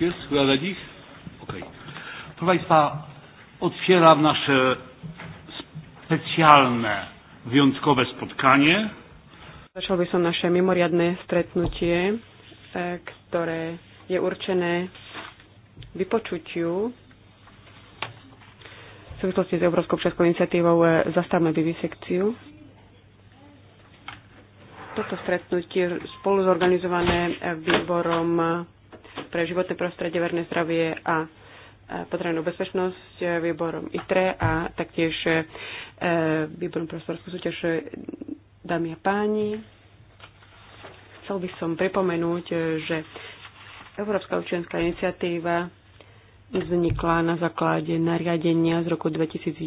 Jest chyba dla nich? Okej. Okay. Proszę Państwa, otwieram nasze specjalne, wyjątkowe spotkanie. Začal by som naše mimoriadne stretnutie, e, ktoré je určené vypočutiu v súvislosti s Európskou občianskou iniciatívou e, Zastavme vivisekciu. Toto stretnutie spolu zorganizované e, výborom pre životné prostredie, verné zdravie a potrebnú bezpečnosť e, výborom ITRE a taktiež e, e, výborom prostorskú súťaž dámy a páni. Chcel by som pripomenúť, že Európska občianská iniciatíva vznikla na základe nariadenia z roku 2011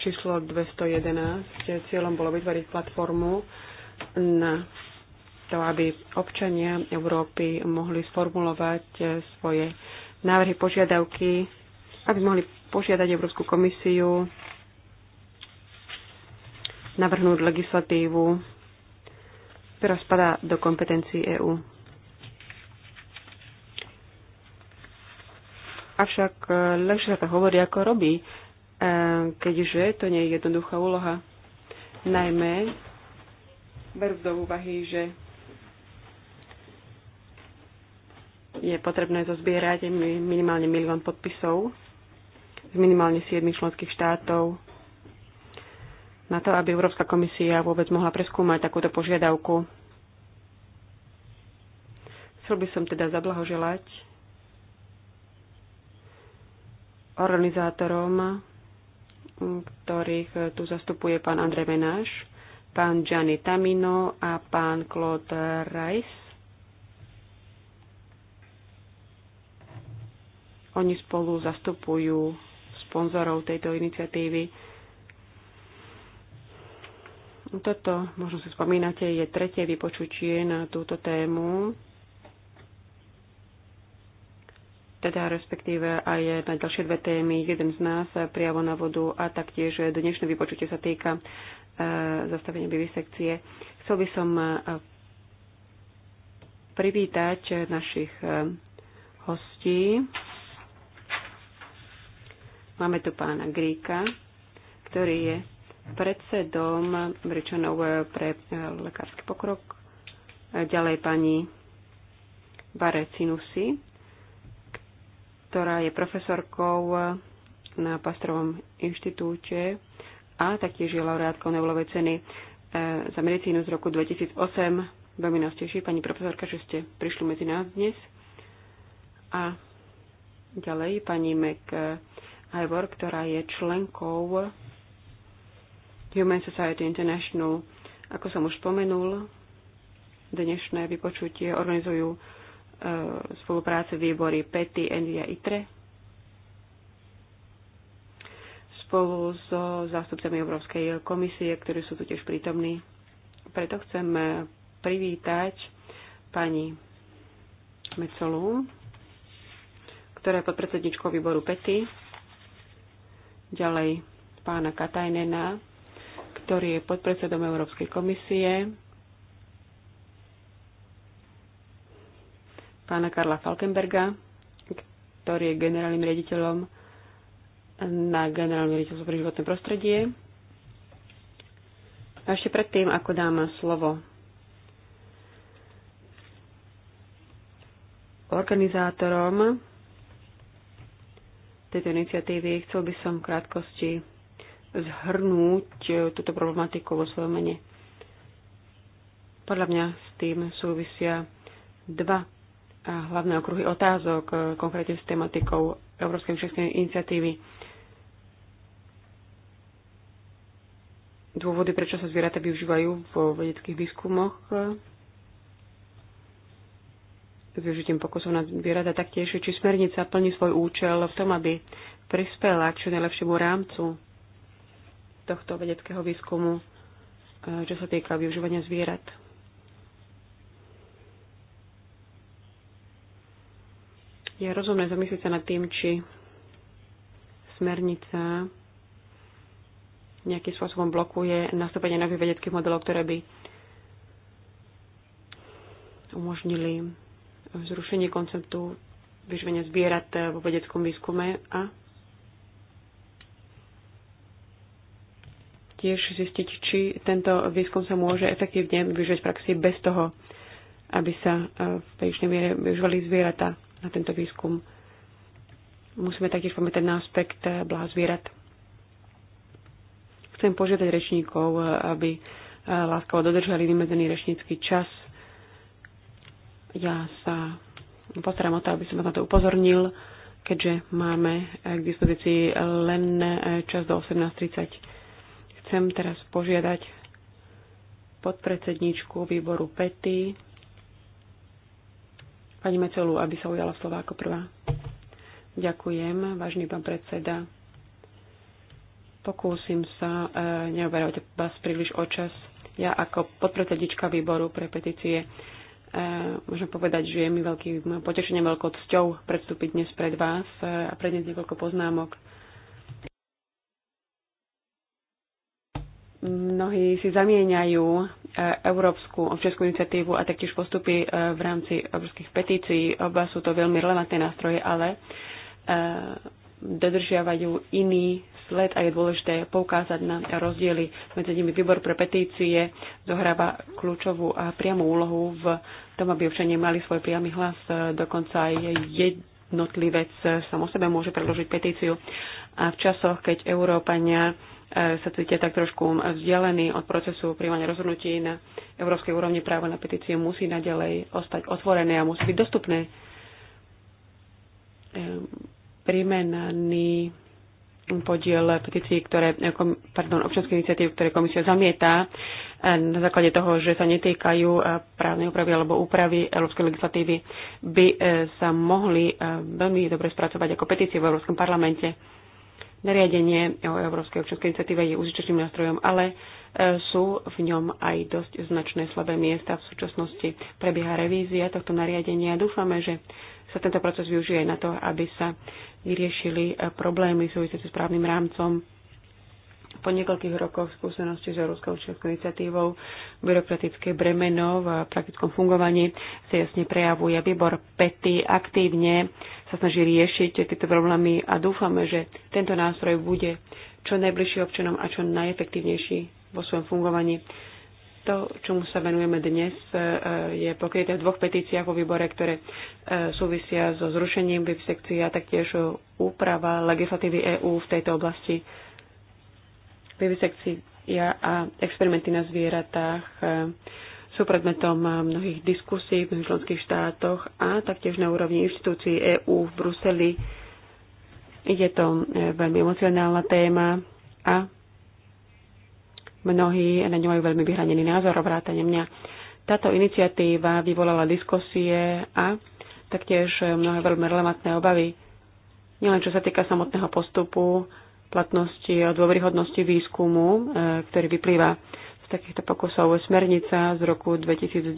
číslo 211. Cieľom bolo vytvoriť platformu na to, aby občania Európy mohli sformulovať eh, svoje návrhy, požiadavky, aby mohli požiadať Európsku komisiu, navrhnúť legislatívu, ktorá spadá do kompetencií EÚ. Avšak lepšie eh, sa to hovorí, ako robí, eh, keďže to nie je jednoduchá úloha. Najmä berú do úvahy, že je potrebné zozbierať minimálne milión podpisov z minimálne 7 členských štátov na to, aby Európska komisia vôbec mohla preskúmať takúto požiadavku. Chcel by som teda zablahoželať organizátorom, ktorých tu zastupuje pán Andrej Venáš, pán Gianni Tamino a pán Claude Rice Oni spolu zastupujú sponzorov tejto iniciatívy. Toto, možno si spomínate, je tretie vypočutie na túto tému, teda respektíve aj na ďalšie dve témy. Jeden z nás, priamo na vodu a taktiež dnešné vypočutie sa týka e, zastavenia vivisekcie. Chcel by som e, privítať našich e, hostí. Máme tu pána Gríka, ktorý je predsedom Bričanov pre e, lekársky pokrok. E, ďalej pani Barecinusi, ktorá je profesorkou na Pastrovom inštitúte a taktiež je laureátkou Nobelovej ceny e, za medicínu z roku 2008. Veľmi nás teší, pani profesorka, že ste prišli medzi nás dnes. A ďalej pani Mek Ivor, ktorá je členkou Human Society International. Ako som už spomenul, dnešné vypočutie organizujú uh, spolupráce výbory PETI, Envia ITRE spolu so zástupcami Európskej komisie, ktorí sú tu tiež prítomní. Preto chcem e, privítať pani Mecolú, ktorá je podpredsedničkou výboru PETI ďalej pána Katajnena, ktorý je podpredsedom Európskej komisie, pána Karla Falkenberga, ktorý je generálnym riaditeľom na generálnom riaditeľstvo pre životné prostredie. A ešte predtým, ako dám slovo organizátorom tejto iniciatívy. Chcel by som v krátkosti zhrnúť eh, túto problematiku vo svojom mene. Podľa mňa s tým súvisia dva eh, hlavné okruhy otázok, eh, konkrétne s tematikou Európskej všetkej iniciatívy. Dôvody, prečo sa zvieratá využívajú vo vedeckých výskumoch využitím pokusov na zvieratá taktiež, či smernica plní svoj účel v tom, aby prispela k čo najlepšiemu rámcu tohto vedeckého výskumu, e, čo sa týka využívania zvierat. Je rozumné zamyslieť sa nad tým, či smernica nejakým spôsobom blokuje nastúpenie nových vedeckých modelov, ktoré by umožnili zrušenie konceptu vyživenia zvierat vo vedeckom výskume a tiež zistiť, či tento výskum sa môže efektívne využiť v praxi bez toho, aby sa e, v prílišnej miere využívali zvieratá na tento výskum. Musíme taktiež pamätať na aspekt e, blaha zvierat. Chcem požiadať rečníkov, aby e, láskavo dodržali vymedzený rečnícky čas ja sa postaram o to, aby som na to upozornil, keďže máme k dispozícii len e, čas do 18.30. Chcem teraz požiadať podpredsedničku výboru PETY, pani Mecelu, aby sa ujala slova ako prvá. Ďakujem, vážny pán predseda. Pokúsim sa e, neoberať vás príliš o čas. Ja ako podpredsednička výboru pre petície Eh, môžem povedať, že je mi veľkým potešením, veľkou cťou predstúpiť dnes pred vás eh, a predniesť niekoľko poznámok. Mnohí si zamieňajú eh, Európsku občianskú iniciatívu a taktiež postupy v rámci európskych petícií. Oba sú to veľmi relevantné nástroje, ale dodržiavajú iný let a je dôležité poukázať na rozdiely medzi nimi. Výbor pre petície zohráva kľúčovú a priamu úlohu v tom, aby občania mali svoj priamy hlas. Dokonca aj jednotlivec sam o sebe môže predložiť petíciu. A v časoch, keď Európania e, sa cítia tak trošku vzdialený od procesu príjmania rozhodnutí na európskej úrovni, právo na petície musí naďalej ostať otvorené a musí byť dostupné. E, Primenaný podiel petícií, ktoré, pardon, občanské iniciatív, ktoré komisia zamieta eh, na základe toho, že sa netýkajú eh, právnej úpravy alebo úpravy európskej legislatívy, by eh, sa mohli veľmi dobre spracovať ako petície v Európskom parlamente. Nariadenie o Európskej občianskej iniciatíve je užitočným nástrojom, ale sú v ňom aj dosť značné slabé miesta. V súčasnosti prebieha revízia tohto nariadenia a dúfame, že sa tento proces využije na to, aby sa vyriešili eh, problémy súvisiace s právnym rámcom. Po niekoľkých rokoch skúsenosti s Európskou občianskou iniciatívou byrokratické bremeno v praktickom fungovaní sa jasne prejavuje. Výbor PETI aktívne sa snaží riešiť tieto problémy a dúfame, že tento nástroj bude čo najbližší občanom a čo najefektívnejší vo svojom fungovaní. To, čomu sa venujeme dnes, e, e, je pokryté v dvoch petíciách vo výbore, ktoré e, súvisia so zrušením VIP sekcií a taktiež úprava legislatívy EÚ v tejto oblasti. sekcií ja a experimenty na zvieratách sú predmetom mnohých diskusí v mnohých členských štátoch a taktiež na úrovni inštitúcií EÚ v Bruseli. Je to veľmi emocionálna téma a Mnohí na ňu majú veľmi vyhranený názor, vrátane mňa. Táto iniciatíva vyvolala diskusie a taktiež mnohé veľmi relevantné obavy. Nielen čo sa týka samotného postupu, platnosti a dôveryhodnosti výskumu, e, ktorý vyplýva takýchto pokusov. Smernica z roku 2010,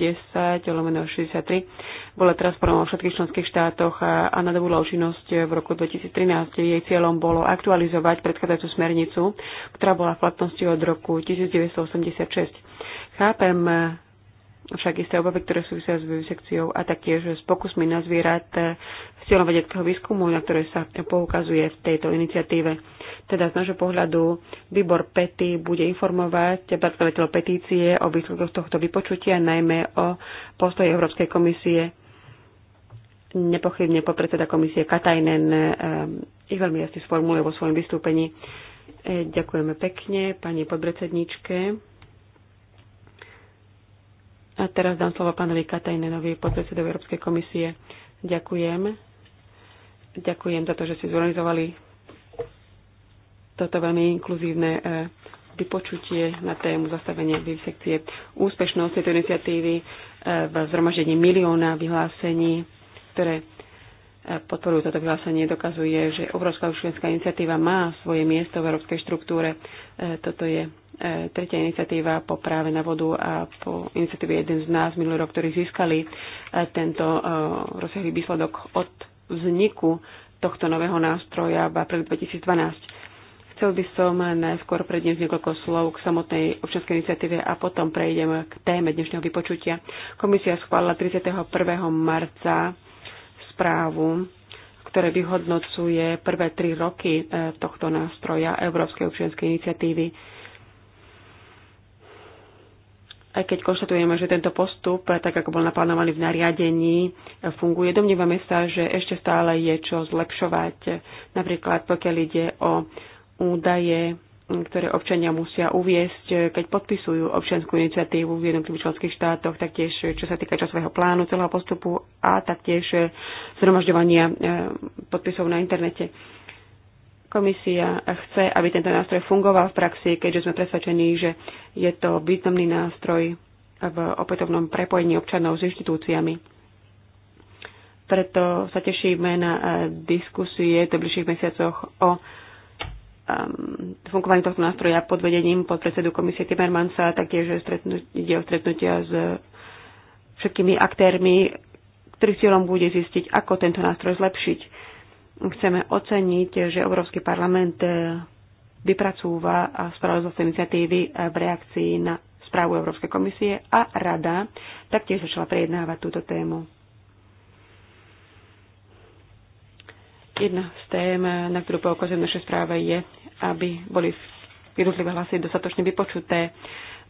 lomeno 63, bola transponovaná v všetkých členských štátoch a nadobudla účinnosť v roku 2013. Jej cieľom bolo aktualizovať predchádzajúcu smernicu, ktorá bola v platnosti od roku 1986. Chápem však isté obavy, ktoré súvisia s vivisekciou a taktiež s pokusmi na zvierat v eh, cieľom vedeckého výskumu, na ktoré sa poukazuje v tejto iniciatíve. Teda z nášho pohľadu výbor PETI bude informovať predstaviteľov petície o výsledkoch tohto vypočutia, najmä o postoji Európskej komisie. Nepochybne podpredseda komisie Katajnen eh, ich veľmi jasne sformuluje vo svojom vystúpení. Eh, ďakujeme pekne pani podpredsedničke. A teraz dám slovo pánovi Katajnenovi, podpredsedovi Európskej komisie. Ďakujem. Ďakujem za to, že ste zorganizovali toto veľmi inkluzívne e, vypočutie na tému zastavenia vivisekcie, úspešnosť tejto iniciatívy e, v zhromaždení milióna vyhlásení, ktoré e, podporujú toto vyhlásenie, dokazuje, že Európska občianská iniciatíva má svoje miesto v európskej štruktúre. Toto je E, tretia iniciatíva po práve na vodu a po iniciatíve jeden z nás minulý rok, ktorí získali e, tento e, rozsiahlý výsledok od vzniku tohto nového nástroja v apríli 2012. Chcel by som najskôr predniesť niekoľko slov k samotnej občianskej iniciatíve a potom prejdem k téme dnešného vypočutia. Komisia schválila 31. marca správu ktoré vyhodnocuje prvé tri roky tohto nástroja Európskej občianskej iniciatívy aj keď konštatujeme, že tento postup, tak ako bol naplánovaný v nariadení, funguje, domnívame sa, že ešte stále je čo zlepšovať. Napríklad pokiaľ ide o údaje, ktoré občania musia uviesť, keď podpisujú občianskú iniciatívu v jednotlivých členských štátoch, taktiež čo sa týka časového plánu celého postupu a taktiež zhromažďovania eh, podpisov na internete. Komisia chce, aby tento nástroj fungoval v praxi, keďže sme presvedčení, že je to významný nástroj v opätovnom prepojení občanov s inštitúciami. Preto sa tešíme na eh, diskusie v bližších mesiacoch o ehm, fungovaní tohto nástroja pod vedením podpredsedu komisie Timmermansa, taktiež ide o stretnutia s všetkými aktérmi, ktorých cieľom bude zistiť, ako tento nástroj zlepšiť. Chceme oceniť, že Európsky parlament eh, vypracúva a spravodlivosti iniciatívy eh, v reakcii na správu Európskej komisie a rada taktiež začala prejednávať túto tému. Jedna z tém, eh, na ktorú poukazujem v našej správe, je, aby boli jednotlivé hlasy dostatočne vypočuté.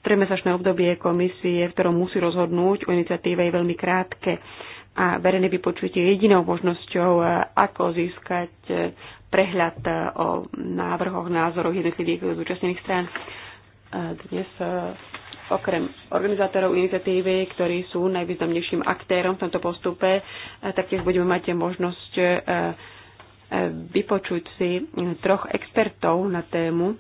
Tremesačné obdobie komisie, v ktorom musí rozhodnúť o iniciatíve, je veľmi krátke a verejné vypočutie je jedinou možnosťou, e, ako získať e, prehľad e, o návrhoch, názoroch jednotlivých zúčastnených strán. Dnes okrem organizátorov iniciatívy, ktorí sú najvýznamnejším aktérom v tomto postupe, taktiež budeme mať možnosť vypočuť si troch expertov na tému,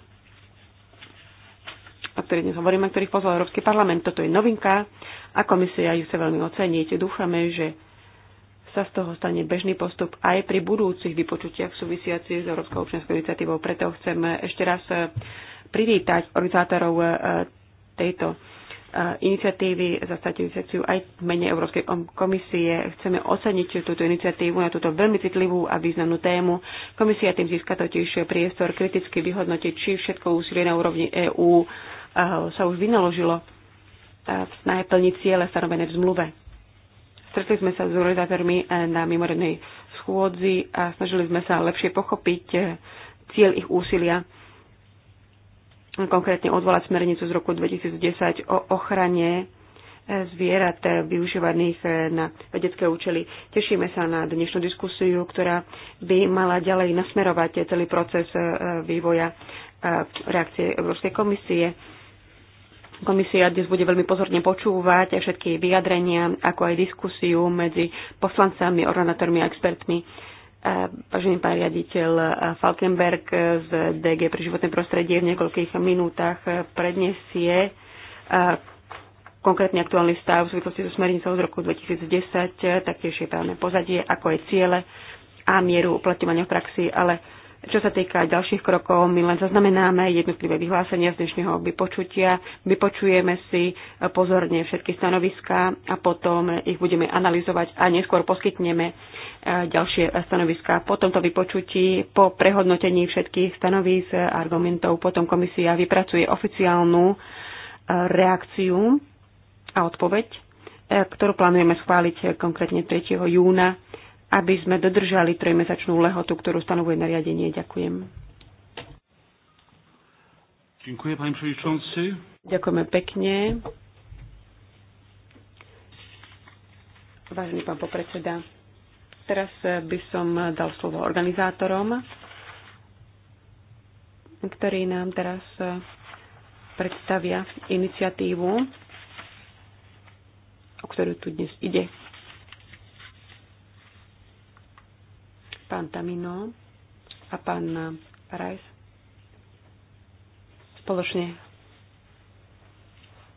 o ktorých dnes hovoríme, ktorých pozval Európsky parlament. Toto je novinka a komisia ju sa veľmi oceniť. Dúfame, že sa z toho stane bežný postup aj pri budúcich vypočutiach súvisiacich s Európskou občianskou iniciatívou. Preto chcem ešte raz e, privítať organizátorov e, tejto e, iniciatívy za strategickú sekciu aj v mene Európskej komisie. Chceme oceniť túto iniciatívu na túto veľmi citlivú a významnú tému. Komisia tým získa totiž priestor kriticky vyhodnotiť, či všetko úsilie na úrovni EÚ sa už vynaložilo v snahe plniť ciele stanovené v zmluve. Stretli sme sa s organizátormi eh, na mimorednej schôdzi a snažili sme sa lepšie pochopiť eh, cieľ ich úsilia, konkrétne odvolať smernicu z roku 2010 o ochrane eh, zvierat využívaných na vedecké účely. Tešíme sa na dnešnú diskusiu, ktorá by mala ďalej nasmerovať celý proces vývoja reakcie Európskej komisie. Komisia dnes bude veľmi pozorne počúvať všetky vyjadrenia, ako aj diskusiu medzi poslancami, organátormi a expertmi. Vážený pán riaditeľ Falkenberg z DG pre životné prostredie v niekoľkých minútach predniesie konkrétny aktuálny stav v súvislosti so smernicou z roku 2010, taktiež je právne pozadie, ako je ciele a mieru uplatňovania v praxi, ale čo sa týka ďalších krokov, my len zaznamenáme jednotlivé vyhlásenia z dnešného vypočutia, vypočujeme si pozorne všetky stanoviská a potom ich budeme analyzovať a neskôr poskytneme eh, ďalšie stanoviská. Po tomto vypočutí, po prehodnotení všetkých stanovísk a argumentov, potom komisia vypracuje oficiálnu eh, reakciu a odpoveď, eh, ktorú plánujeme schváliť konkrétne 3. júna aby sme dodržali trojmesačnú lehotu, ktorú stanovuje nariadenie. Ďakujem. Ďakujem, pani predsedajúci. Ďakujeme pekne. Vážený pán popredseda, teraz by som dal slovo organizátorom, ktorí nám teraz predstavia iniciatívu, o ktorú tu dnes ide. pán Tamino a pán Rajs spoločne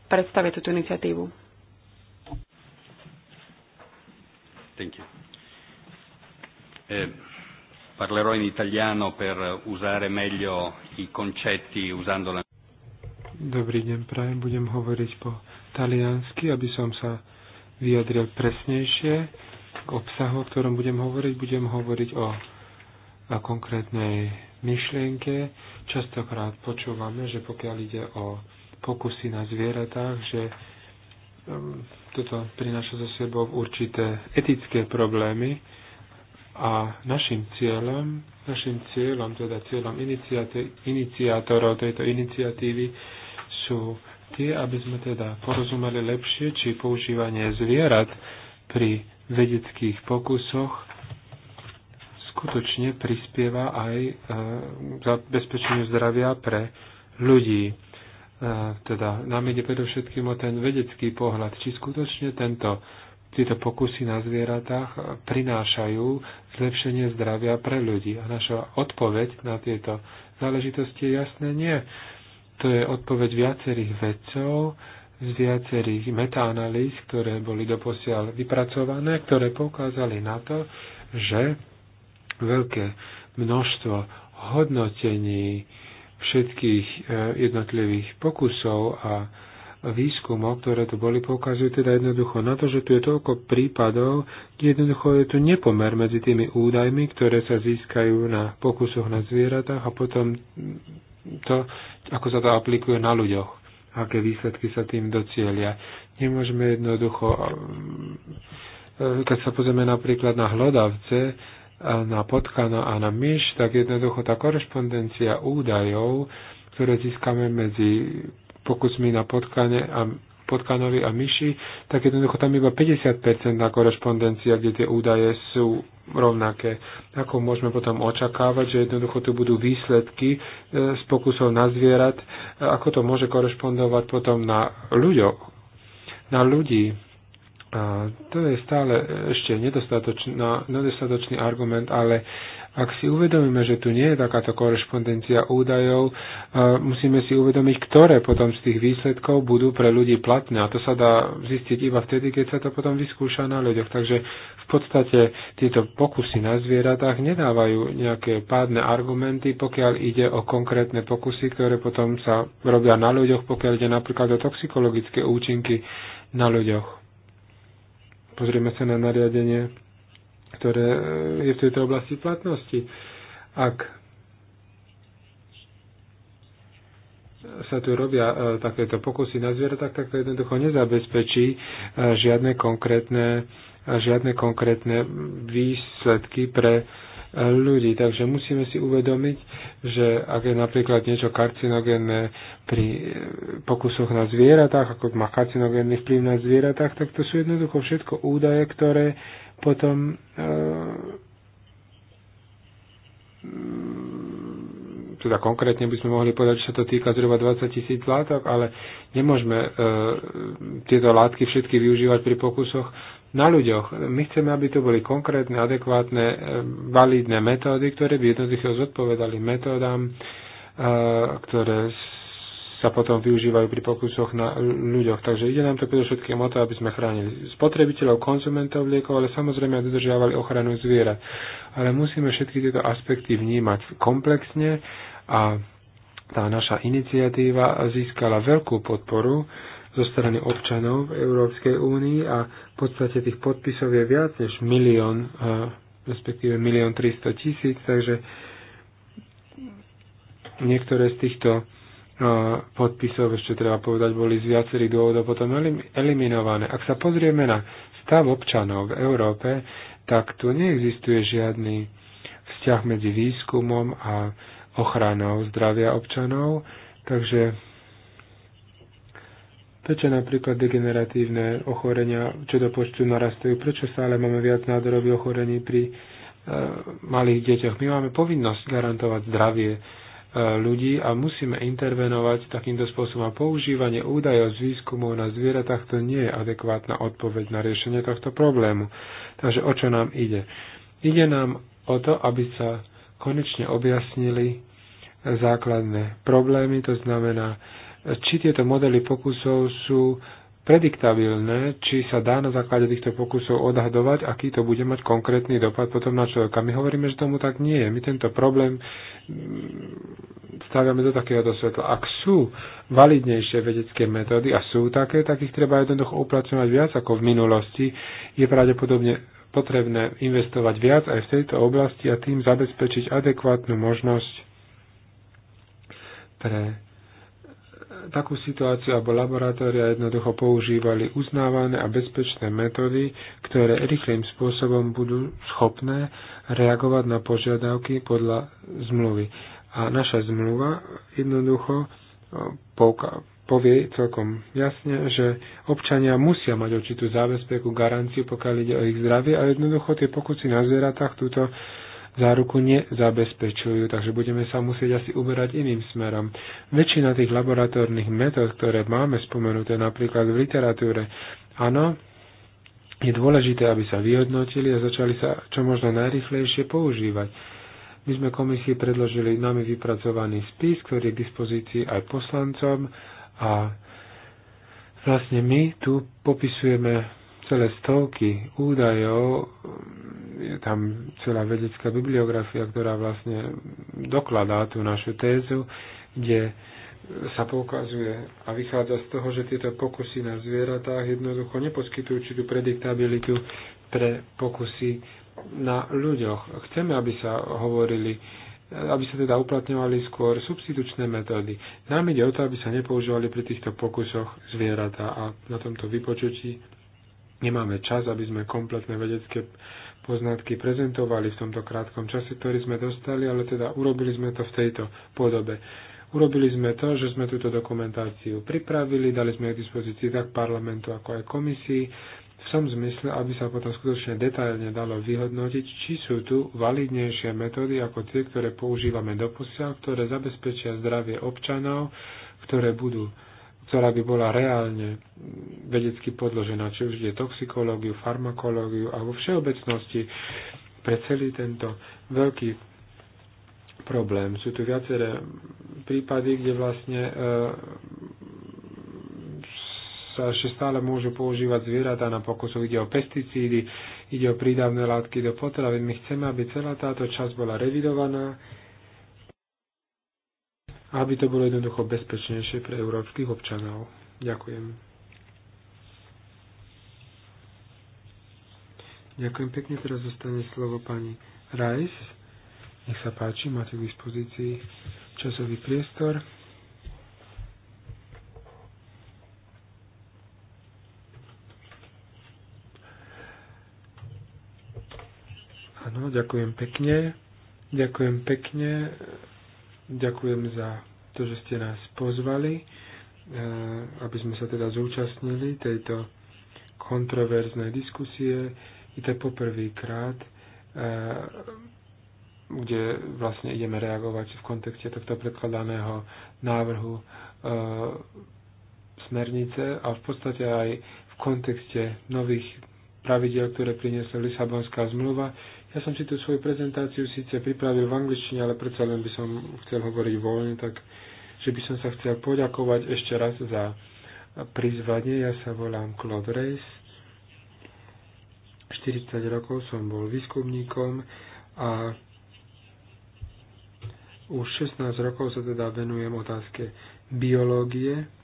predstavia túto iniciatívu. Thank you. Eh, parlerò in italiano per usare meglio i concetti usando la... Dobrý deň, prajem. Budem hovoriť po taliansky, aby som sa vyjadril presnejšie k obsahu, o ktorom budem hovoriť. Budem hovoriť o konkrétnej myšlienke. Častokrát počúvame, že pokiaľ ide o pokusy na zvieratách, že um, toto prináša so sebou určité etické problémy a našim cieľom, našim cieľom, teda cieľom iniciátorov tejto iniciatívy sú tie, aby sme teda porozumeli lepšie, či používanie zvierat pri vedeckých pokusoch skutočne prispieva aj k e, zabezpečeniu zdravia pre ľudí. E, teda nám ide predovšetkým o ten vedecký pohľad, či skutočne tento, tieto pokusy na zvieratách prinášajú zlepšenie zdravia pre ľudí. A naša odpoveď na tieto záležitosti je jasné nie. To je odpoveď viacerých vedcov, z viacerých metaanalýz, ktoré boli doposiaľ vypracované, ktoré poukázali na to, že veľké množstvo hodnotení všetkých e, jednotlivých pokusov a výskumov, ktoré tu boli, poukazujú teda jednoducho na to, že tu je toľko prípadov, kde jednoducho je tu nepomer medzi tými údajmi, ktoré sa získajú na pokusoch na zvieratách a potom to, ako sa to aplikuje na ľuďoch aké výsledky sa tým docielia. Nemôžeme jednoducho, um, keď sa pozrieme napríklad na hlodavce, na potkana a na myš, tak jednoducho tá korešpondencia údajov, ktoré získame medzi pokusmi na potkane a potkanovi a myši, tak jednoducho tam iba 50% na korešpondencia, kde tie údaje sú rovnaké. Ako môžeme potom očakávať, že jednoducho tu budú výsledky e, z pokusov na zvierat, e, ako to môže korešpondovať potom na ľuďoch, na ľudí. A e, to je stále ešte nedostatočný argument, ale ak si uvedomíme, že tu nie je takáto korešpondencia údajov, e, musíme si uvedomiť, ktoré potom z tých výsledkov budú pre ľudí platné. A to sa dá zistiť iba vtedy, keď sa to potom vyskúša na ľuďoch. Takže v podstate tieto pokusy na zvieratách nedávajú nejaké pádne argumenty, pokiaľ ide o konkrétne pokusy, ktoré potom sa robia na ľuďoch, pokiaľ ide napríklad o toxikologické účinky na ľuďoch. Pozrieme sa na nariadenie ktoré e, je v tejto oblasti platnosti. Ak sa tu robia e, takéto pokusy na zvieratách, tak to jednoducho nezabezpečí e, žiadne konkrétne, e, žiadne konkrétne výsledky pre e, ľudí. Takže musíme si uvedomiť, že ak je napríklad niečo karcinogénne pri e, pokusoch na zvieratách, ako má karcinogénny vplyv na zvieratách, tak to sú jednoducho všetko údaje, ktoré potom e, teda konkrétne by sme mohli povedať, že sa to týka zhruba 20 tisíc látok, ale nemôžeme e, tieto látky všetky využívať pri pokusoch na ľuďoch. My chceme, aby to boli konkrétne, adekvátne, e, validné metódy, ktoré by jednoducho zodpovedali metódam, e, ktoré sa potom využívajú pri pokusoch na ľuďoch. Takže ide nám to predovšetkým o to, aby sme chránili spotrebiteľov, konzumentov liekov, ale samozrejme aj dodržiavali ochranu zvierat. Ale musíme všetky tieto aspekty vnímať komplexne a tá naša iniciatíva získala veľkú podporu zo strany občanov v Európskej únii a v podstate tých podpisov je viac než milión, eh, respektíve milión 300 tisíc, takže niektoré z týchto No, podpisov, ešte treba povedať, boli z viacerých dôvodov potom eliminované. Ak sa pozrieme na stav občanov v Európe, tak tu neexistuje žiadny vzťah medzi výskumom a ochranou zdravia občanov, takže prečo napríklad degeneratívne ochorenia čo do počtu narastajú, prečo stále máme viac nádorových ochorení pri e, malých deťoch. My máme povinnosť garantovať zdravie E, ľudí a musíme intervenovať takýmto spôsobom. A používanie údajov z výskumov na zvieratách to nie je adekvátna odpoveď na riešenie tohto problému. Takže o čo nám ide? Ide nám o to, aby sa konečne objasnili základné problémy, to znamená, či tieto modely pokusov sú prediktabilné, či sa dá na základe týchto pokusov odhadovať, aký to bude mať konkrétny dopad potom na človeka. My hovoríme, že tomu tak nie je. My tento problém mm, staviame do takéhoto svetla. Ak sú validnejšie vedecké metódy a sú také, tak ich treba jednoducho uplatňovať viac ako v minulosti. Je pravdepodobne potrebné investovať viac aj v tejto oblasti a tým zabezpečiť adekvátnu možnosť pre takú situáciu, alebo laboratória jednoducho používali uznávané a bezpečné metódy, ktoré rýchlým spôsobom budú schopné reagovať na požiadavky podľa zmluvy. A naša zmluva jednoducho povie celkom jasne, že občania musia mať určitú zábezpeku, garanciu, pokiaľ ide o ich zdravie a jednoducho tie pokusy na zvieratách túto záruku nezabezpečujú, takže budeme sa musieť asi uberať iným smerom. Väčšina tých laboratórnych metód, ktoré máme spomenuté napríklad v literatúre, áno, je dôležité, aby sa vyhodnotili a začali sa čo možno najrychlejšie používať. My sme komisii predložili nami vypracovaný spis, ktorý je k dispozícii aj poslancom a vlastne my tu popisujeme celé stovky údajov, je tam celá vedecká bibliografia, ktorá vlastne dokladá tú našu tézu, kde sa poukazuje a vychádza z toho, že tieto pokusy na zvieratách jednoducho neposkytujú určitú prediktabilitu pre pokusy na ľuďoch. Chceme, aby sa hovorili aby sa teda uplatňovali skôr substitučné metódy. Nám ide o to, aby sa nepoužívali pri týchto pokusoch zvieratá a na tomto vypočutí nemáme čas, aby sme kompletné vedecké poznatky prezentovali v tomto krátkom čase, ktorý sme dostali, ale teda urobili sme to v tejto podobe. Urobili sme to, že sme túto dokumentáciu pripravili, dali sme ju k dispozícii tak parlamentu, ako aj komisii, v tom zmysle, aby sa potom skutočne detailne dalo vyhodnotiť, či sú tu validnejšie metódy ako tie, ktoré používame posiaľ, ktoré zabezpečia zdravie občanov, ktoré budú ktorá by bola reálne vedecky podložená, či už je toxikológiu, farmakológiu a vo všeobecnosti pre celý tento veľký problém. Sú tu viaceré prípady, kde vlastne e, sa ešte stále môžu používať zvieratá na pokusov. Ide o pesticídy, ide o prídavné látky do potravy. My chceme, aby celá táto časť bola revidovaná, a aby to bolo jednoducho bezpečnejšie pre európskych občanov. Ďakujem. Ďakujem pekne, teraz zostane slovo pani Rajs. Nech sa páči, máte k dispozícii časový priestor. Áno, ďakujem pekne. Ďakujem pekne Ďakujem za to, že ste nás pozvali, e, aby sme sa teda zúčastnili tejto kontroverznej diskusie. I to poprvýkrát, e, kde vlastne ideme reagovať v kontekste tohto predkladaného návrhu e, smernice a v podstate aj v kontekste nových pravidel, ktoré priniesla Lisabonská zmluva, ja som si tú svoju prezentáciu síce pripravil v angličtine, ale predsa len by som chcel hovoriť voľne, tak že by som sa chcel poďakovať ešte raz za prizvanie. Ja sa volám Claude Reis. 40 rokov som bol výskumníkom a už 16 rokov sa teda venujem otázke biológie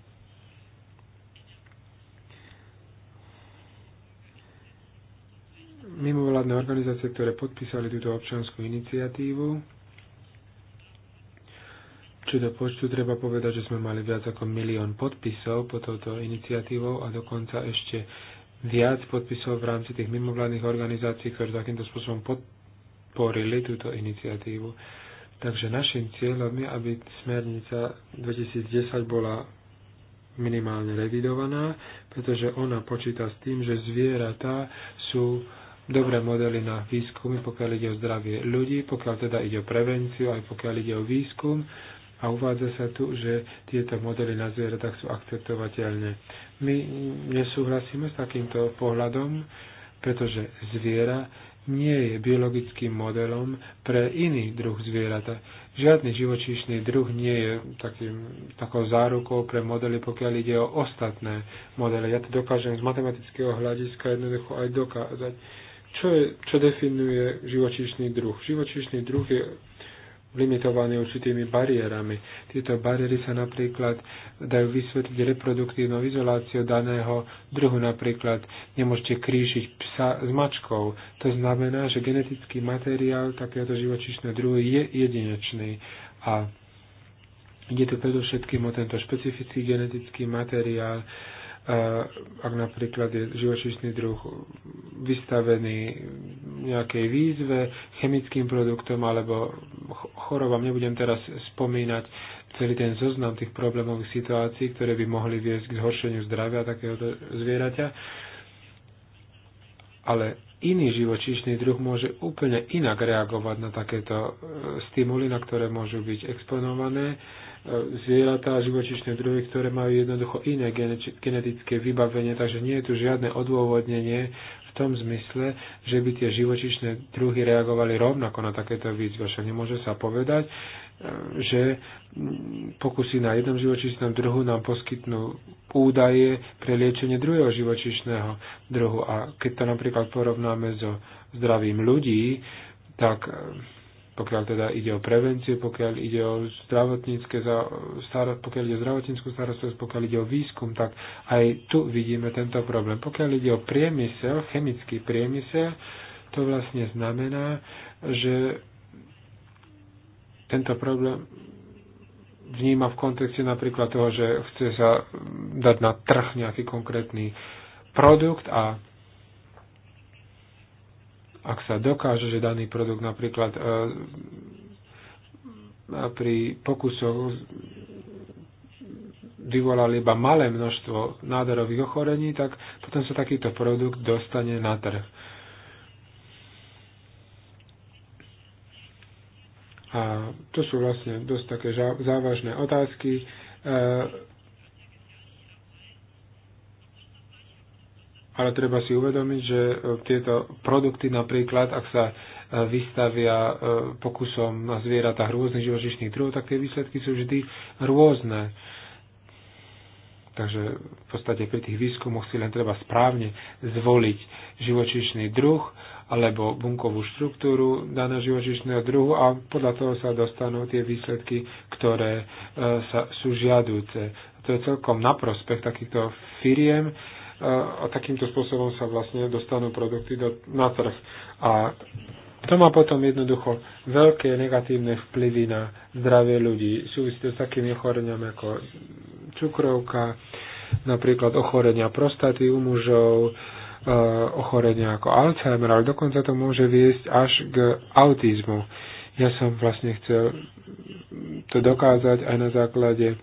Mimovládne organizácie, ktoré podpísali túto občanskú iniciatívu, čo do počtu treba povedať, že sme mali viac ako milión podpisov pod touto iniciatívou a dokonca ešte viac podpisov v rámci tých mimovládnych organizácií, ktoré takýmto spôsobom podporili túto iniciatívu. Takže našim cieľom je, aby smernica 2010 bola minimálne revidovaná, pretože ona počíta s tým, že zvieratá sú dobré modely na výskumy, pokiaľ ide o zdravie ľudí, pokiaľ teda ide o prevenciu, aj pokiaľ ide o výskum. A uvádza sa tu, že tieto modely na zvieratách sú akceptovateľné. My nesúhlasíme s takýmto pohľadom, pretože zviera nie je biologickým modelom pre iný druh zvierata. Žiadny živočíšny druh nie je takým, takou zárukou pre modely, pokiaľ ide o ostatné modely. Ja to dokážem z matematického hľadiska jednoducho aj dokázať. Čo, je, čo definuje živočíšny druh? Živočíšny druh je limitovaný určitými bariérami. Tieto bariéry sa napríklad dajú vysvetliť reproduktívnou izoláciou daného druhu. Napríklad nemôžete krížiť psa s mačkou. To znamená, že genetický materiál takéhoto živočíšneho druhu je jedinečný. A ide tu predovšetkým o tento špecifický genetický materiál, ak napríklad je živočišný druh vystavený nejakej výzve, chemickým produktom alebo chorobám. Nebudem teraz spomínať celý ten zoznam tých problémových situácií, ktoré by mohli viesť k zhoršeniu zdravia takéhoto zvieraťa. Ale iný živočíšny druh môže úplne inak reagovať na takéto e, stimuly, na ktoré môžu byť exponované zvieratá a živočišné druhy, ktoré majú jednoducho iné genetické vybavenie, takže nie je tu žiadne odôvodnenie v tom zmysle, že by tie živočišné druhy reagovali rovnako na takéto výzvy. Však nemôže sa povedať, eh, že mm, pokusy na jednom živočišnom druhu nám poskytnú údaje pre liečenie druhého živočišného druhu. A keď to napríklad porovnáme so zdravím ľudí, tak eh, pokiaľ teda ide o prevenciu, pokiaľ ide o zdravotnícke, pokiaľ ide o zdravotníckú starostlivosť, pokiaľ ide o výskum, tak aj tu vidíme tento problém. Pokiaľ ide o priemysel, chemický priemysel, to vlastne znamená, že tento problém vníma v kontexte napríklad toho, že chce sa dať na trh nejaký konkrétny produkt a ak sa dokáže, že daný produkt napríklad e, pri pokusoch vyvolal iba malé množstvo nádorových ochorení, tak potom sa takýto produkt dostane na trh. A to sú vlastne dosť také závažné otázky. E, ale treba si uvedomiť, že e, tieto produkty napríklad, ak sa e, vystavia e, pokusom na zvieratách rôznych živočišných druhov, tak tie výsledky sú vždy rôzne. Takže v podstate pri tých výskumoch si len treba správne zvoliť živočišný druh alebo bunkovú štruktúru daného živočišného druhu a podľa toho sa dostanú tie výsledky, ktoré sa, sú žiadúce. To je celkom na prospech takýchto firiem, a takýmto spôsobom sa vlastne dostanú produkty do, na trh. A to má potom jednoducho veľké negatívne vplyvy na zdravie ľudí. Súvisí to s takými ochoreniami ako cukrovka, napríklad ochorenia prostaty u mužov, ochorenia ako Alzheimer, ale dokonca to môže viesť až k autizmu. Ja som vlastne chcel to dokázať aj na základe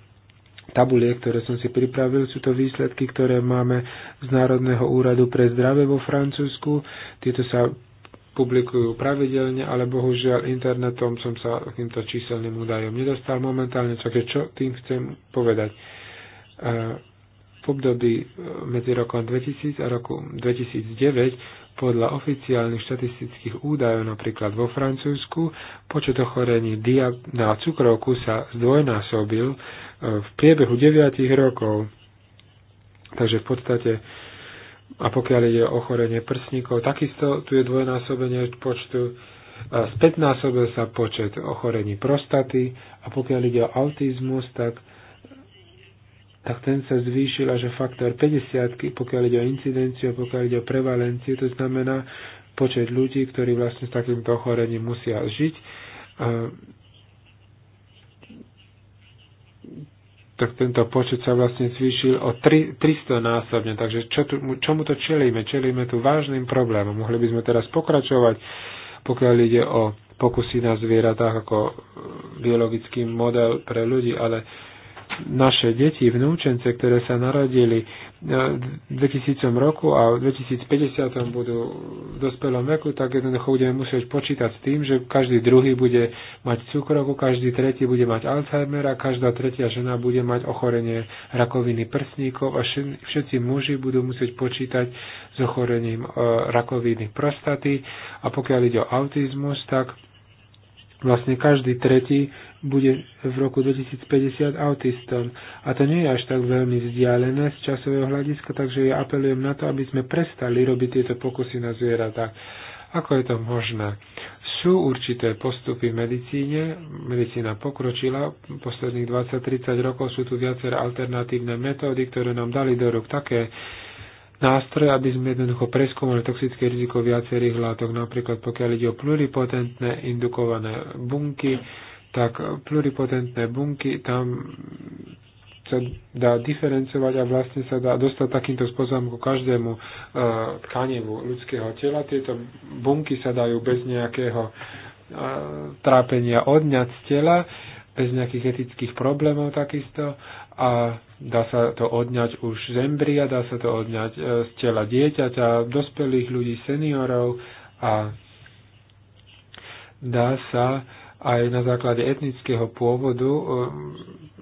tabulie, ktoré som si pripravil, sú to výsledky, ktoré máme z Národného úradu pre zdravie vo Francúzsku. Tieto sa publikujú pravidelne, ale bohužiaľ internetom som sa k týmto číselným údajom nedostal momentálne, takže čo tým chcem povedať. E, v období e, medzi rokom 2000 a roku 2009 podľa oficiálnych štatistických údajov napríklad vo Francúzsku počet ochorení dia- na cukrovku sa zdvojnásobil v priebehu 9 rokov. Takže v podstate a pokiaľ ide o ochorenie prsníkov, takisto tu je dvojnásobenie počtu, spätnásobil sa počet ochorení prostaty a pokiaľ ide o autizmus, tak, tak ten sa zvýšil až o faktor 50, pokiaľ ide o incidenciu, pokiaľ ide o prevalenciu, to znamená počet ľudí, ktorí vlastne s takýmto ochorením musia žiť tak tento počet sa vlastne zvýšil o 300 násobne. Takže čo tu, čomu to čelíme? Čelíme tu vážnym problémom. Mohli by sme teraz pokračovať, pokiaľ ide o pokusy na zvieratách ako biologický model pre ľudí, ale naše deti, vnúčence, ktoré sa narodili e, v 2000 roku a v 2050 budú v dospelom veku, tak jednoducho budeme musieť počítať s tým, že každý druhý bude mať cukrovku, každý tretí bude mať Alzheimera, každá tretia žena bude mať ochorenie rakoviny prsníkov a všetci muži budú musieť počítať s ochorením e, rakoviny prostaty a pokiaľ ide o autizmus, tak vlastne každý tretí bude v roku 2050 autistom. A to nie je až tak veľmi vzdialené z časového hľadiska, takže ja apelujem na to, aby sme prestali robiť tieto pokusy na zvieratách. Ako je to možné? Sú určité postupy v medicíne, medicína pokročila, posledných 20-30 rokov sú tu viaceré alternatívne metódy, ktoré nám dali do rúk také nástroje, aby sme jednoducho preskúmali toxické riziko viacerých látok, napríklad pokiaľ ide o pluripotentné indukované bunky, tak pluripotentné bunky tam sa dá diferencovať a vlastne sa dá dostať takýmto spôsobom ku každému e, tkanivu ľudského tela. Tieto bunky sa dajú bez nejakého e, trápenia odňať z tela, bez nejakých etických problémov takisto a dá sa to odňať už z embria, dá sa to odňať e, z tela dieťaťa, dospelých ľudí, seniorov a dá sa e, aj na základe etnického pôvodu um,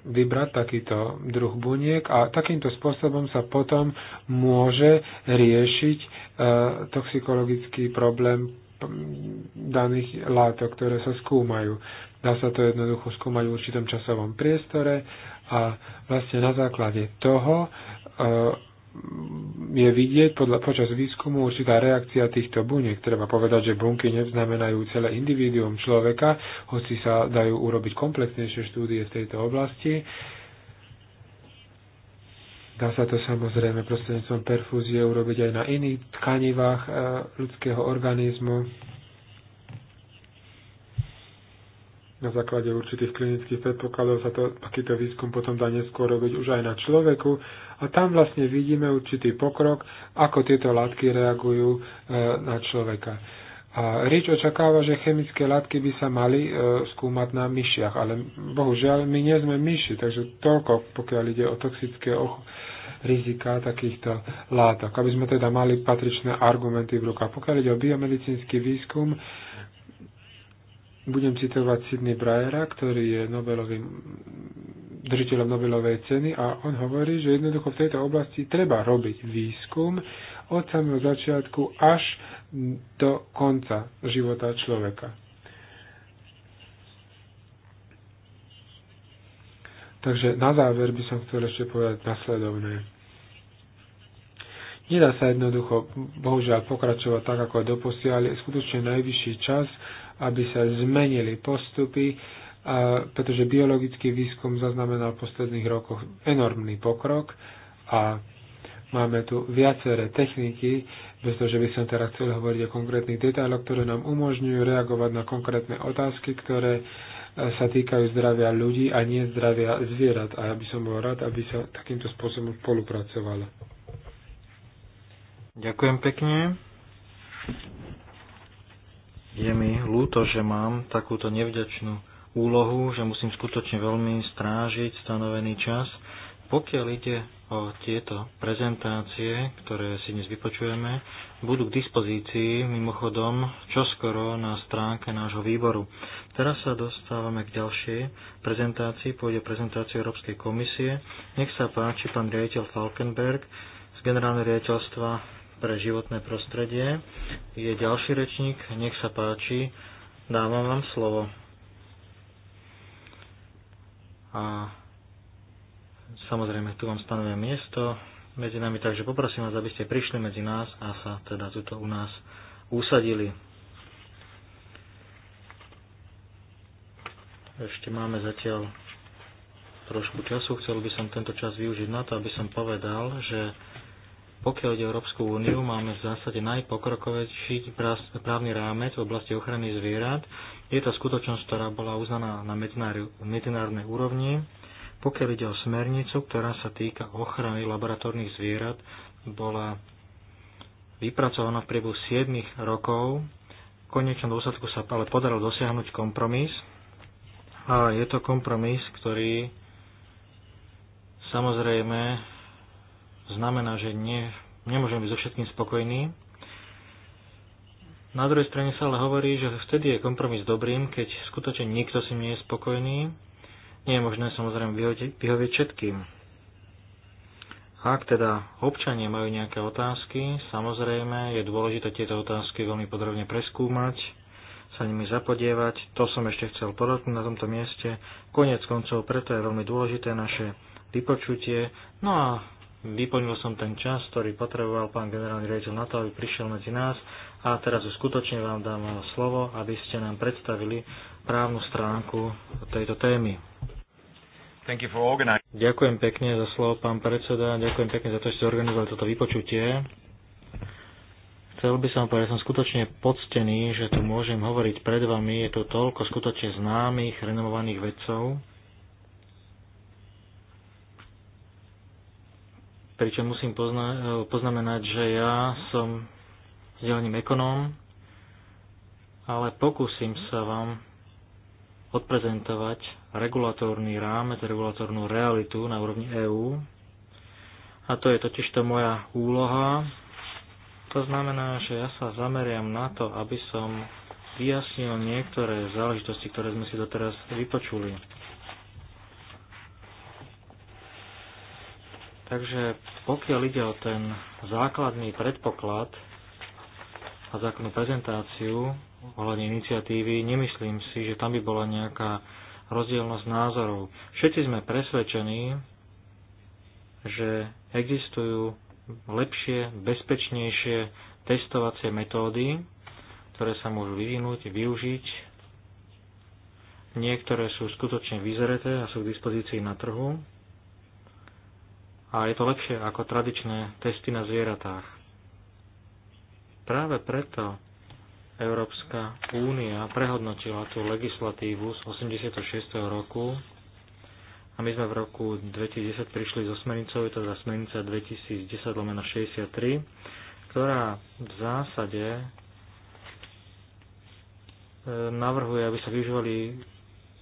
vybrať takýto druh buniek a takýmto spôsobom sa potom môže riešiť uh, toxikologický problém um, daných látok, ktoré sa skúmajú. Dá sa to jednoducho skúmať v určitom časovom priestore a vlastne na základe toho uh, je vidieť podľa, počas výskumu určitá reakcia týchto buniek. Treba povedať, že bunky neznamenajú celé individuum človeka, hoci sa dajú urobiť komplexnejšie štúdie v tejto oblasti. Dá sa to samozrejme prostredníctvom perfúzie urobiť aj na iných tkanivách eh, ľudského organizmu. na základe určitých klinických predpokladov sa to, takýto výskum potom dá neskôr robiť už aj na človeku a tam vlastne vidíme určitý pokrok, ako tieto látky reagujú e, na človeka. A Rič očakáva, že chemické látky by sa mali e, skúmať na myšiach, ale bohužiaľ my nie sme myši, takže toľko, pokiaľ ide o toxické och- rizika takýchto látok, aby sme teda mali patričné argumenty v rukách. Pokiaľ ide o biomedicínsky výskum, budem citovať Sidney Briera, ktorý je Nobelovým, držiteľom Nobelovej ceny a on hovorí, že jednoducho v tejto oblasti treba robiť výskum od samého začiatku až do konca života človeka. Takže na záver by som chcel ešte povedať nasledovné. Nedá sa jednoducho, bohužiaľ, pokračovať tak, ako doposiaľ. Je skutočne najvyšší čas, aby sa zmenili postupy, a, pretože biologický výskum zaznamenal v posledných rokoch enormný pokrok a máme tu viaceré techniky, bez toho, že by som teraz chcel hovoriť o konkrétnych detailoch, ktoré nám umožňujú reagovať na konkrétne otázky, ktoré e, sa týkajú zdravia ľudí a nie zdravia zvierat. A ja by som bol rád, aby sa takýmto spôsobom spolupracovalo. Ďakujem pekne. Je mi ľúto, že mám takúto nevďačnú úlohu, že musím skutočne veľmi strážiť stanovený čas. Pokiaľ ide o tieto prezentácie, ktoré si dnes vypočujeme, budú k dispozícii mimochodom čoskoro na stránke nášho výboru. Teraz sa dostávame k ďalšej prezentácii, pôjde prezentáciu Európskej komisie. Nech sa páči pán riaditeľ Falkenberg z generálneho riaditeľstva pre životné prostredie. Je ďalší rečník, nech sa páči, dávam vám slovo. A samozrejme, tu vám stanovia miesto medzi nami, takže poprosím vás, aby ste prišli medzi nás a sa teda tuto u nás usadili. Ešte máme zatiaľ trošku času. Chcel by som tento čas využiť na to, aby som povedal, že pokiaľ ide Európsku úniu, máme v zásade najpokrokovejší právny rámec v oblasti ochrany zvierat. Je to skutočnosť, ktorá bola uznaná na medzinárodnej úrovni. Pokiaľ ide o smernicu, ktorá sa týka ochrany laboratórnych zvierat, bola vypracovaná v priebehu 7 rokov. V konečnom dôsledku sa ale podarilo dosiahnuť kompromis. A je to kompromis, ktorý samozrejme znamená, že nie, nemôžeme byť so všetkým spokojní. Na druhej strane sa ale hovorí, že vtedy je kompromis dobrým, keď skutočne nikto si nie je spokojný. Nie je možné samozrejme vyhovieť všetkým. Ak teda občania majú nejaké otázky, samozrejme je dôležité tieto otázky veľmi podrobne preskúmať, sa nimi zapodievať. To som ešte chcel podotknúť na tomto mieste. Konec koncov, preto je veľmi dôležité naše vypočutie. No a Vyplnil som ten čas, ktorý potreboval pán generálny riaditeľ na to, aby prišiel medzi nás a teraz už skutočne vám dám slovo, aby ste nám predstavili právnu stránku tejto témy. Thank you for ďakujem pekne za slovo, pán predseda. Ďakujem pekne za to, že ste organizovali toto vypočutie. Chcel by som povedať, že som skutočne poctený, že tu môžem hovoriť pred vami. Je tu toľko skutočne známych, renomovaných vedcov, pričom musím pozna- poznamenať, že ja som vzdelaním ekonóm, ale pokúsim sa vám odprezentovať regulatórny rámec, regulatórnu realitu na úrovni EÚ. A to je totiž to moja úloha. To znamená, že ja sa zameriam na to, aby som vyjasnil niektoré záležitosti, ktoré sme si doteraz vypočuli. Takže pokiaľ ide o ten základný predpoklad a základnú prezentáciu ohľadne iniciatívy, nemyslím si, že tam by bola nejaká rozdielnosť názorov. Všetci sme presvedčení, že existujú lepšie, bezpečnejšie testovacie metódy, ktoré sa môžu vyvinúť, využiť. Niektoré sú skutočne vyzreté a sú k dispozícii na trhu a je to lepšie ako tradičné testy na zvieratách. Práve preto Európska únia prehodnotila tú legislatívu z 86. roku a my sme v roku 2010 prišli so smernicou, je to teda smernica 2010-63, ktorá v zásade e, navrhuje, aby sa využívali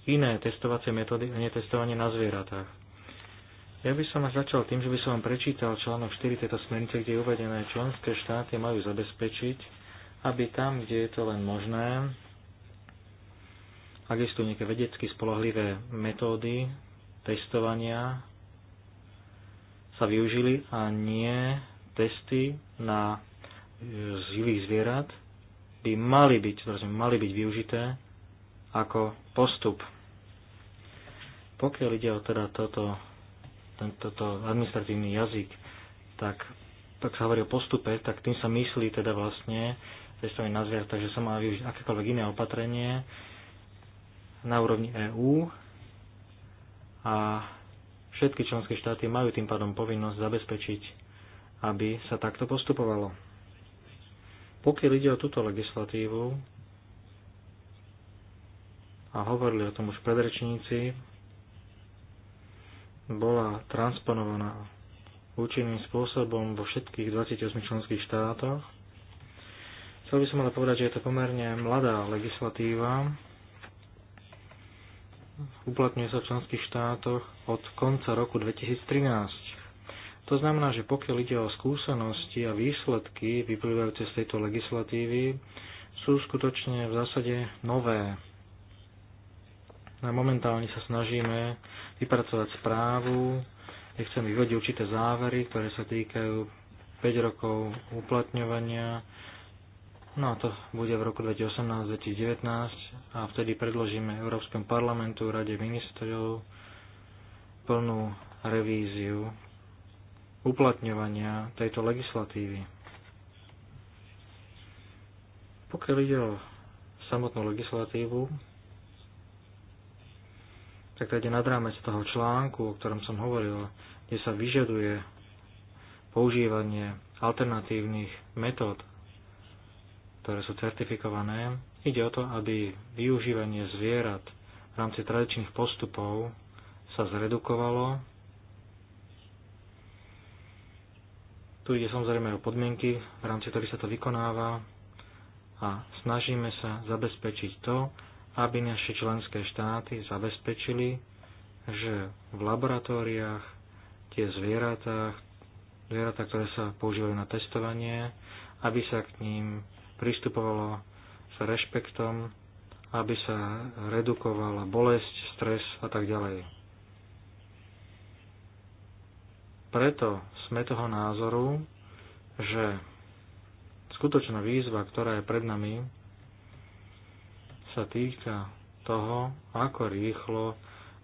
iné testovacie metódy a netestovanie na zvieratách. Ja by som začal tým, že by som vám prečítal článok 4 tejto smernice, kde je uvedené, členské štáty majú zabezpečiť, aby tam, kde je to len možné, ak existujú nejaké vedecky spolahlivé metódy testovania, sa využili a nie testy na e, živých zvierat by mali byť, rozumiem, mali byť využité ako postup. Pokiaľ ide o teda toto tento administratívny jazyk, tak, tak sa hovorí o postupe, tak tým sa myslí teda vlastne testovanie na nazvia, takže sa má využiť akékoľvek iné opatrenie na úrovni EÚ a všetky členské štáty majú tým pádom povinnosť zabezpečiť, aby sa takto postupovalo. Pokiaľ ide o túto legislatívu, a hovorili o tom už predrečníci, bola transponovaná účinným spôsobom vo všetkých 28 členských štátoch. Chcel by som ale povedať, že je to pomerne mladá legislatíva. Uplatňuje sa v členských štátoch od konca roku 2013. To znamená, že pokiaľ ide o skúsenosti a výsledky vyplývajúce z tejto legislatívy, sú skutočne v zásade nové No momentálne sa snažíme vypracovať správu, kde chcem vyvodiť určité závery, ktoré sa týkajú 5 rokov uplatňovania. No a to bude v roku 2018-2019 a vtedy predložíme Európskom parlamentu, Rade ministrov plnú revíziu uplatňovania tejto legislatívy. Pokiaľ ide o samotnú legislatívu, tak teda nad rámec toho článku, o ktorom som hovoril, kde sa vyžaduje používanie alternatívnych metód, ktoré sú certifikované. Ide o to, aby využívanie zvierat v rámci tradičných postupov sa zredukovalo. Tu ide samozrejme o podmienky, v rámci ktorých sa to vykonáva a snažíme sa zabezpečiť to, aby naše členské štáty zabezpečili, že v laboratóriách tie zvieratá, zvieratá, ktoré sa používajú na testovanie, aby sa k ním pristupovalo s rešpektom, aby sa redukovala bolesť, stres a tak ďalej. Preto sme toho názoru, že skutočná výzva, ktorá je pred nami, sa týka toho, ako rýchlo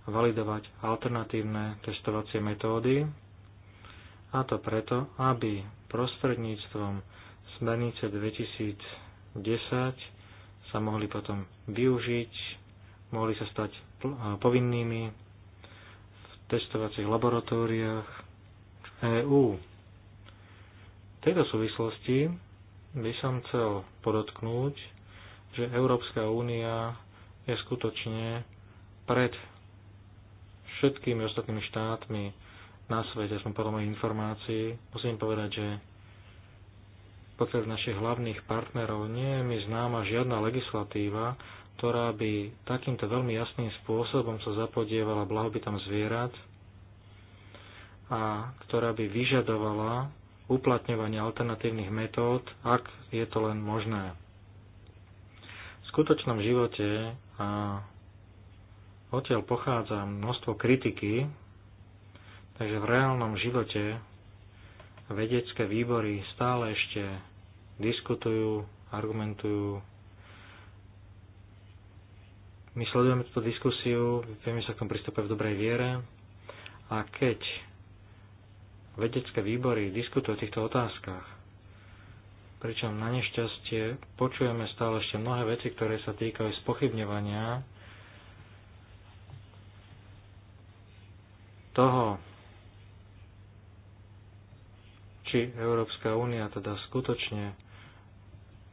validovať alternatívne testovacie metódy, a to preto, aby prostredníctvom smernice 2010 sa mohli potom využiť, mohli sa stať povinnými v testovacích laboratóriách EÚ. V tejto súvislosti by som chcel podotknúť, že Európska únia je skutočne pred všetkými ostatnými štátmi na svete, aspoň podľa mojich informácií. Musím povedať, že pokiaľ našich hlavných partnerov nie je mi známa žiadna legislatíva, ktorá by takýmto veľmi jasným spôsobom sa zapodievala blahobytom zvierat a ktorá by vyžadovala uplatňovanie alternatívnych metód, ak je to len možné skutočnom živote a odtiaľ pochádza množstvo kritiky, takže v reálnom živote vedecké výbory stále ešte diskutujú, argumentujú. My sledujeme túto diskusiu, vieme sa k tomu pristúpať v dobrej viere a keď vedecké výbory diskutujú o týchto otázkach pričom na nešťastie počujeme stále ešte mnohé veci, ktoré sa týkajú spochybňovania toho, či Európska únia teda skutočne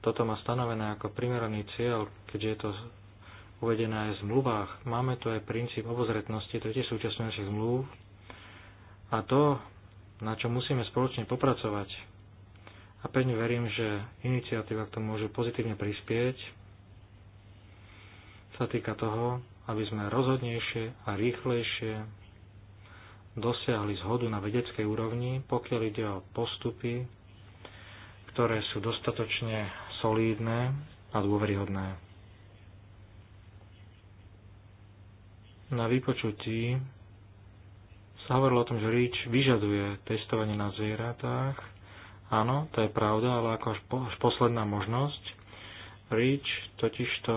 toto má stanovené ako primeraný cieľ, keďže je to uvedené aj v zmluvách. Máme tu aj princíp obozretnosti, to je tiež súčasť našich zmluv. A to, na čo musíme spoločne popracovať, a pevne verím, že iniciatíva k tomu môže pozitívne prispieť, sa týka toho, aby sme rozhodnejšie a rýchlejšie dosiahli zhodu na vedeckej úrovni, pokiaľ ide o postupy, ktoré sú dostatočne solídne a dôveryhodné. Na vypočutí sa hovorilo o tom, že REACH vyžaduje testovanie na zvieratách, Áno, to je pravda, ale ako až, po, až posledná možnosť. REACH totižto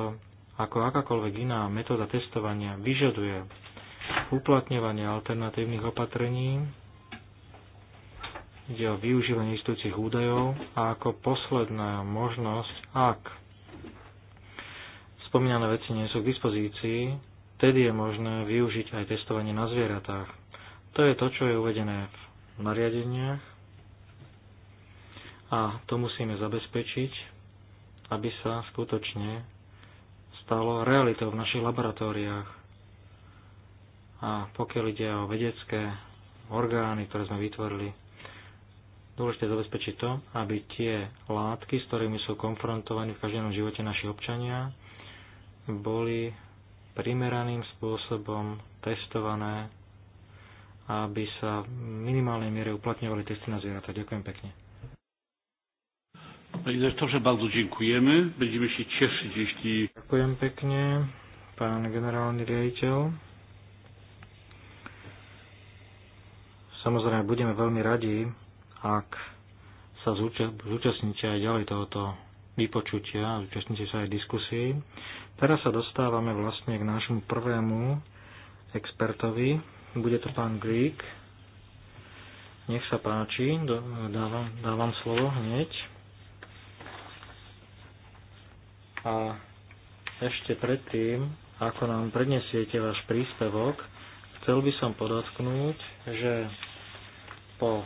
ako akákoľvek iná metóda testovania vyžaduje uplatňovanie alternatívnych opatrení, ide o využívanie istúcich údajov a ako posledná možnosť, ak spomínané veci nie sú k dispozícii, tedy je možné využiť aj testovanie na zvieratách. To je to, čo je uvedené v nariadeniach a to musíme zabezpečiť, aby sa skutočne stalo realitou v našich laboratóriách. A pokiaľ ide o vedecké orgány, ktoré sme vytvorili, dôležité zabezpečiť to, aby tie látky, s ktorými sú konfrontovaní v každom živote naši občania, boli primeraným spôsobom testované, aby sa v minimálnej miere uplatňovali testy na zvieratá. Ďakujem pekne. Panie dyrektorze, bardzo dziękujemy. Będziemy się cieszyć, jeśli... Ďakujem pekne, pán generálny riaditeľ. Samozrejme, budeme veľmi radi, ak sa zúčastníte aj ďalej tohoto vypočutia, zúčastníte sa aj diskusii. Teraz sa dostávame vlastne k nášmu prvému expertovi. Bude to pán Greek. Nech sa páči, dávam, dávam slovo hneď. A ešte predtým, ako nám prednesiete váš príspevok, chcel by som podotknúť, že po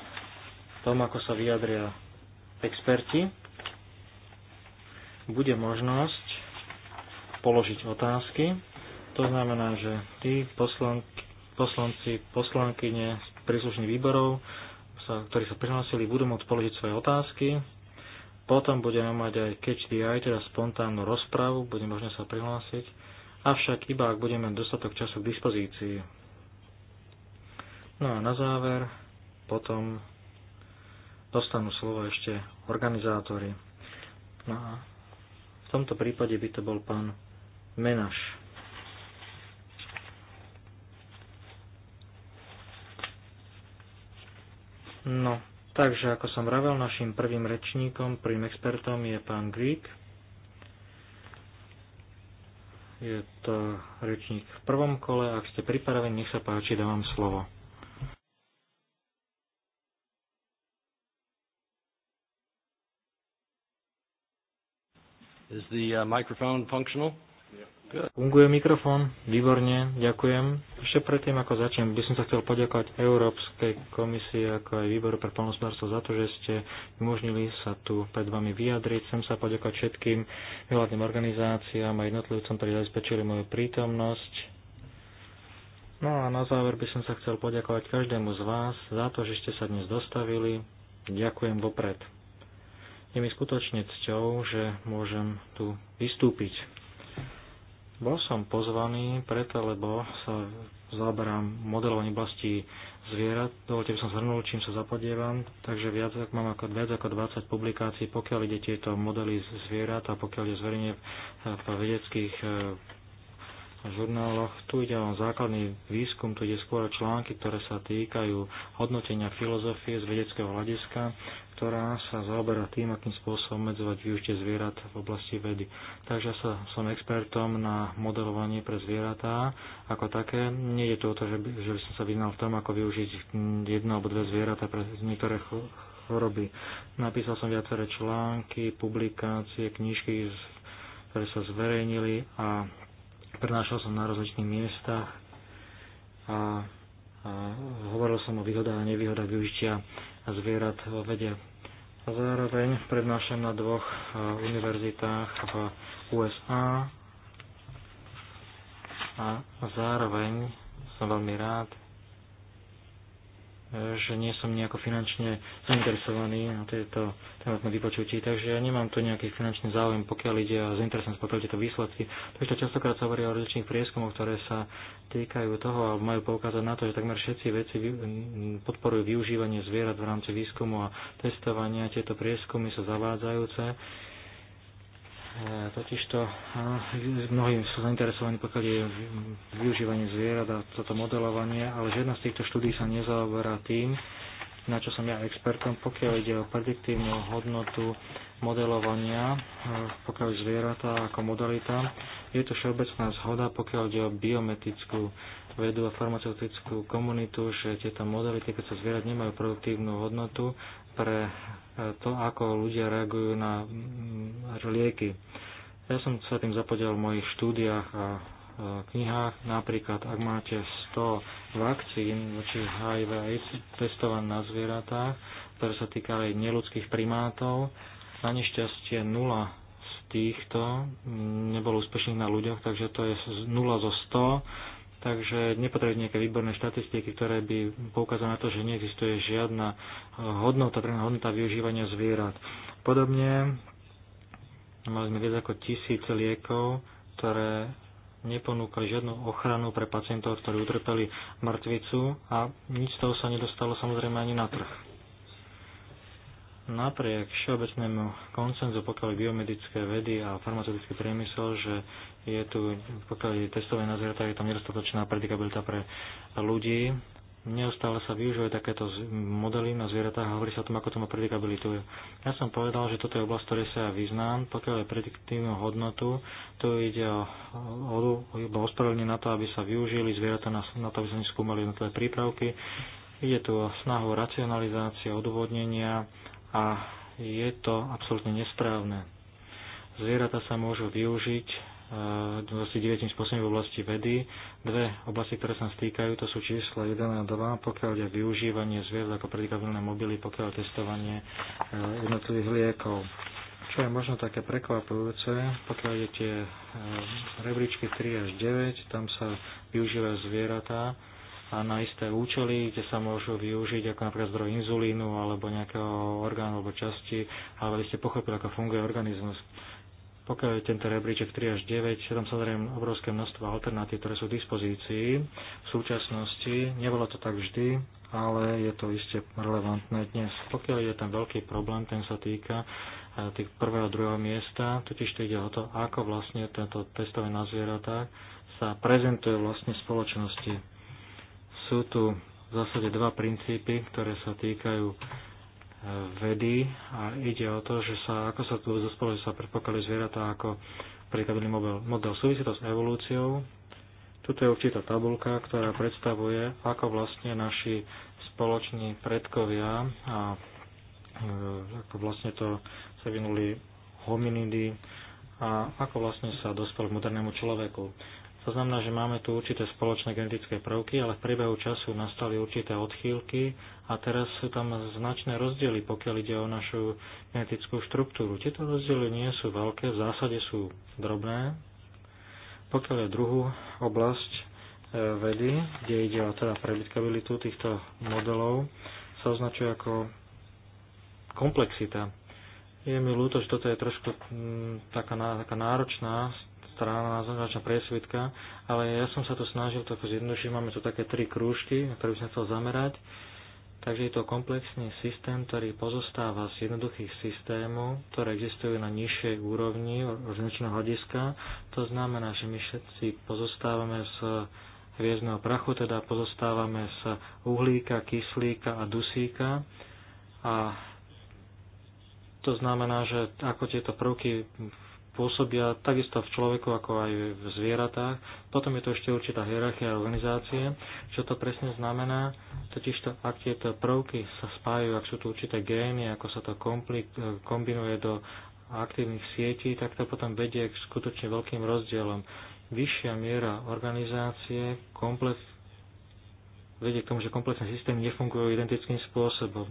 tom, ako sa vyjadria experti, bude možnosť položiť otázky. To znamená, že tí poslanky, poslanci, poslankyne príslušných výborov, sa, ktorí sa prihlásili, budú môcť položiť svoje otázky potom budeme mať aj catch the eye, teda spontánnu rozprávu, bude možné sa prihlásiť, avšak iba ak budeme mať dostatok času k dispozícii. No a na záver potom dostanú slovo ešte organizátori. No a v tomto prípade by to bol pán Menaš. No, Takže, ako som ravel, našim prvým rečníkom, prvým expertom je pán Grík. Je to rečník v prvom kole. Ak ste pripravení, nech sa páči, dávam slovo. Is the uh, microphone functional? Funguje mikrofón? Výborne, ďakujem. Ešte predtým, ako začnem, by som sa chcel poďakovať Európskej komisii ako aj Výboru pre polnospodárstvo za to, že ste umožnili sa tu pred vami vyjadriť. Chcem sa poďakovať všetkým vládnym organizáciám a jednotlivcom, ktorí zabezpečili moju prítomnosť. No a na záver by som sa chcel poďakovať každému z vás za to, že ste sa dnes dostavili. Ďakujem vopred. Je mi skutočne cťou, že môžem tu vystúpiť. Bol som pozvaný preto, lebo sa zaoberám modelovaním oblasti zvierat. Dovolte by som zhrnul, čím sa zapodievam. Takže viac, ak mám ako, viac ako 20 publikácií, pokiaľ ide tieto modely zvierat a pokiaľ je zverejne eh, v vedeckých eh, žurnáloch. Tu ide o základný výskum, tu ide skôr o články, ktoré sa týkajú hodnotenia filozofie z vedeckého hľadiska ktorá sa zaoberá tým, akým spôsobom medzovať využitie zvierat v oblasti vedy. Takže sa, som expertom na modelovanie pre zvieratá ako také. Nie je to o to, že by, že by som sa vyznal v tom, ako využiť jedno alebo dve zvieratá pre niektoré choroby. Napísal som viaceré články, publikácie, knižky, ktoré sa zverejnili a prenášal som na rozličných miestach a, a hovoril som o výhodách a nevýhodách využitia zvierat vo vede a zároveň prednášam na dvoch e, univerzitách v USA a zároveň som veľmi rád, že nie som nejako finančne zainteresovaný na tieto tematné vypočutie, takže ja nemám tu nejaký finančný záujem, pokiaľ ide o zainteresovanosť, potom tieto výsledky. Takže častokrát sa hovorí o rozličných prieskumoch, ktoré sa týkajú toho a majú poukázať na to, že takmer všetci veci podporujú využívanie zvierat v rámci výskumu a testovania. Tieto prieskumy sú zavádzajúce E, Totižto mnohí sú zainteresovaní, pokiaľ je využívanie zvierat a toto modelovanie, ale žiadna z týchto štúdí sa nezaoberá tým, na čo som ja expertom, pokiaľ ide o prediktívnu hodnotu modelovania, e, pokiaľ zvieratá ako modalita. Je to všeobecná zhoda, pokiaľ ide o biometickú vedú a farmaceutickú komunitu, že tieto modality, keď sa zvierat nemajú produktívnu hodnotu, pre to, ako ľudia reagujú na lieky. Ja som sa tým zapodiel v mojich štúdiách a knihách. Napríklad, ak máte 100 vakcín voči HIV AIDS testovan na zvieratách, ktoré sa týkali neludských primátov, na nešťastie nula z týchto nebolo úspešných na ľuďoch, takže to je 0 zo 100 Takže nepotrebujete nejaké výborné štatistiky, ktoré by poukázali na to, že neexistuje žiadna hodnota, pre hodnota využívania zvierat. Podobne mali sme viac ako tisíc liekov, ktoré neponúkali žiadnu ochranu pre pacientov, ktorí utrpeli mŕtvicu a nič z toho sa nedostalo samozrejme ani na trh napriek všeobecnému koncenzu, pokiaľ biomedické vedy a farmaceutický priemysel, že je tu, pokiaľ je testové na zvieratá, je tam nedostatočná predikabilita pre ľudí. Neustále sa využívajú takéto modely na zvieratách a hovorí sa o tom, ako to má predikabilitu. Ja som povedal, že toto je oblasť, ktorej sa ja vyznám. Pokiaľ je prediktívnu hodnotu, tu ide o, o, o na to, aby sa využili zvieratá na, na to, aby sa skúmali jednotlivé prípravky. Ide tu o snahu racionalizácie, odôvodnenia a je to absolútne nesprávne. Zvieratá sa môžu využiť asi 9 spôsobom v oblasti vedy. Dve oblasti, ktoré sa stýkajú, to sú čísla 1 a 2, pokiaľ je využívanie zvierat ako predikabilné mobily, pokiaľ testovanie eh, jednotlivých liekov. Čo je možno také prekvapujúce, pokiaľ je tie eh, rebríčky 3 až 9, tam sa využívajú zvieratá, a na isté účely, kde sa môžu využiť ako napríklad zdroj inzulínu alebo nejakého orgánu alebo časti, ale aby ste pochopili, ako funguje organizmus. Pokiaľ je tento rebríček 3 až 9, je tam samozrejme obrovské množstvo alternatív, ktoré sú v dispozícii v súčasnosti. Nebolo to tak vždy, ale je to iste relevantné dnes. Pokiaľ je tam veľký problém, ten sa týka e, tých prvého a druhého miesta, totiž to ide o to, ako vlastne tento testové na zvieratách sa prezentuje vlastne spoločnosti sú tu v zásade dva princípy, ktoré sa týkajú e, vedy a ide o to, že sa, ako sa tu zospolo, že sa predpokladajú zvieratá ako príkladný model. model. Súvisí to s evolúciou. Tuto je určitá tabulka, ktorá predstavuje, ako vlastne naši spoloční predkovia a e, ako vlastne to sa vynuli hominidy a ako vlastne sa dospel k modernému človeku. To znamená, že máme tu určité spoločné genetické prvky, ale v priebehu času nastali určité odchýlky a teraz sú tam značné rozdiely, pokiaľ ide o našu genetickú štruktúru. Tieto rozdiely nie sú veľké, v zásade sú drobné. Pokiaľ je druhú oblasť e, vedy, kde ide o teda predikabilitu týchto modelov, sa označuje ako komplexita. Je mi ľúto, že toto je trošku mm, taká, taká náročná strana naznačná presvitka, ale ja som sa to snažil trochu zjednodušiť. Máme tu také tri krúžky, na ktoré by som chcel zamerať. Takže je to komplexný systém, ktorý pozostáva z jednoduchých systémov, ktoré existujú na nižšej úrovni rozličného hľadiska. To znamená, že my všetci pozostávame z hviezdného prachu, teda pozostávame z uhlíka, kyslíka a dusíka. A to znamená, že ako tieto prvky pôsobia takisto v človeku ako aj v zvieratách. Potom je to ešte určitá hierarchia organizácie, čo to presne znamená, totižto ak tieto prvky sa spájajú, ak sú tu určité gény, ako sa to kombinuje do aktívnych sietí, tak to potom vedie k skutočne veľkým rozdielom. Vyššia miera organizácie komplex, vedie k tomu, že komplexné systémy nefungujú identickým spôsobom.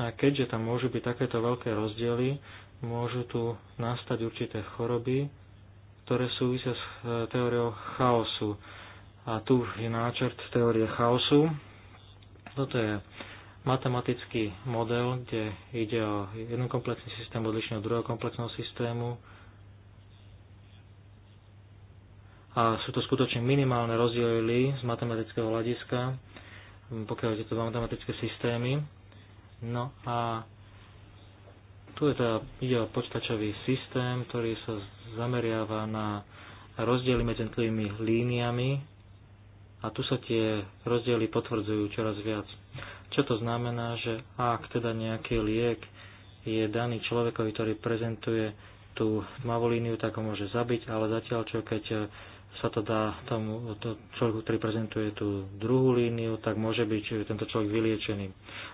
A keďže tam môžu byť takéto veľké rozdiely, môžu tu nastať určité choroby, ktoré súvisia s e, teóriou chaosu. A tu je náčrt teórie chaosu. Toto je matematický model, kde ide o jeden komplexný systém odlišný od druhého komplexného systému. A sú to skutočne minimálne rozdiely z matematického hľadiska, pokiaľ je to matematické systémy. No a tu je teda, ide o počítačový systém, ktorý sa zameriava na rozdiely medzi jednotlivými líniami a tu sa tie rozdiely potvrdzujú čoraz viac. Čo to znamená, že ak teda nejaký liek je daný človekovi, ktorý prezentuje tú tmavú líniu, tak ho môže zabiť, ale zatiaľ čo keď sa to dá tomu to človeku, ktorý prezentuje tú druhú líniu, tak môže byť tento človek vyliečený.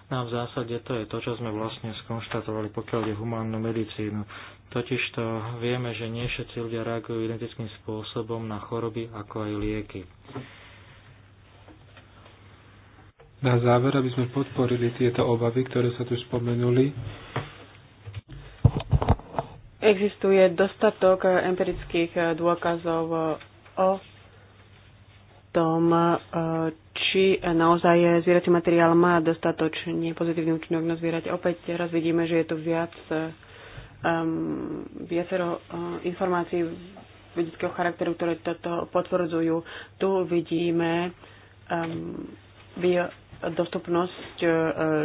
No a v zásade to je to, čo sme vlastne skonštatovali, pokiaľ je humánnu medicínu. Totižto vieme, že nie všetci ľudia reagujú identickým spôsobom na choroby, ako aj lieky. Na záver, aby sme podporili tieto obavy, ktoré sa tu spomenuli, existuje dostatok empirických dôkazov o tom, e, či naozaj zvierací materiál má dostatočne pozitívny účinok na zvierať. Opäť raz vidíme, že je tu viac, um, viacero uh, informácií vedeckého charakteru, ktoré toto potvrdzujú. Tu vidíme um, bio, dostupnosť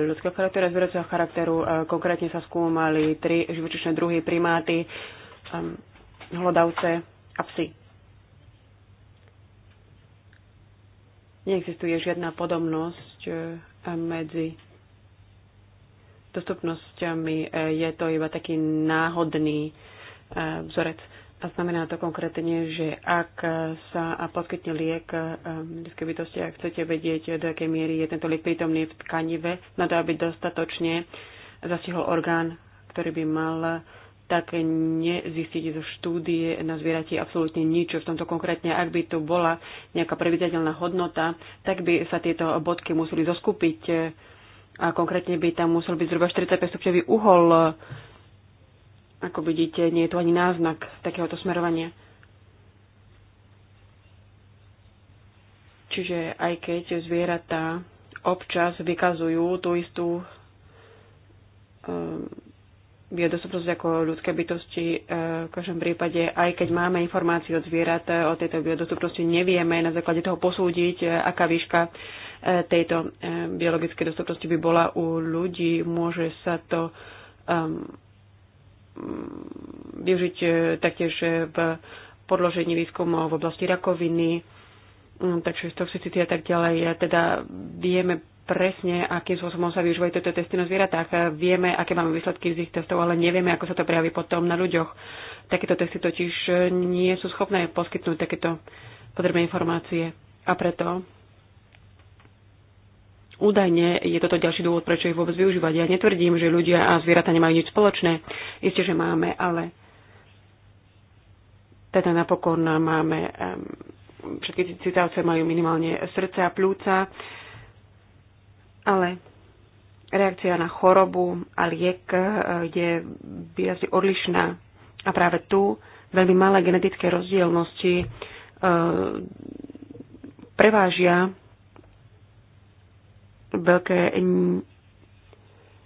ľudského charakteru a zvieracieho charakteru. Konkrétne sa skúmali tri živočišné druhy, primáty, um, hlodavce a psy neexistuje žiadna podobnosť e, medzi dostupnosťami. E, je to iba taký náhodný e, vzorec. A znamená to konkrétne, že ak sa poskytne liek ľudskej bytosti a chcete vedieť, do akej miery je tento liek prítomný v tkanive, na to, aby dostatočne zastihol orgán, ktorý by mal tak nezistíte zo štúdie na zvieratí absolútne nič. V tomto konkrétne, ak by tu bola nejaká previdateľná hodnota, tak by sa tieto bodky museli zoskupiť a konkrétne by tam musel byť zhruba 45 stupňový uhol. Ako vidíte, nie je tu ani náznak takéhoto smerovania. Čiže aj keď zvieratá občas vykazujú tú istú um, biodostupnosť ako ľudské bytosti e, v každom prípade, aj keď máme informácie od zvierat e, o tejto biodostupnosti, nevieme na základe toho posúdiť, e, aká výška tejto biologickej dostupnosti by bola u ľudí. Môže sa to um, mm, využiť taktiež v podložení výskumov v oblasti rakoviny, mm, takže toxicity a tak ďalej. Teda vieme presne, akým spôsobom sa využívajú tieto testy na zvieratách. Vieme, aké máme výsledky z ich testov, ale nevieme, ako sa to prejaví potom na ľuďoch. Takéto testy totiž nie sú schopné poskytnúť takéto potrebné informácie. A preto údajne je toto ďalší dôvod, prečo ich vôbec využívať. Ja netvrdím, že ľudia a zvieratá nemajú nič spoločné. Isté, že máme, ale teda napokon máme, um, všetky citáce majú minimálne srdce a plúca ale reakcia na chorobu a liek e, je výrazne odlišná. A práve tu veľmi malé genetické rozdielnosti e, prevážia veľké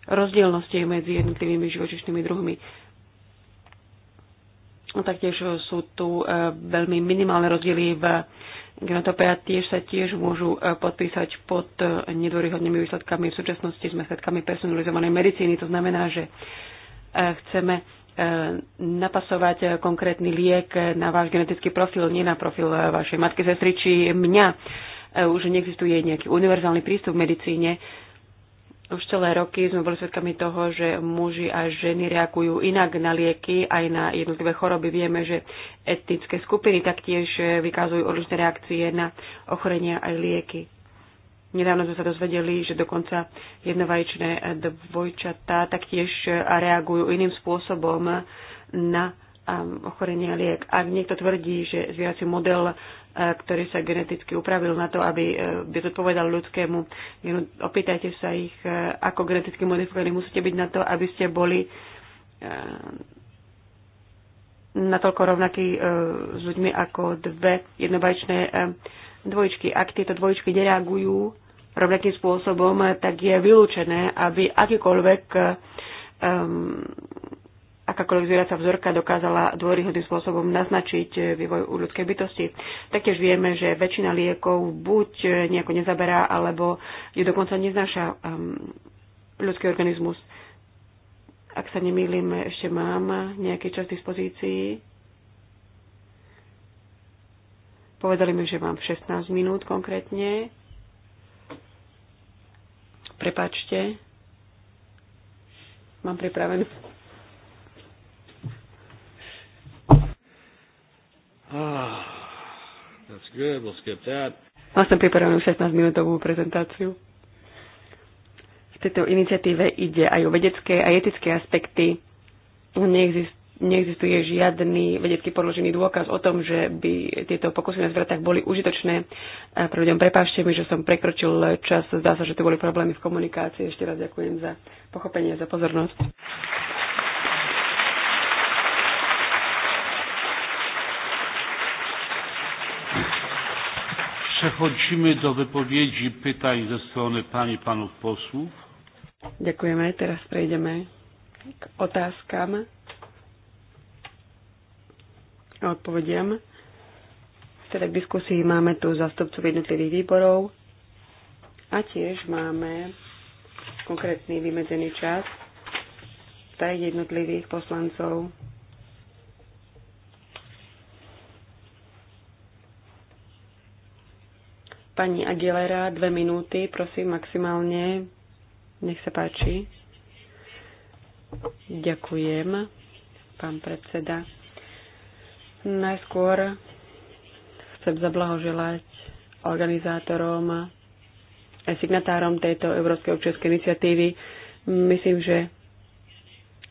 rozdielnosti medzi jednotlivými živočišnými druhmi. No taktiež sú tu e, veľmi minimálne rozdiely v Genotopia tiež sa tiež môžu e, podpísať pod e, nedôryhodnými výsledkami. V súčasnosti sme svetkami personalizovanej medicíny. To znamená, že e, chceme napasovať konkrétny liek na váš genetický profil, nie na profil vašej matky, sestry či mňa. Už neexistuje nejaký univerzálny prístup v medicíne. Už celé roky sme boli svedkami toho, že muži a ženy reagujú inak na lieky, aj na jednotlivé choroby. Vieme, že etnické skupiny taktiež vykazujú odlišné reakcie na ochorenia aj lieky. Nedávno sme sa dozvedeli, že dokonca jednovajčné dvojčatá taktiež reagujú iným spôsobom na ochorenia liek. Ak niekto tvrdí, že zvierací model ktorý sa geneticky upravil na to, aby e, by povedal ľudskému. Opýtajte sa ich, e, ako geneticky modifikovaní musíte byť na to, aby ste boli e, natoľko rovnakí s ľuďmi ako dve jednobajčné dvojčky. Ak tieto dvojčky nereagujú rovnakým spôsobom, tak je vylúčené, aby akýkoľvek akákoľvek zvieracia vzorka dokázala dôryhodným spôsobom naznačiť eh, vývoj u ľudskej bytosti. Taktiež vieme, že väčšina liekov buď eh, nejako nezaberá, alebo ju dokonca neznáša um, ľudský organizmus. Ak sa nemýlim, ešte mám nejaký čas v dispozícii. Povedali mi, že mám 16 minút konkrétne. Prepačte. Mám pripravenú Ah, that's good. We'll skip that. Mal som vlastne pripravenú 16-minútovú prezentáciu. V tejto iniciatíve ide aj o vedecké a etické aspekty. Neexistuje žiadny vedecky podložený dôkaz o tom, že by tieto pokusy na zvratách boli užitočné. Pre ľuďom prepášte mi, že som prekročil čas. Zdá sa, že tu boli problémy v komunikácii. Ešte raz ďakujem za pochopenie, za pozornosť. Przechodzimy do wypowiedzi pytań ze strony pani i panów posłów. Dziękujemy. Teraz przejdziemy k otázkam a V tej k diskusii máme tu zastupcov jednotlivých výborov a tiež máme konkrétny vymedzený čas pre jednotlivých poslancov Pani Aguilera, dve minúty, prosím, maximálne. Nech sa páči. Ďakujem, pán predseda. Najskôr chcem zablahoželať organizátorom a signatárom tejto Európskej občianskej iniciatívy. Myslím, že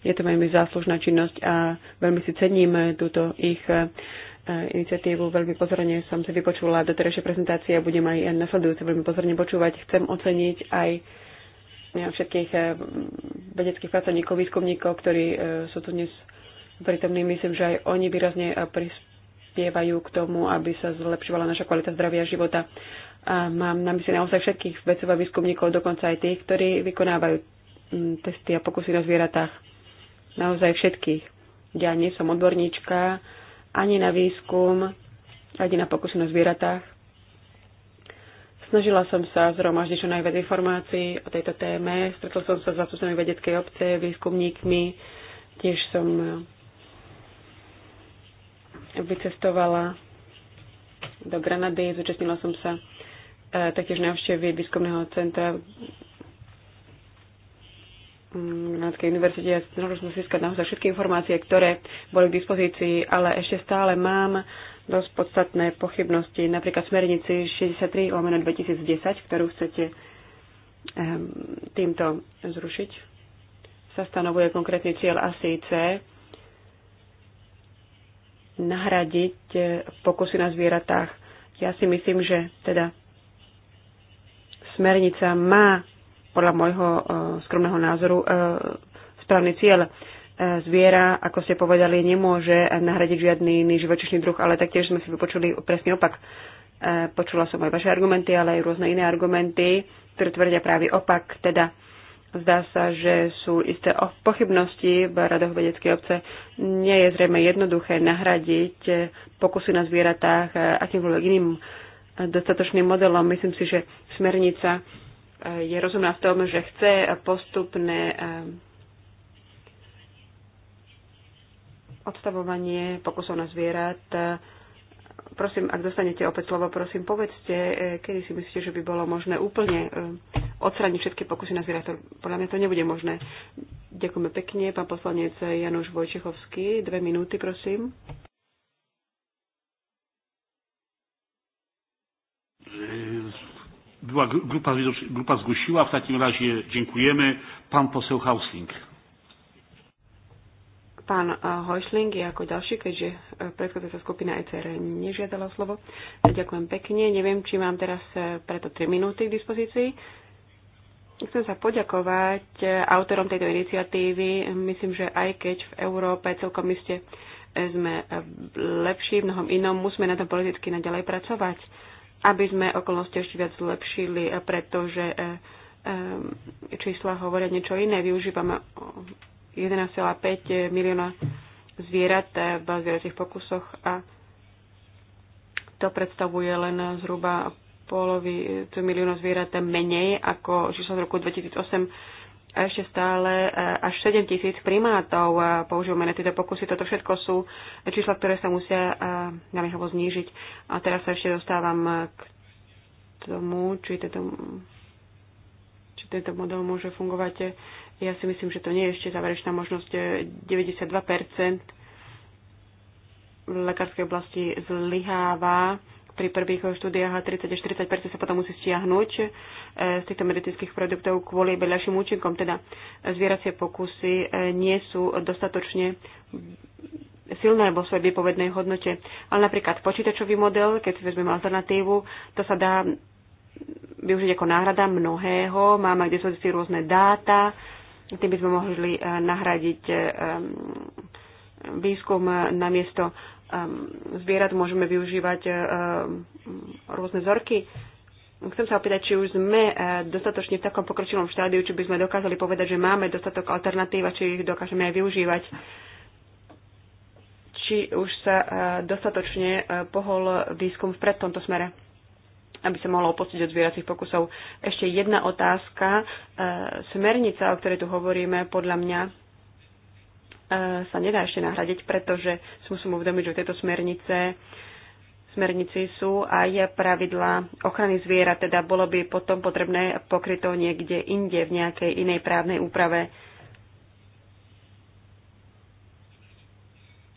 je to veľmi záslužná činnosť a veľmi si cením túto ich E, iniciatívu. Veľmi pozorne som si vypočula doterajšie prezentácie a budem aj nasledujúce veľmi pozorne počúvať. Chcem oceniť aj e, všetkých e, vedeckých pracovníkov, výskumníkov, ktorí sú tu dnes prítomní. Myslím, že aj oni výrazne prispievajú k tomu, aby sa zlepšovala naša kvalita zdravia a života. A mám na mysli naozaj všetkých vedcov a výskumníkov, dokonca aj tých, ktorí vykonávajú testy a pokusy na zvieratách. Naozaj všetkých. Ja nie som odborníčka, ani na výskum, ani na pokusy na zvieratách. Snažila som sa zhromaždiť čo najviac informácií o tejto téme. Stretol som sa s zastupcami vedeckej obce, výskumníkmi. Tiež som eh, vycestovala do Granady. Zúčastnila som sa eh, taktiež návštevy výskumného centra Granátskej univerzite. Ja snažil som získať naozaj všetky informácie, ktoré boli k dispozícii, ale ešte stále mám dosť podstatné pochybnosti. Napríklad smernici 63 lomeno 2010, ktorú chcete ehm, týmto zrušiť, sa stanovuje konkrétny cieľ asi C: nahradiť pokusy na zvieratách. Ja si myslím, že teda smernica má podľa môjho e, skromného názoru e, správny cieľ. E, zviera, ako ste povedali, nemôže nahradiť žiadny iný živočišný druh, ale taktiež sme si vypočuli presný opak. Počula som aj vaše argumenty, ale aj rôzne iné argumenty, ktoré tvrdia práve opak. Teda zdá sa, že sú isté pochybnosti v radoch vedeckej obce. Nie je zrejme jednoduché nahradiť pokusy na zvieratách akýmkoľvek iným dostatočným modelom. Myslím si, že smernica je rozumná v tom, že chce postupné eh, odstavovanie pokusov na zvierat. Prosím, ak dostanete opäť slovo, prosím, povedzte, eh, kedy si myslíte, že by bolo možné úplne eh, odstraniť všetky pokusy na zvierat. Podľa mňa to nebude možné. Ďakujeme pekne. Pán poslanec Januš Vojčechovský, dve minúty, prosím była grupa, grupa zgłosiła. W takim razie dziękujemy. Pan poseł Hausling. Pán e, Hojšling je ako ďalší, keďže e, predchádzajúca skupina ECR nežiadala slovo. Ďakujem pekne. Neviem, či mám teraz e, preto 3 minúty k dispozícii. Chcem sa poďakovať autorom tejto iniciatívy. Myslím, že aj keď v Európe celkom iste sme lepší v mnohom inom, musíme na tom politicky naďalej pracovať aby sme okolnosti ešte viac zlepšili, eh, pretože eh, eh, čísla hovoria niečo iné. Využívame 11,5 milióna zvierat v zvieracích pokusoch a to predstavuje len zhruba polovicu milióna zvierat menej ako číslo z roku 2008 a ešte stále eh, až 7 tisíc primátov eh, používame na tieto pokusy. Toto všetko sú čísla, ktoré sa musia eh, naliehavo znížiť. A teraz sa ešte dostávam k tomu, či tento, či tento model môže fungovať. Ja si myslím, že to nie je ešte záverečná možnosť. 92% v lekárskej oblasti zlyháva pri prvých štúdiách 30 až 40 sa potom musí stiahnuť e, z týchto medicínskych produktov kvôli vedľajším účinkom. Teda zvieracie pokusy e, nie sú dostatočne silné vo svojej vypovednej hodnote. Ale napríklad počítačový model, keď si vezmeme alternatívu, to sa dá využiť ako náhrada mnohého. Máme aj dispozícii rôzne dáta, tým by sme mohli e, nahradiť výskum namiesto Ehm, zvierat, môžeme využívať ehm, rôzne vzorky. Chcem sa opýtať, či už sme eh, dostatočne v takom pokročilom štádiu, či by sme dokázali povedať, že máme dostatok alternatív a či ich dokážeme aj využívať. Či už sa eh, dostatočne eh, pohol výskum vpred v tomto smere aby sa mohlo opustiť od zvieracích pokusov. Ešte jedna otázka. Smernica, o ktorej tu hovoríme, podľa mňa E, sa nedá ešte nahradiť, pretože si musím uvedomiť, že tieto smernice smernici sú aj pravidlá ochrany zviera, teda bolo by potom potrebné pokryť to niekde inde, v nejakej inej právnej úprave.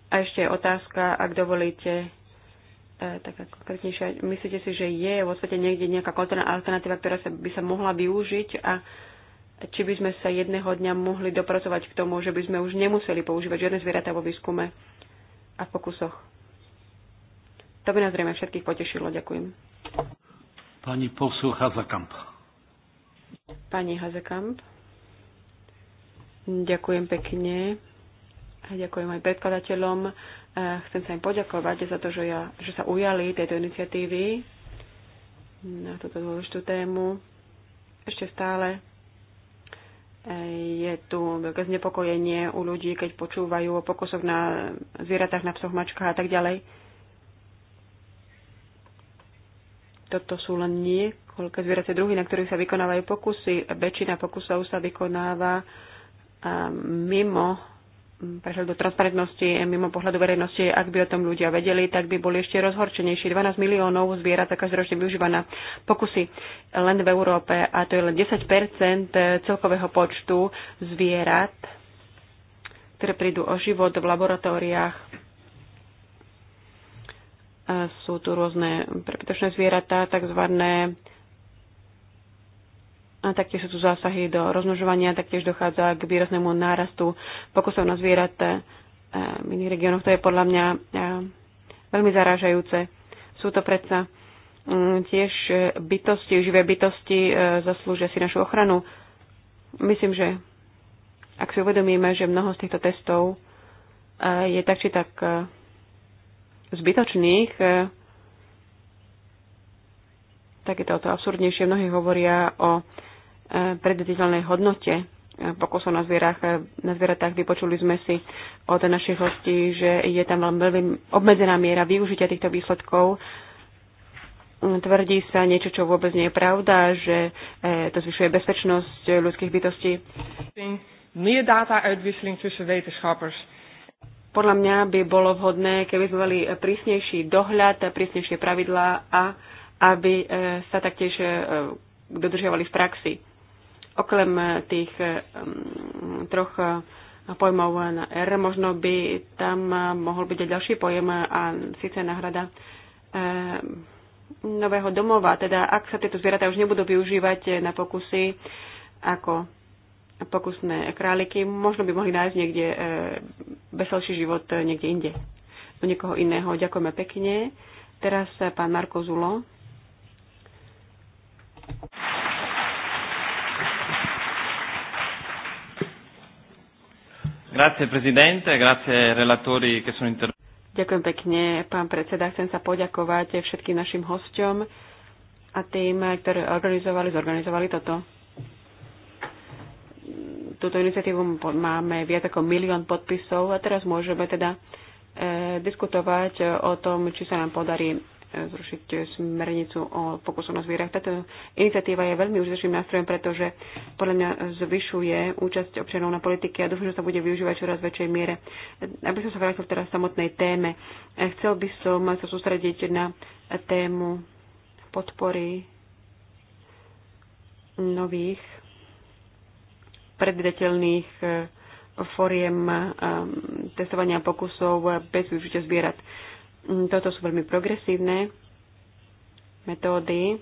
A ešte otázka, ak dovolíte, e, taká konkrétnejšia. Myslíte si, že je vo svete niekde nejaká kontrolná alternatíva, ktorá sa, by sa mohla využiť a či by sme sa jedného dňa mohli dopracovať k tomu, že by sme už nemuseli používať žiadne zvieratá vo výskume a v pokusoch. To by nás zrejme všetkých potešilo. Ďakujem. Pani posluch Hazakamp. Pani Hazakamp. Ďakujem pekne. A ďakujem aj predkladateľom. E, chcem sa im poďakovať za to, že, ja, že sa ujali tejto iniciatívy na túto dôležitú tému. Ešte stále je tu veľké znepokojenie u ľudí, keď počúvajú o pokusoch na zvieratách, na psoch, mačkách a tak ďalej. Toto sú len niekoľké zvieracie druhy, na ktorých sa vykonávajú pokusy. Väčšina pokusov sa vykonáva mimo prešiel do transparentnosti mimo pohľadu verejnosti. Ak by o tom ľudia vedeli, tak by boli ešte rozhorčenejší. 12 miliónov zvierat každoročne využíva na pokusy len v Európe a to je len 10 celkového počtu zvierat, ktoré prídu o život v laboratóriách sú tu rôzne prepitočné zvieratá, tzv. A taktiež sú tu zásahy do rozmnožovania, taktiež dochádza k výraznému nárastu pokusov na zvieraté eh, v iných regiónoch. To je podľa mňa eh, veľmi zarážajúce. Sú to predsa mm, tiež eh, bytosti, živé bytosti zaslúžia si našu ochranu. Myslím, že ak si uvedomíme, že mnoho z týchto testov je tak či tak zbytočných, tak je to o to absurdnejšie. Mnohí hovoria o E, predviditeľnej hodnote e, pokusov na, zvierach, e, na zvieratách. Vypočuli sme si od našich hostí, že je tam veľmi obmedzená miera využitia týchto výsledkov. Tvrdí sa niečo, čo vôbec nie je pravda, že to zvyšuje bezpečnosť ľudských bytostí. Meer data-uitwisseling tussen wetenschappers. Podľa mňa by bolo vhodné, keby sme mali prísnejší dohľad, prísnejšie pravidlá a aby sa taktiež dodržiavali v praxi Okrem eh, tých eh, mm, troch eh, pojmov na R, možno by tam mohol byť aj ďalší pojem a síce náhrada nového domova. Teda ak sa tieto zvieratá už nebudú využívať na pokusy ako pokusné králiky, možno by mohli nájsť niekde veselší život niekde inde. U niekoho iného. Ďakujeme pekne. Teraz pán Marko Zulo. Grazie Presidente, grazie relatori, che sono intervenuti. Ďakujem pekne, pán predseda. Chcem sa poďakovať všetkým našim hosťom a tým, ktorí organizovali, zorganizovali toto. Túto iniciatívu máme viac ako milión podpisov a teraz môžeme teda e, diskutovať o tom, či sa nám podarí zrušiť smernicu o pokusu na zvierach. Táto iniciatíva je veľmi užitočným nástrojom, pretože podľa mňa zvyšuje účasť občanov na politike a dúfam, že sa bude využívať čoraz väčšej miere. Aby som sa vrátil teraz samotnej téme, chcel by som sa sústrediť na tému podpory nových predvedateľných eh, foriem eh, testovania pokusov bez využitia zvierat. Mm, toto sú veľmi progresívne metódy.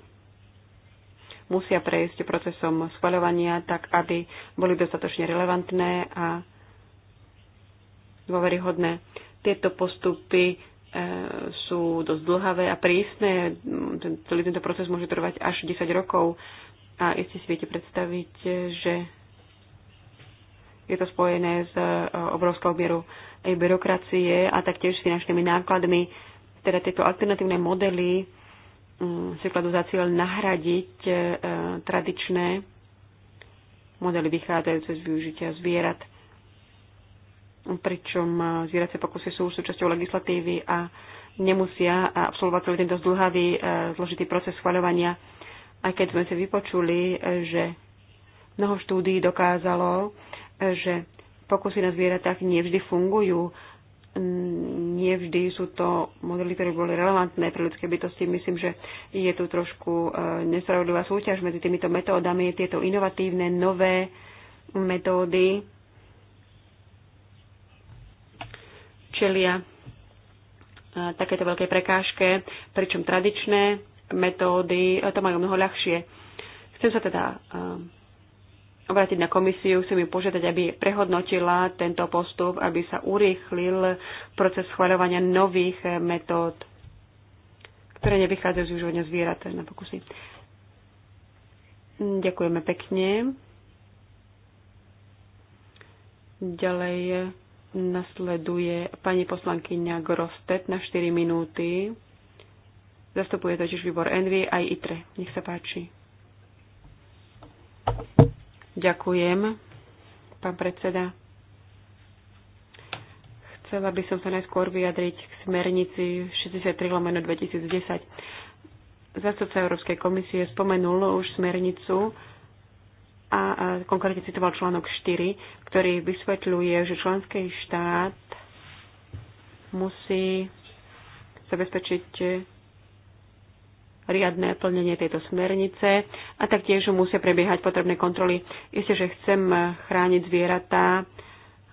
Musia prejsť procesom schvaľovania tak, aby boli dostatočne relevantné a dôveryhodné. Tieto postupy e, sú dosť dlhavé a prísne. Mm, celý tento proces môže trvať až 10 rokov a iste si viete predstaviť, že je to spojené s e, obrovskou mierou E, byrokracie a taktiež finančnými nákladmi. Teda tieto alternatívne modely mm, si kladú za cieľ nahradiť e, tradičné modely vychádzajúce z využitia zvierat, pričom e, zvieracie pokusy sú súčasťou legislatívy a nemusia absolvovať celý tento zdlhavý, zložitý proces schvaľovania, aj keď sme si vypočuli, že mnoho štúdí dokázalo, že pokusy na zvieratách nevždy fungujú. Nevždy sú to modely, ktoré boli relevantné pre ľudské bytosti. Myslím, že je tu trošku e, nespravodlivá súťaž medzi týmito metódami. Tieto inovatívne, nové metódy čelia e, takéto veľké prekážke, pričom tradičné metódy e, to majú mnoho ľahšie. Chcem sa teda obrátiť na komisiu, chcem ju požiadať, aby prehodnotila tento postup, aby sa urýchlil proces schváľovania nových eh, metód, ktoré nevychádzajú z užívania zvierat na pokusy. Ďakujeme pekne. Ďalej eh, nasleduje pani poslankyňa Grostet na 4 minúty. Zastupuje totiž výbor Envy aj ITRE. Nech sa páči. Ďakujem, pán predseda. Chcela by som sa najskôr vyjadriť k smernici 63 lomeno 2010. Zastupca Európskej komisie spomenul už smernicu a, a konkrétne citoval článok 4, ktorý vysvetľuje, že členský štát musí zabezpečiť riadne plnenie tejto smernice a taktiež musia prebiehať potrebné kontroly. Isté, že chcem chrániť zvieratá,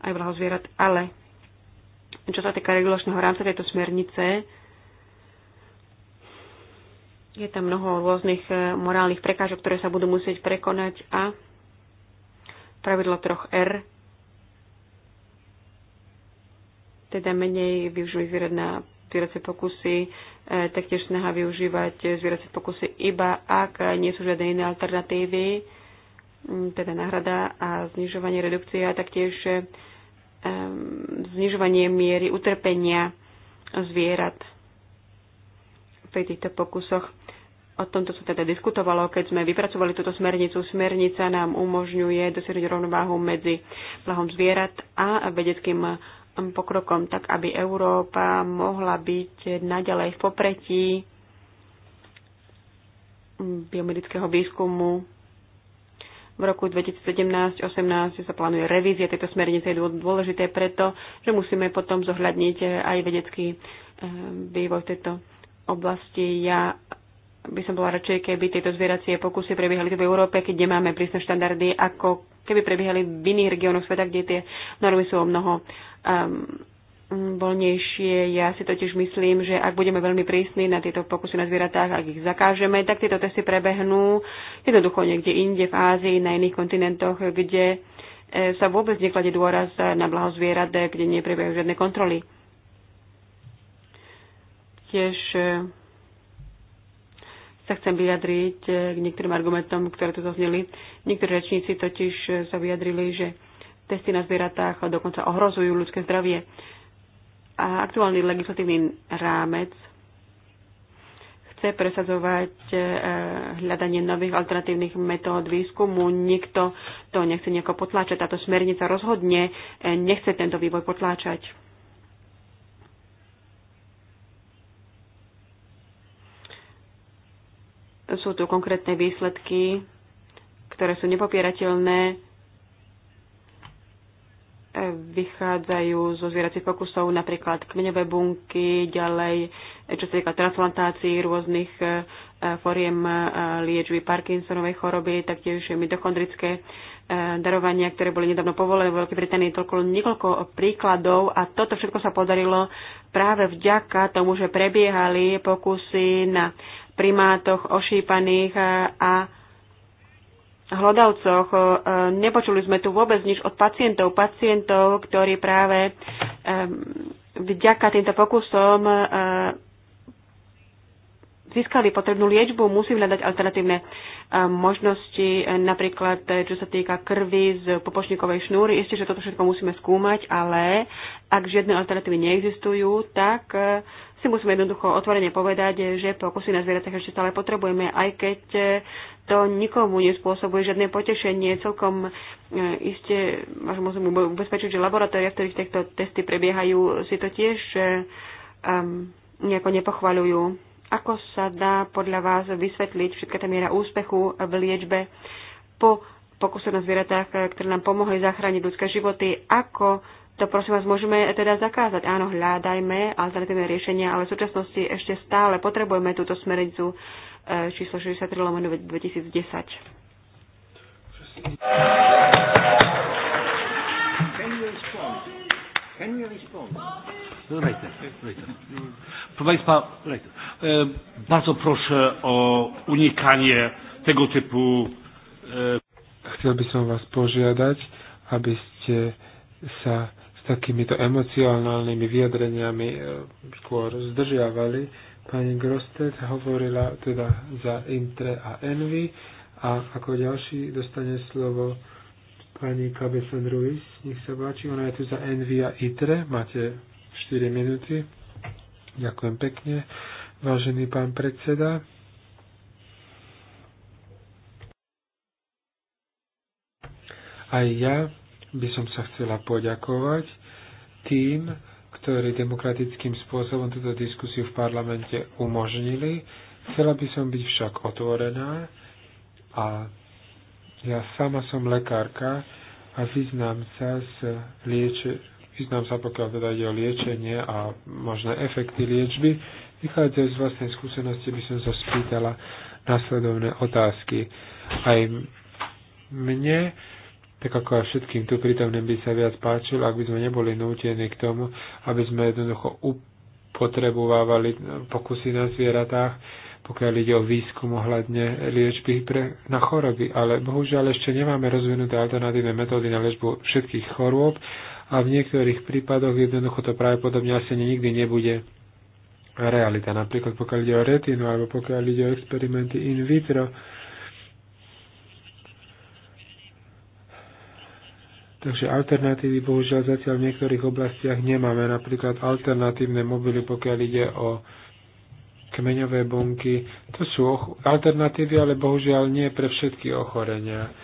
aj blaho zvierat, ale čo sa týka regulačného rámca tejto smernice, je tam mnoho rôznych eh, morálnych prekážok, ktoré sa budú musieť prekonať a pravidlo troch R, teda menej využívať zvierat na zvieracie pokusy, e, taktiež snaha využívať zvieracie pokusy iba ak nie sú žiadne iné alternatívy, teda náhrada a znižovanie redukcie a taktiež e, znižovanie miery utrpenia zvierat pri týchto pokusoch. O tomto sa teda diskutovalo, keď sme vypracovali túto smernicu. Smernica nám umožňuje dosiahnuť rovnováhu medzi blahom zvierat a vedeckým pokrokom, tak aby Európa mohla byť naďalej v popretí biomedického výskumu. V roku 2017-18 sa plánuje revízia tejto smernice. Je dôležité preto, že musíme potom zohľadniť eh, aj vedecký eh, vývoj v tejto oblasti. Ja by som bola radšej, keby tieto zvieracie pokusy prebiehali v Európe, keď nemáme prísne štandardy, ako keby prebiehali v iných regiónoch sveta, kde tie normy sú o mnoho um, voľnejšie. Ja si totiž myslím, že ak budeme veľmi prísni na tieto pokusy na zvieratách, ak ich zakážeme, tak tieto testy prebehnú jednoducho niekde inde v Ázii, na iných kontinentoch, kde e, sa vôbec nekladie dôraz na blaho zvierat, kde neprebiehajú žiadne kontroly. Tiež e, sa chcem vyjadriť e, k niektorým argumentom, ktoré tu zazneli. Niektorí rečníci totiž e, sa vyjadrili, že testy na zvieratách dokonca ohrozujú ľudské zdravie. A aktuálny legislatívny rámec chce presadzovať e, hľadanie nových alternatívnych metód výskumu. Nikto to nechce nejako potláčať. Táto smernica rozhodne nechce tento vývoj potláčať Sú tu konkrétne výsledky, ktoré sú nepopierateľné, e, vychádzajú zo zvieracích pokusov, napríklad kmeňové bunky, ďalej, e, čo sa týka transplantácií rôznych e, foriem liečby Parkinsonovej choroby, taktiež mitochondrické darovania, ktoré boli nedávno povolené v Veľkej Británii, toľko niekoľko príkladov a toto všetko sa podarilo práve vďaka tomu, že prebiehali pokusy na primátoch, ošípaných e, a hlodavcoch. E, nepočuli sme tu vôbec nič od pacientov. Pacientov, ktorí práve e, vďaka týmto pokusom získali potrebnú liečbu, musí hľadať alternatívne možnosti, napríklad čo sa týka krvi z popočníkovej šnúry. Isté, že toto všetko musíme skúmať, ale ak žiadne alternatívy neexistujú, tak si musíme jednoducho otvorene povedať, že pokusy na zvieratách ešte stále potrebujeme, aj keď to nikomu nespôsobuje žiadne potešenie. Celkom e, iste vás musím ubezpečiť, že laboratória, v ktorých tieto testy prebiehajú, si to tiež um, nejako nepochvaľujú. Ako sa dá podľa vás vysvetliť všetká tá miera úspechu v liečbe po pokuse na zvieratách, ktoré nám pomohli zachrániť ľudské životy? Ako to prosím vás, môžeme teda zakázať. Áno, hľadajme alternatívne riešenia, ale v súčasnosti ešte stále potrebujeme túto smernicu e, číslo 63 lomeno 2010. Państwa, e, bardzo proszę o unikanie tego typu. E, Chciałbym Was pożądać, abyście sa s takýmito emocionálnymi vyjadreniami e, skôr zdržiavali. Pani Grostec hovorila teda za Intre a Envy a ako ďalší dostane slovo pani Cabezon Ruiz. Nech sa páči, ona je tu za Envy a Itre. Máte 4 minúty. Ďakujem pekne. Vážený pán predseda, aj ja by som sa chcela poďakovať tým, ktorí demokratickým spôsobom túto diskusiu v parlamente umožnili. Chcela by som byť však otvorená a ja sama som lekárka a vyznám sa z lieče, vyznám sa pokiaľ teda ide o liečenie a možné efekty liečby. Vychádzajúc z vlastnej skúsenosti by som sa spýtala nasledovné otázky. Aj mne tak ako aj všetkým tu prítomným by sa viac páčilo, ak by sme neboli nútení k tomu, aby sme jednoducho upotrebovávali pokusy na zvieratách, pokiaľ ide o výskum ohľadne liečby pre, na choroby. Ale bohužiaľ ešte nemáme rozvinuté alternatívne metódy na liečbu všetkých chorôb a v niektorých prípadoch jednoducho to pravdepodobne asi nikdy nebude realita. Napríklad pokiaľ ide o retinu alebo pokiaľ ide o experimenty in vitro, Takže alternatívy bohužiaľ zatiaľ v niektorých oblastiach nemáme. Napríklad alternatívne mobily, pokiaľ ide o kmeňové bunky. To sú alternatívy, ale bohužiaľ nie pre všetky ochorenia.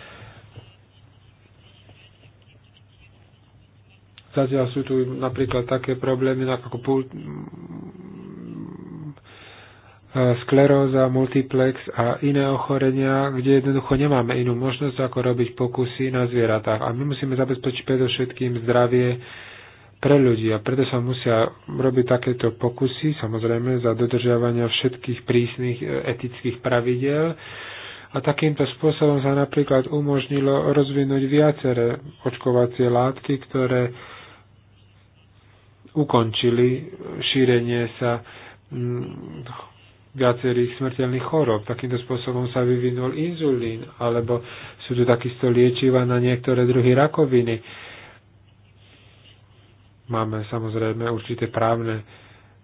Zatiaľ sú tu napríklad také problémy ako skleróza, multiplex a iné ochorenia, kde jednoducho nemáme inú možnosť, ako robiť pokusy na zvieratách. A my musíme zabezpečiť predovšetkým zdravie pre ľudí a preto sa musia robiť takéto pokusy, samozrejme za dodržiavania všetkých prísnych e, etických pravidel. A takýmto spôsobom sa napríklad umožnilo rozvinúť viaceré očkovacie látky, ktoré ukončili šírenie sa viacerých smrteľných chorób. Takýmto spôsobom sa vyvinul inzulín, alebo sú tu takisto liečiva na niektoré druhy rakoviny. Máme samozrejme určité právne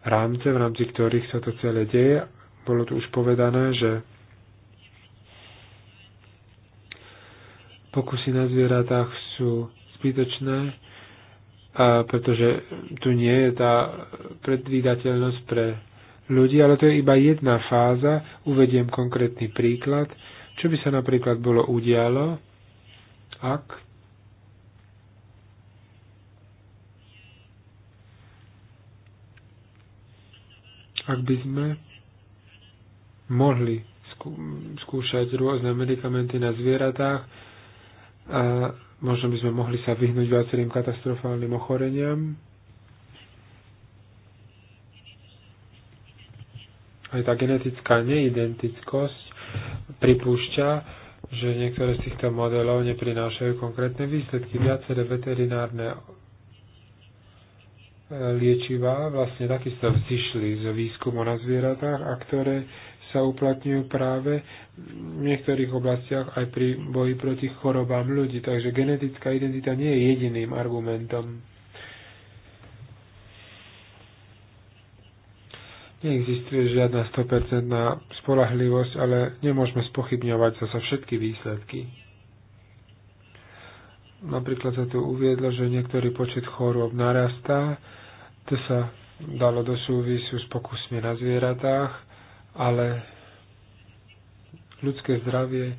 rámce, v rámci ktorých sa to celé deje. Bolo tu už povedané, že pokusy na zvieratách sú zbytočné, pretože tu nie je tá predvídateľnosť pre ľudí, ale to je iba jedna fáza. Uvediem konkrétny príklad. Čo by sa napríklad bolo udialo, ak ak by sme mohli skúšať rôzne medikamenty na zvieratách, a možno by sme mohli sa vyhnúť viacerým katastrofálnym ochoreniam, aj tá genetická neidentickosť pripúšťa, že niektoré z týchto modelov neprinášajú konkrétne výsledky. Viaceré veterinárne e, liečivá vlastne takisto vzýšli z výskumu na zvieratách a ktoré sa uplatňujú práve v niektorých oblastiach aj pri boji proti chorobám ľudí. Takže genetická identita nie je jediným argumentom. neexistuje žiadna 100% spolahlivosť, ale nemôžeme spochybňovať zase všetky výsledky. Napríklad sa tu uviedlo, že niektorý počet chorôb narastá, to sa dalo do súvisu s pokusmi na zvieratách, ale ľudské zdravie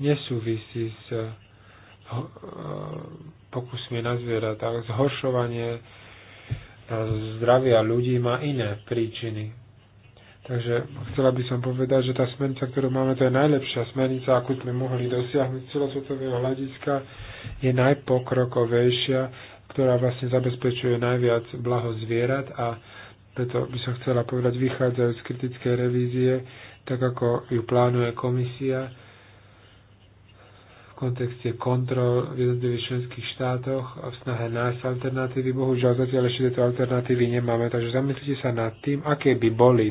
nesúvisí s eh, pokusmi na zvieratách. Zhoršovanie eh, zdravia ľudí má iné príčiny. Takže chcela by som povedať, že tá smernica, ktorú máme, to je najlepšia smernica, akú sme mohli dosiahnuť celosvetového hľadiska, je najpokrokovejšia, ktorá vlastne zabezpečuje najviac blaho zvierat a preto by som chcela povedať, vychádzajú z kritickej revízie, tak ako ju plánuje komisia v kontexte kontrol v jednotlivých členských štátoch a v snahe nájsť alternatívy. Bohužiaľ zatiaľ ešte tieto alternatívy nemáme, takže zamyslite sa nad tým, aké by boli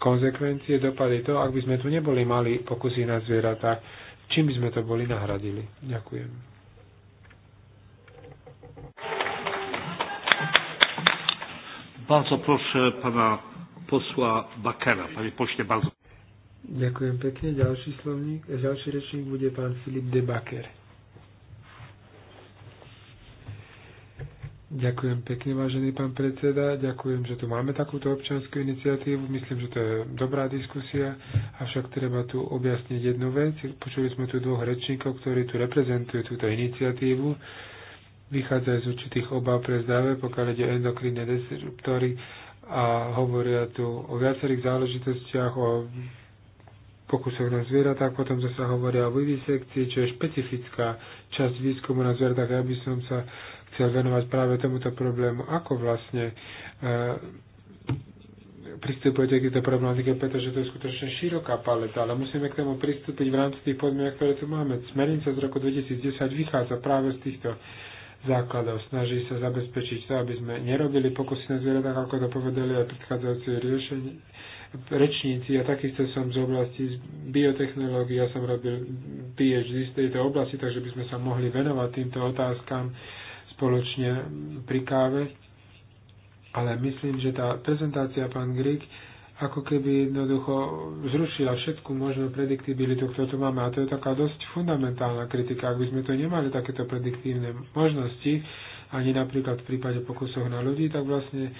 konsekvencie, dopady to, ak by sme tu neboli mali pokusy na zvieratách, čím by sme to boli nahradili. Ďakujem. Bardzo proszę pana posła Bakera. Panie pośle, bardzo. Dziękuję pięknie. Dalszy słownik, dalszy rzecznik będzie pan Filip de Baker. Ďakujem pekne, vážený pán predseda. Ďakujem, že tu máme takúto občanskú iniciatívu. Myslím, že to je dobrá diskusia, avšak treba tu objasniť jednu vec. Počuli sme tu dvoch rečníkov, ktorí tu reprezentujú túto iniciatívu. Vychádzajú z určitých obav pre zdravé, pokiaľ ide endokrinné disruptory a hovoria tu o viacerých záležitostiach, o pokusoch na zvieratách, potom zase hovoria o vyvisekcii, čo je špecifická časť výskumu na zvieratách. Ja by som sa chcel venovať práve tomuto problému. Ako vlastne e, pristupujete k tejto problematike, pretože to je skutočne široká paleta, ale musíme k tomu pristúpiť v rámci tých podmienok, ktoré tu máme. Smernica z roku 2010 vychádza práve z týchto základov. Snaží sa zabezpečiť to, aby sme nerobili pokusy na zvieratách, ako to povedali aj predchádzajúci riešení rečníci. Ja takisto som z oblasti biotechnológie, ja som robil PhD z tejto oblasti, takže by sme sa mohli venovať týmto otázkam spoločne pri káve. Ale myslím, že tá prezentácia pán Grig ako keby jednoducho zrušila všetku možnú prediktibilitu, ktorú tu máme. A to je taká dosť fundamentálna kritika. Ak by sme tu nemali takéto prediktívne možnosti, ani napríklad v prípade pokusov na ľudí, tak vlastne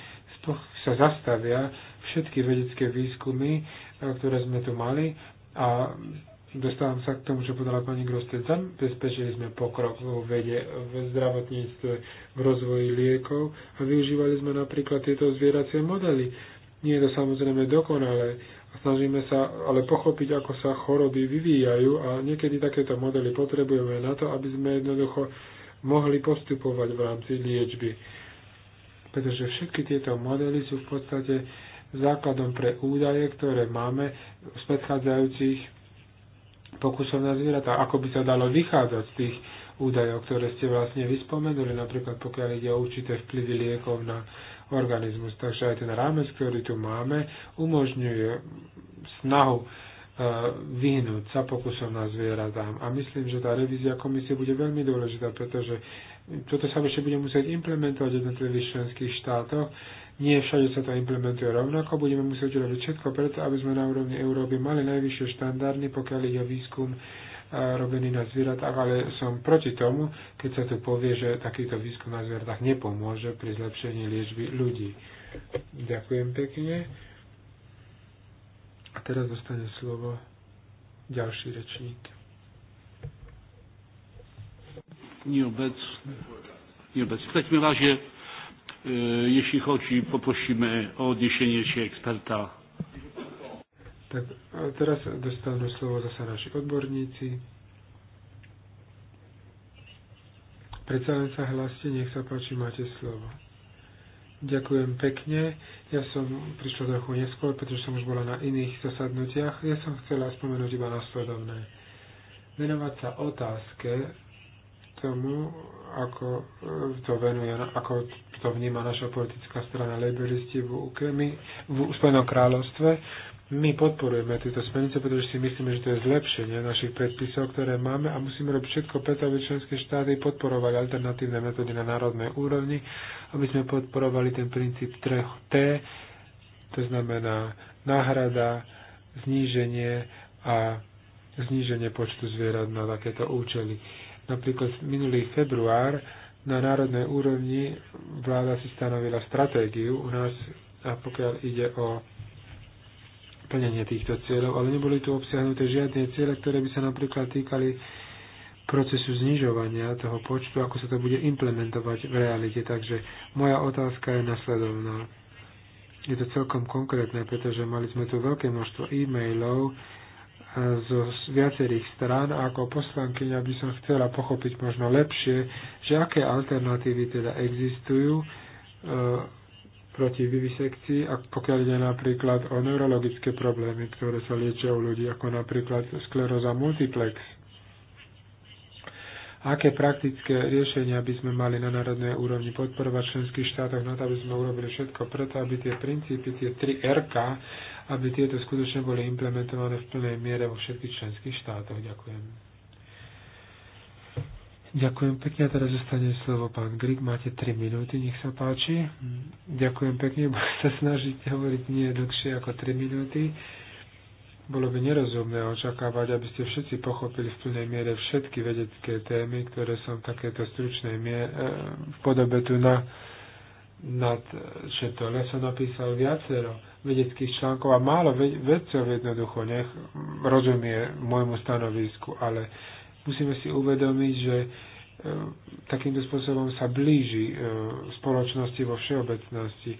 sa zastavia všetky vedecké výskumy, ktoré sme tu mali a dostávam sa k tomu, čo povedala pani Grostel. Zabezpečili sme pokrok vo vede, v zdravotníctve, v rozvoji liekov a využívali sme napríklad tieto zvieracie modely. Nie je to samozrejme dokonalé. Snažíme sa ale pochopiť, ako sa choroby vyvíjajú a niekedy takéto modely potrebujeme na to, aby sme jednoducho mohli postupovať v rámci liečby. Pretože všetky tieto modely sú v podstate základom pre údaje, ktoré máme z predchádzajúcich pokusov na zvieratá, ako by sa dalo vychádzať z tých údajov, ktoré ste vlastne vyspomenuli, napríklad pokiaľ ide o určité vplyvy liekov na organizmus. Takže aj ten rámec, ktorý tu máme, umožňuje snahu e, vyhnúť sa pokusom na zvieratám. A myslím, že tá revízia komisie bude veľmi dôležitá, pretože toto sa ešte bude musieť implementovať v jednotlivých členských štátoch nie všade sa to implementuje rovnako, budeme musieť urobiť všetko preto, aby sme na úrovni Európy mali najvyššie štandardy, pokiaľ ide o výskum e, robený na zvieratách, ale som proti tomu, keď sa tu povie, že takýto výskum na zvieratách nepomôže pri zlepšení liečby ľudí. Ďakujem pekne. A teraz dostane slovo ďalší rečník. Nie Nieobecny. Nieobecny. W takim razie E, jeśli chodzi, poprosimy o odniesienie się eksperta. Tak, a teraz dostanę słowo za naši odbornicy. Predsa len sa hlaste, nech sa páči, máte slovo. Ďakujem pekne. Ja som prišla trochu neskôr, pretože som už bola na iných zasadnutiach. Ja som chcela spomenúť iba následovné. Venovať sa otázke tomu, ako e, to venuje, ako to vníma naša politická strana laboristi v UK, v Spojenom kráľovstve. My podporujeme tieto smernice, pretože si myslíme, že to je zlepšenie našich predpisov, ktoré máme a musíme robiť všetko preto, aby členské štáty podporovali alternatívne metódy na národnej úrovni, aby sme podporovali ten princíp 3T, to znamená náhrada, zníženie a zníženie počtu zvierat na takéto účely. Napríklad minulý február na národnej úrovni vláda si stanovila stratégiu u nás, a pokiaľ ide o plnenie týchto cieľov, ale neboli tu obsiahnuté žiadne ciele, ktoré by sa napríklad týkali procesu znižovania toho počtu, ako sa to bude implementovať v realite. Takže moja otázka je nasledovná. Je to celkom konkrétne, pretože mali sme tu veľké množstvo e-mailov, zo viacerých strán a ako poslankyňa by som chcela pochopiť možno lepšie, že aké alternatívy teda existujú e, proti vivisekcii, pokiaľ ide napríklad o neurologické problémy, ktoré sa liečia u ľudí, ako napríklad skleróza multiplex. Aké praktické riešenia by sme mali na národnej úrovni podporovať v členských štátoch na to, aby sme urobili všetko preto, aby tie princípy, tie tri RK, aby tieto skutočne boli implementované v plnej miere vo všetkých členských štátoch. Ďakujem. Ďakujem pekne. A teraz zostane slovo pán Grig. Máte 3 minúty, nech sa páči. Ďakujem pekne. Budem sa snažiť hovoriť nie dlhšie ako 3 minúty. Bolo by nerozumné očakávať, aby ste všetci pochopili v plnej miere všetky vedecké témy, ktoré som v takéto stručnej miere, v podobe tu na, nad, čo to leso napísal viacero vedeckých článkov a málo vedcov jednoducho nech rozumie môjmu stanovisku, ale musíme si uvedomiť, že e, takýmto spôsobom sa blíži e, spoločnosti vo všeobecnosti.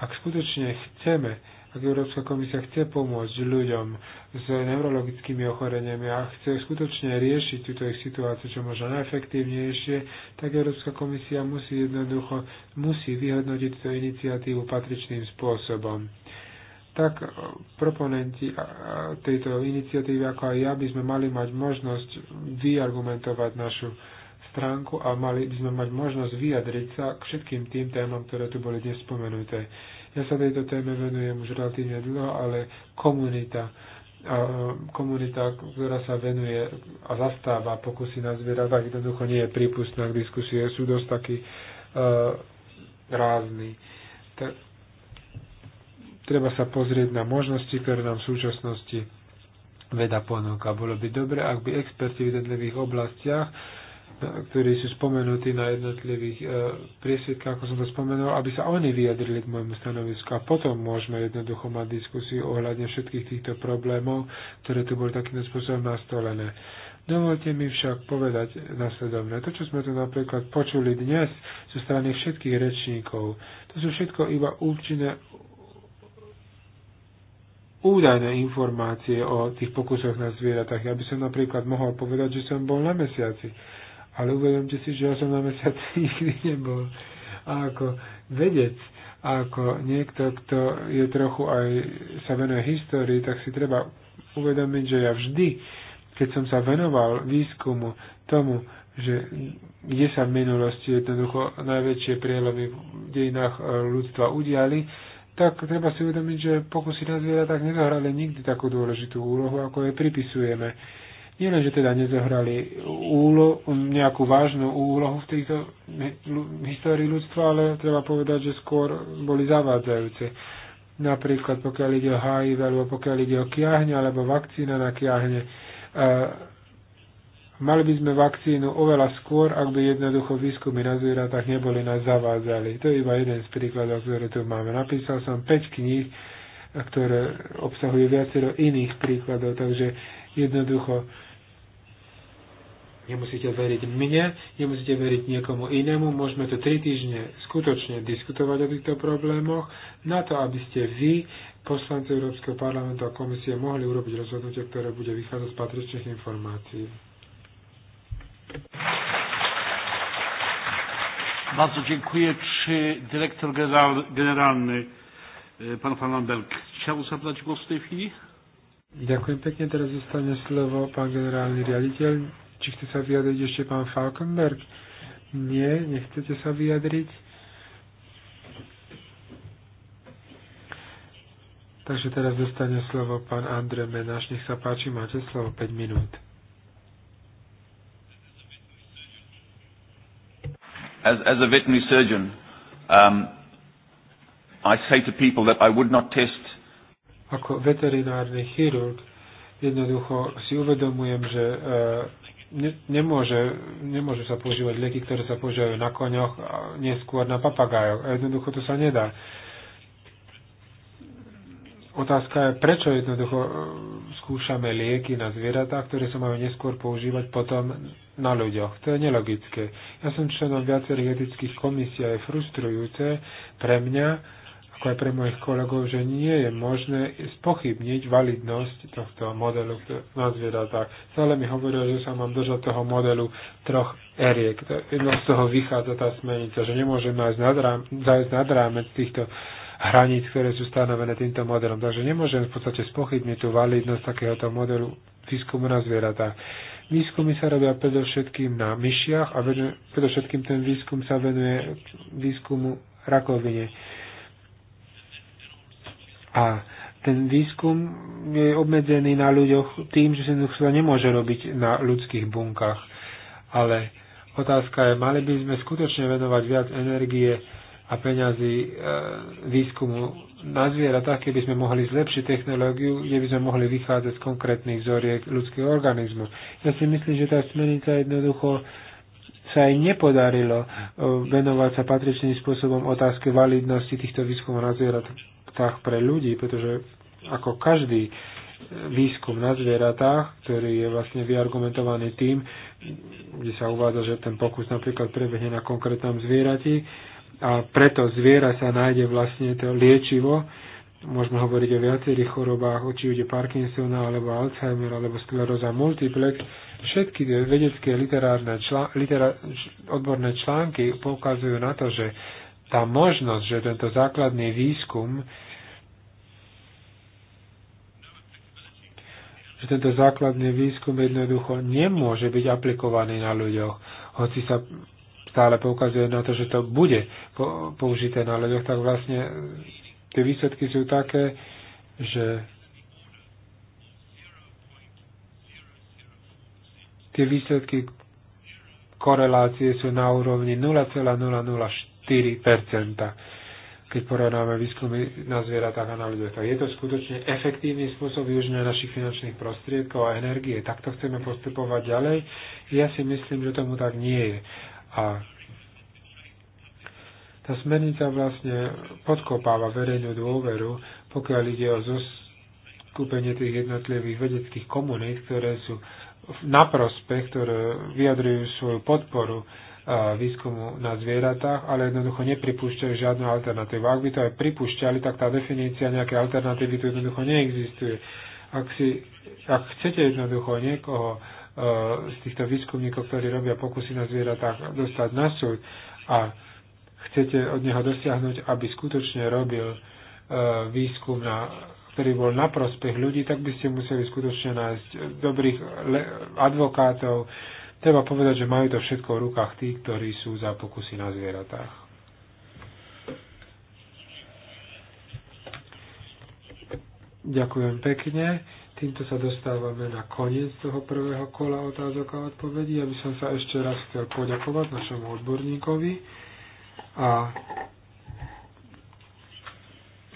Ak skutočne chceme, ak Európska komisia chce pomôcť ľuďom s neurologickými ochoreniami a chce skutočne riešiť túto ich situáciu čo možno najefektívnejšie, tak Európska komisia musí jednoducho musí vyhodnotiť tú iniciatívu patričným spôsobom tak e, proponenti tejto iniciatívy, ako aj ja, by sme mali mať možnosť vyargumentovať našu stránku a mali by sme mať možnosť vyjadriť sa k všetkým tým témam, ktoré tu boli dnes spomenuté. Ja sa tejto téme venujem už relatívne dlho, ale komunita, komunita, ktorá sa venuje a zastáva pokusy na zvieratách, jednoducho nie je prípustná k diskusie, sú dosť takí uh, e, rázni. Tak, Treba sa pozrieť na možnosti, ktoré nám v súčasnosti veda ponúka. Bolo by dobre, ak by experti v jednotlivých oblastiach ktorí sú spomenutí na jednotlivých e, priesvedkách, ako som to spomenul, aby sa oni vyjadrili k môjmu stanovisku a potom môžeme jednoducho mať diskusiu ohľadne všetkých týchto problémov, ktoré tu boli takýmto spôsobom nastolené. Dovolte mi však povedať nasledovne. To, čo sme tu napríklad počuli dnes zo strany všetkých rečníkov, to sú všetko iba účinné údajné informácie o tých pokusoch na zvieratách. Ja by som napríklad mohol povedať, že som bol na mesiaci, ale uvedomte si, že ja som na mesiaci nikdy nebol. A ako vedec, a ako niekto, kto je trochu aj sa venuje histórii, tak si treba uvedomiť, že ja vždy, keď som sa venoval výskumu tomu, že kde sa v minulosti jednoducho najväčšie prielomy v dejinách e, ľudstva udiali, tak treba si uvedomiť, že pokusy na zvieratách nezohrali nikdy takú dôležitú úlohu, ako jej pripisujeme. Nie len, že teda nezohrali úlo, nejakú vážnu úlohu v tejto histórii ľudstva, ale treba povedať, že skôr boli zavádzajúce. Napríklad pokiaľ ide o HIV, alebo pokiaľ ide o kiahne, alebo vakcína na kiahne, Mali by sme vakcínu oveľa skôr, ak by jednoducho výskumy na zvieratách neboli nás zavádzali. To je iba jeden z príkladov, ktoré tu máme. Napísal som 5 kníh, ktoré obsahujú viacero iných príkladov, takže jednoducho nemusíte veriť mne, nemusíte veriť niekomu inému, môžeme tu 3 týždne skutočne diskutovať o týchto problémoch, na to, aby ste vy poslanci Európskeho parlamentu a komisie mohli urobiť rozhodnutie, ktoré bude vychádzať z patričných informácií. Bardzo dziękuję. Czy dyrektor generalny, e, pan Fananberg, chciał zabrać głos w tej chwili? Dziękuję pięknie, teraz zostanie słowo pan generalny realiciel. Czy chce sa vyjadriť jeszcze pan Falkenberg? Nie, nie chcecie sobie vyjadriť? Także teraz zostanie słowo pan Andre Menasz. Niech zapłaci, macie słowo 5 minut. as, as a veterinary surgeon, um, I say to people that I would not test. Ako veterinárny chirurg jednoducho si uvedomujem, že uh, ne, nemôže, nemôžu sa používať lieky, ktoré sa používajú na koňoch, a neskôr na papagájoch. A jednoducho to sa nedá. Otázka je, prečo jednoducho uh, skúšame lieky na zvieratá, ktoré sa majú neskôr používať potom na ľuďoch. To je nelogické. Ja som členom viacerých etických komisí a je frustrujúce pre mňa, ako aj pre mojich kolegov, že nie je možné spochybniť validnosť tohto modelu na zvieratách. Stále mi hovoril, že sa mám držať toho modelu troch eriek. Jedno z toho vychádza tá smenica, že nemôžeme zájsť nad rámec týchto hraníc, ktoré sú stanovené týmto modelom. Takže nemôžem v podstate spochybniť tú validnosť takéhoto modelu výskumu na zvieratách. Výskumy sa robia predovšetkým na myšiach a predovšetkým ten výskum sa venuje výskumu rakovine. A ten výskum je obmedzený na ľuďoch tým, že sa nemôže robiť na ľudských bunkách. Ale otázka je, mali by sme skutočne venovať viac energie a peňazí e, výskumu na zvieratách, keby sme mohli zlepšiť technológiu, kde by sme mohli vychádzať z konkrétnych vzoriek ľudského organizmu. Ja si myslím, že tá smernica jednoducho sa aj nepodarilo e, venovať sa patričným spôsobom otázke validnosti týchto výskumov na zvieratách pre ľudí, pretože ako každý e, výskum na zvieratách, ktorý je vlastne vyargumentovaný tým, kde sa uvádza, že ten pokus napríklad prebehne na konkrétnom zvierati, a preto zviera sa nájde vlastne to liečivo. Môžeme hovoriť o viacerých chorobách, či ide Parkinsona, alebo Alzheimer, alebo skleróza multiplex. Všetky tie vedecké literárne člá, literá, odborné články poukazujú na to, že tá možnosť, že tento základný výskum, že tento základný výskum jednoducho nemôže byť aplikovaný na ľuďoch, hoci sa stále poukazuje na to, že to bude použité na ľuďoch, tak vlastne tie výsledky sú také, že tie výsledky korelácie sú na úrovni 0,004% keď porovnáme výskumy na zvieratách a na ľuďoch. Tak je to skutočne efektívny spôsob využenia našich finančných prostriedkov a energie. Takto chceme postupovať ďalej. Ja si myslím, že tomu tak nie je. A tá smernica vlastne podkopáva verejnú dôveru, pokiaľ ide o zoskupenie tých jednotlivých vedeckých komunít, ktoré sú na prospech, ktoré vyjadrujú svoju podporu e, výskumu na zvieratách, ale jednoducho nepripúšťajú žiadnu alternatívu. Ak by to aj pripúšťali, tak tá definícia nejaké alternatívy tu jednoducho neexistuje. Ak, si, ak chcete jednoducho niekoho E, z týchto výskumníkov, ktorí robia pokusy na zvieratách, dostať na súd a chcete od neho dosiahnuť, aby skutočne robil e, výskum, na, ktorý bol na prospech ľudí, tak by ste museli skutočne nájsť dobrých advokátov. Treba povedať, že majú to všetko v rukách tí, ktorí sú za pokusy na zvieratách. Ďakujem pekne. Týmto sa dostávame na koniec toho prvého kola otázok a odpovedí. Ja by som sa ešte raz chcel poďakovať našemu odborníkovi a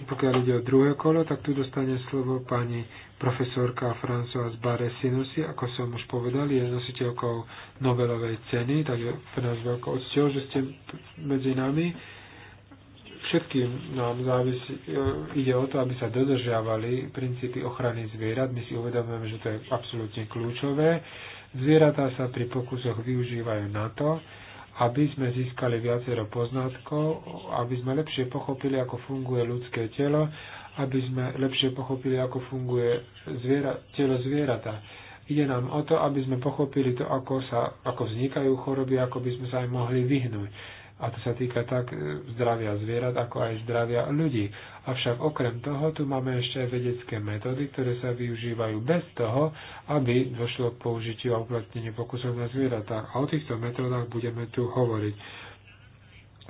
pokiaľ ide o druhé kolo, tak tu dostane slovo pani profesorka Françoise Barre Sinusi, ako som už povedal, je nositeľkou Nobelovej ceny, takže pre nás veľkou odsťou, že ste medzi nami všetkým nám závisí, e, ide o to, aby sa dodržiavali princípy ochrany zvierat. My si uvedomujeme, že to je absolútne kľúčové. Zvieratá sa pri pokusoch využívajú na to, aby sme získali viacero poznatkov, aby sme lepšie pochopili, ako funguje ľudské telo, aby sme lepšie pochopili, ako funguje zviera, telo zvierata. Ide nám o to, aby sme pochopili to, ako, sa, ako vznikajú choroby, ako by sme sa aj mohli vyhnúť. A to sa týka tak e, zdravia zvierat, ako aj zdravia ľudí. Avšak okrem toho tu máme ešte aj vedecké metódy, ktoré sa využívajú bez toho, aby došlo k použitiu a uplatneniu pokusov na zvieratách. A o týchto metódach budeme tu hovoriť.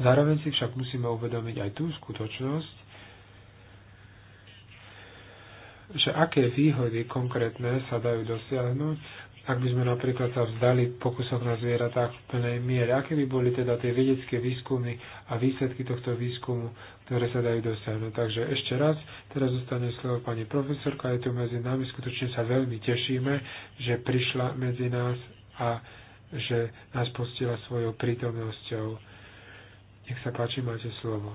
Zároveň si však musíme uvedomiť aj tú skutočnosť, že aké výhody konkrétne sa dajú dosiahnuť ak by sme napríklad sa vzdali pokusov na zvieratách v plnej miere. Aké by boli teda tie vedecké výskumy a výsledky tohto výskumu, ktoré sa dajú dosiahnuť. Takže ešte raz, teraz zostane slovo pani profesorka, je tu medzi nami, skutočne sa veľmi tešíme, že prišla medzi nás a že nás postila svojou prítomnosťou. Nech sa páči, máte slovo.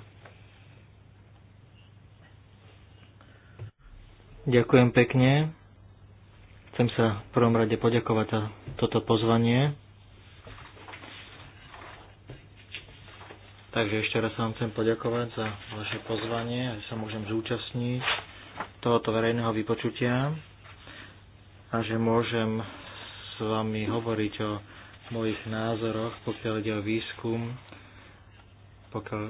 Ďakujem pekne. Chcem sa v prvom rade poďakovať za toto pozvanie. Takže ešte raz vám chcem poďakovať za vaše pozvanie, že sa môžem zúčastniť tohoto verejného vypočutia a že môžem s vami hovoriť o mojich názoroch, pokiaľ ide o výskum, pokiaľ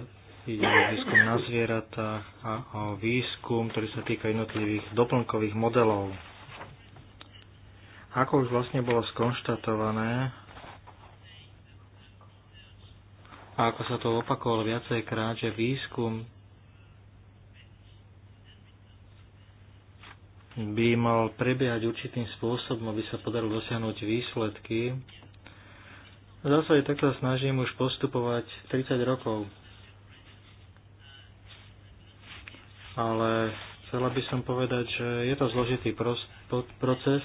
ide o výskum na zvieratách a o výskum, ktorý sa týka jednotlivých doplnkových modelov ako už vlastne bolo skonštatované, a ako sa to opakovalo krát, že výskum by mal prebiehať určitým spôsobom, aby sa podarilo dosiahnuť výsledky. V zásade takto sa snažím už postupovať 30 rokov. Ale chcela by som povedať, že je to zložitý proces,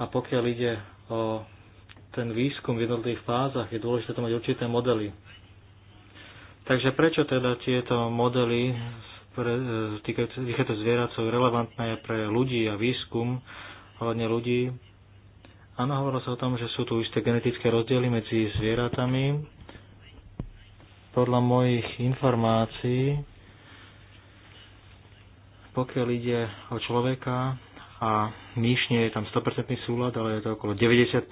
a pokiaľ ide o ten výskum v jednotlivých fázach, je dôležité to mať určité modely. Takže prečo teda tieto modely e, týkajúce zvierat sú relevantné pre ľudí a výskum hlavne ľudí? Áno, hovorilo sa o tom, že sú tu isté genetické rozdiely medzi zvieratami. Podľa mojich informácií, pokiaľ ide o človeka, a myšne je tam 100% súlad, ale je to okolo 90%.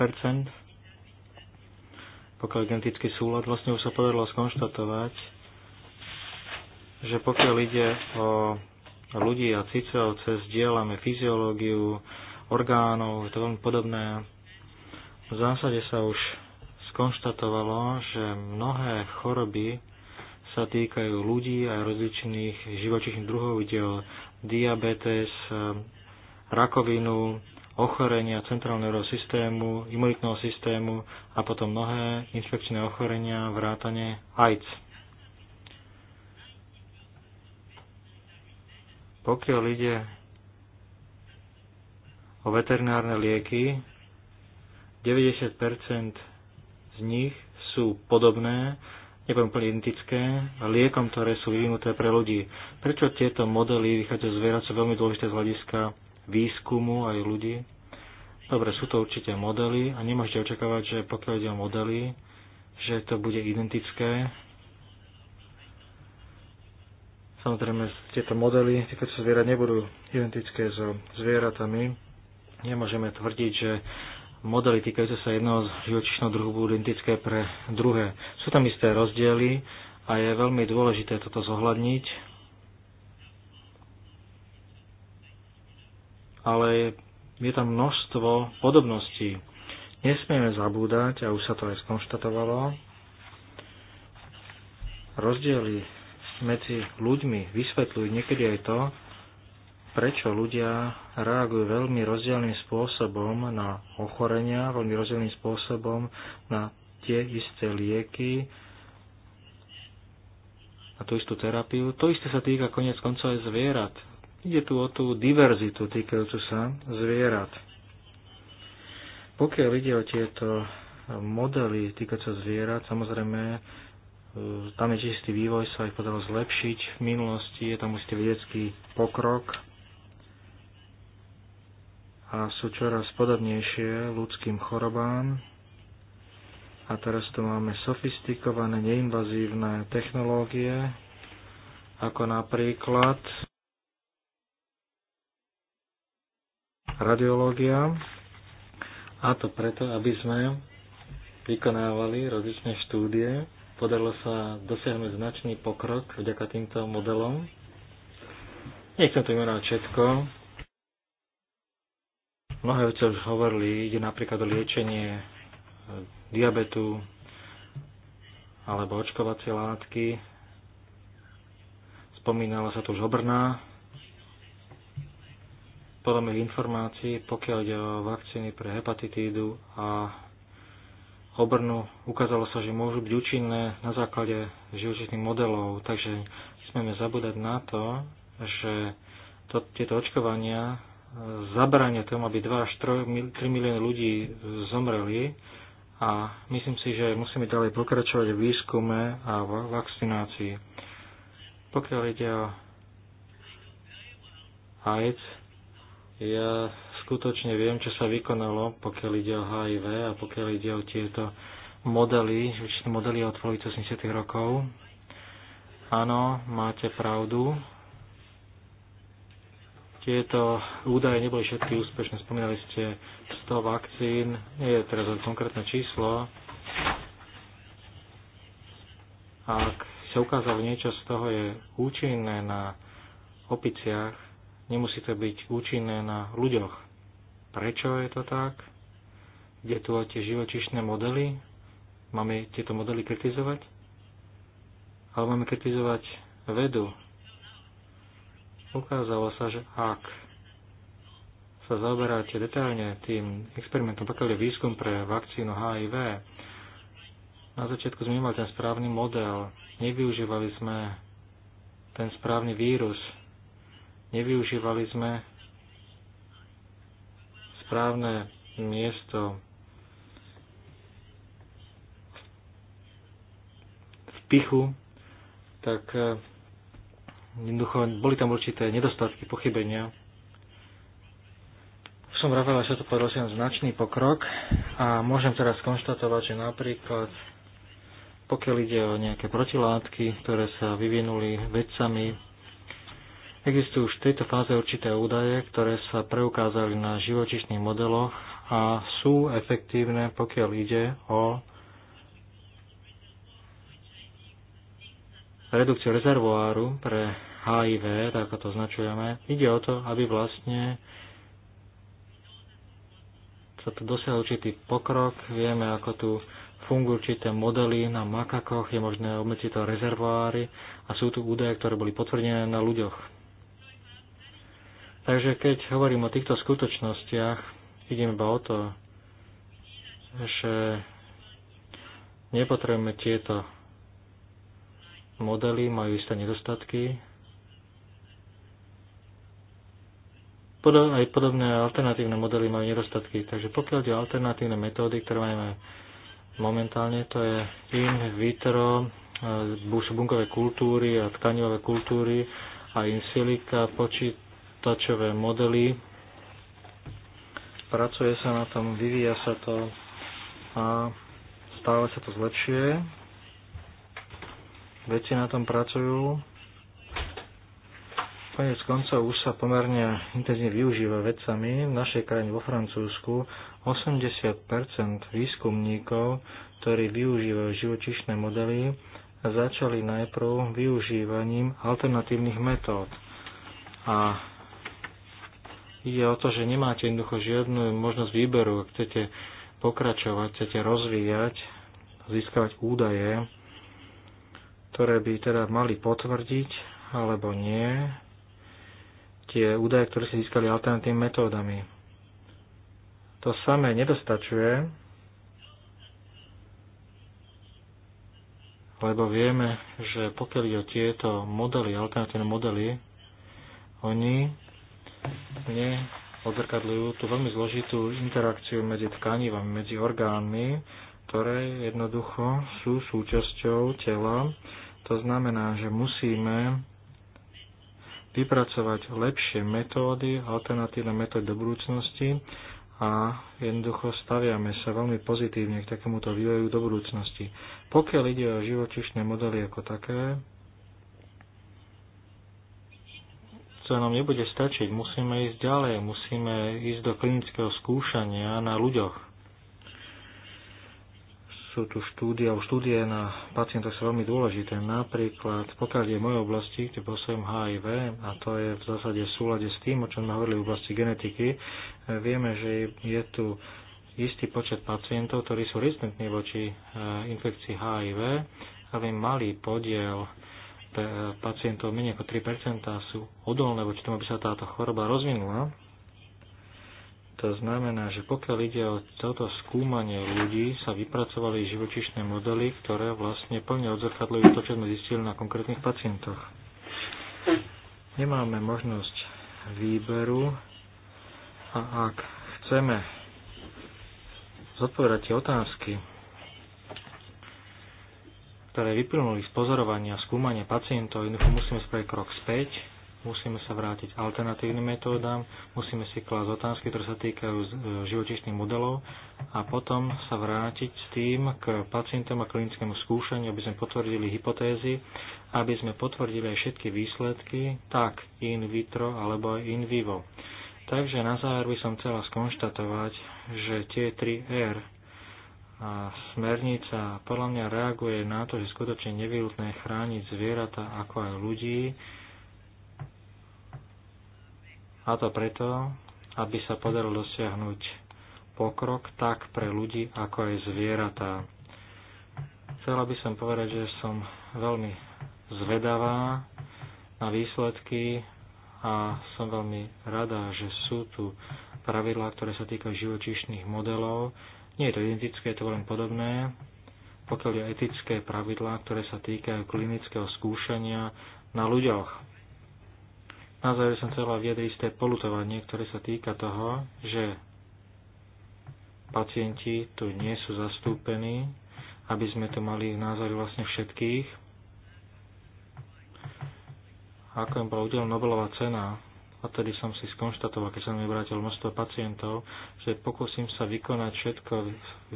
Pokiaľ genetický súlad, vlastne už sa podarilo skonštatovať, že pokiaľ ide o ľudí a cez zdieľame fyziológiu orgánov, je to veľmi podobné. V zásade sa už skonštatovalo, že mnohé choroby sa týkajú ľudí a rozličných živočíšnych druhov. Ide o diabetes, rakovinu, ochorenia centrálneho systému, imunitného systému a potom mnohé infekčné ochorenia, vrátane AIDS. Pokiaľ ide o veterinárne lieky, 90% z nich sú podobné, nepoviem úplne identické, liekom, ktoré sú vyvinuté pre ľudí. Prečo tieto modely vychádzajú z zvierat sú veľmi dôležité z hľadiska výskumu aj ľudí. Dobre, sú to určite modely a nemôžete očakávať, že pokiaľ ide o modely, že to bude identické. Samozrejme, tieto modely, tieto zvierat nebudú identické so zvieratami. Nemôžeme tvrdiť, že modely týkajúce sa jednoho živočíšneho druhu budú identické pre druhé. Sú tam isté rozdiely a je veľmi dôležité toto zohľadniť. ale je tam množstvo podobností. Nesmieme zabúdať, a už sa to aj skonštatovalo, rozdiely medzi ľuďmi vysvetľujú niekedy aj to, prečo ľudia reagujú veľmi rozdielným spôsobom na ochorenia, veľmi rozdielným spôsobom na tie isté lieky, na tú istú terapiu. To isté sa týka konec koncov aj zvierat. Ide tu o tú diverzitu týkajúcu sa zvierat. Pokiaľ ide o tieto modely týkajúce sa zvierat, samozrejme e, tam je čistý vývoj, sa ich podarilo zlepšiť. V minulosti je tam určitý vedecký pokrok a sú čoraz podobnejšie ľudským chorobám, a teraz tu máme sofistikované neinvazívne technológie, ako napríklad radiológia. A to preto, aby sme vykonávali rozličné štúdie. Podarilo sa dosiahnuť značný pokrok vďaka týmto modelom. Nechcem to vymenovať všetko. Mnohé veci už hovorili, ide napríklad o liečenie e, diabetu alebo očkovacie látky. Spomínala sa tu už obrná mých informácií, pokiaľ ide o vakcíny pre hepatitídu a obrnu. Ukázalo sa, že môžu byť účinné na základe živočitných modelov, takže nesmieme zabúdať na to, že to, tieto očkovania e, zabránia tomu, aby 2 až 3, 3 milióny ľudí zomreli a myslím si, že musíme ďalej pokračovať v výskume a v vakcinácii. Pokiaľ ide o AIDS, ja skutočne viem, čo sa vykonalo, pokiaľ ide o HIV a pokiaľ ide o tieto modely, určité modely od polovice 80. rokov. Áno, máte pravdu. Tieto údaje neboli všetky úspešné. Spomínali ste 100 vakcín, nie je teraz konkrétne číslo. Ak sa ukázalo niečo z toho je účinné na opiciach, Nemusí to byť účinné na ľuďoch. Prečo je to tak? Kde tu tie živočišné modely? Máme tieto modely kritizovať? Ale máme kritizovať vedu. Ukázalo sa, že ak sa zaoberáte detailne tým experimentom, pokiaľ je výskum pre vakcínu HIV, na začiatku sme nemali ten správny model, nevyužívali sme ten správny vírus, Nevyužívali sme správne miesto v pichu, tak eh, jednoducho boli tam určité nedostatky, pochybenia. Už som vravel, že to povedal som značný pokrok a môžem teraz konštatovať, že napríklad pokiaľ ide o nejaké protilátky, ktoré sa vyvinuli vedcami Existujú už v tejto fáze určité údaje, ktoré sa preukázali na živočišných modeloch a sú efektívne, pokiaľ ide o redukciu rezervoáru pre HIV, tak ako to označujeme. Ide o to, aby vlastne sa tu dosiahol určitý pokrok. Vieme, ako tu fungujú určité modely na makakoch, je možné obmedziť to rezervoáry a sú tu údaje, ktoré boli potvrdené na ľuďoch. Takže keď hovorím o týchto skutočnostiach, idem iba o to, že nepotrebujeme tieto modely, majú isté nedostatky. aj podobné alternatívne modely majú nedostatky, takže pokiaľ ide alternatívne metódy, ktoré máme momentálne, to je in vitro, e, bunkové kultúry a tkanivové kultúry a in silica, počít, tačové modely. Pracuje sa na tom, vyvíja sa to a stále sa to zlepšuje. Veci na tom pracujú. Konec koncov už sa pomerne intenzívne využíva vedcami. V našej krajine vo Francúzsku 80% výskumníkov, ktorí využívajú živočišné modely, začali najprv využívaním alternatívnych metód. A Ide o to, že nemáte jednoducho žiadnu možnosť výberu. Ak chcete pokračovať, chcete rozvíjať, získavať údaje, ktoré by teda mali potvrdiť alebo nie tie údaje, ktoré ste získali alternatívnymi metódami. To samé nedostačuje, lebo vieme, že pokiaľ ide o tieto modely, alternatívne modely, oni mne odzrkadľujú tú veľmi zložitú interakciu medzi tkanivami, medzi orgánmi, ktoré jednoducho sú súčasťou tela. To znamená, že musíme vypracovať lepšie metódy, alternatívne metódy do budúcnosti a jednoducho staviame sa veľmi pozitívne k takémuto vývoju do budúcnosti. Pokiaľ ide o živočišné modely ako také, to nám nebude stačiť. Musíme ísť ďalej, musíme ísť do klinického skúšania na ľuďoch. Sú tu štúdia, štúdie na pacientoch sú veľmi dôležité. Napríklad, pokiaľ je v mojej oblasti, kde pôsobím HIV, a to je v zásade v súlade s tým, o čom sme hovorili v oblasti genetiky, e, vieme, že je tu istý počet pacientov, ktorí sú rezistentní voči e, infekcii HIV, aby mali podiel pacientov menej ako 3% sú odolné voči tomu, aby sa táto choroba rozvinula. To znamená, že pokiaľ ide o toto skúmanie ľudí, sa vypracovali živočišné modely, ktoré vlastne plne odzrkadľujú to, čo sme zistili na konkrétnych pacientoch. Nemáme možnosť výberu a ak chceme zodpovedať tie otázky, ktoré vyplnuli z pozorovania a skúmania pacientov, jednoducho musíme spraviť krok späť, musíme sa vrátiť alternatívnym metódam, musíme si klásť otázky, ktoré sa týkajú e, živočišných modelov a potom sa vrátiť s tým k pacientom a klinickému skúšaniu, aby sme potvrdili hypotézy, aby sme potvrdili aj všetky výsledky, tak in vitro alebo aj in vivo. Takže na záver by som chcela skonštatovať, že tie 3 R a smernica podľa mňa reaguje na to, že skutočne nevyhnutné chrániť zvieratá ako aj ľudí. A to preto, aby sa podarilo dosiahnuť pokrok tak pre ľudí ako aj zvieratá. Chcela by som povedať, že som veľmi zvedavá na výsledky a som veľmi rada, že sú tu pravidlá, ktoré sa týkajú živočíšnych modelov nie je to identické, je to veľmi podobné, pokiaľ je etické pravidlá, ktoré sa týkajú klinického skúšania na ľuďoch. Na záver som chcela vyjadriť isté polutovanie, ktoré sa týka toho, že pacienti tu nie sú zastúpení, aby sme tu mali názory vlastne všetkých. Ako im bola udelená Nobelová cena a tedy som si skonštatoval, keď som mi vrátil množstvo pacientov, že pokúsim sa vykonať všetko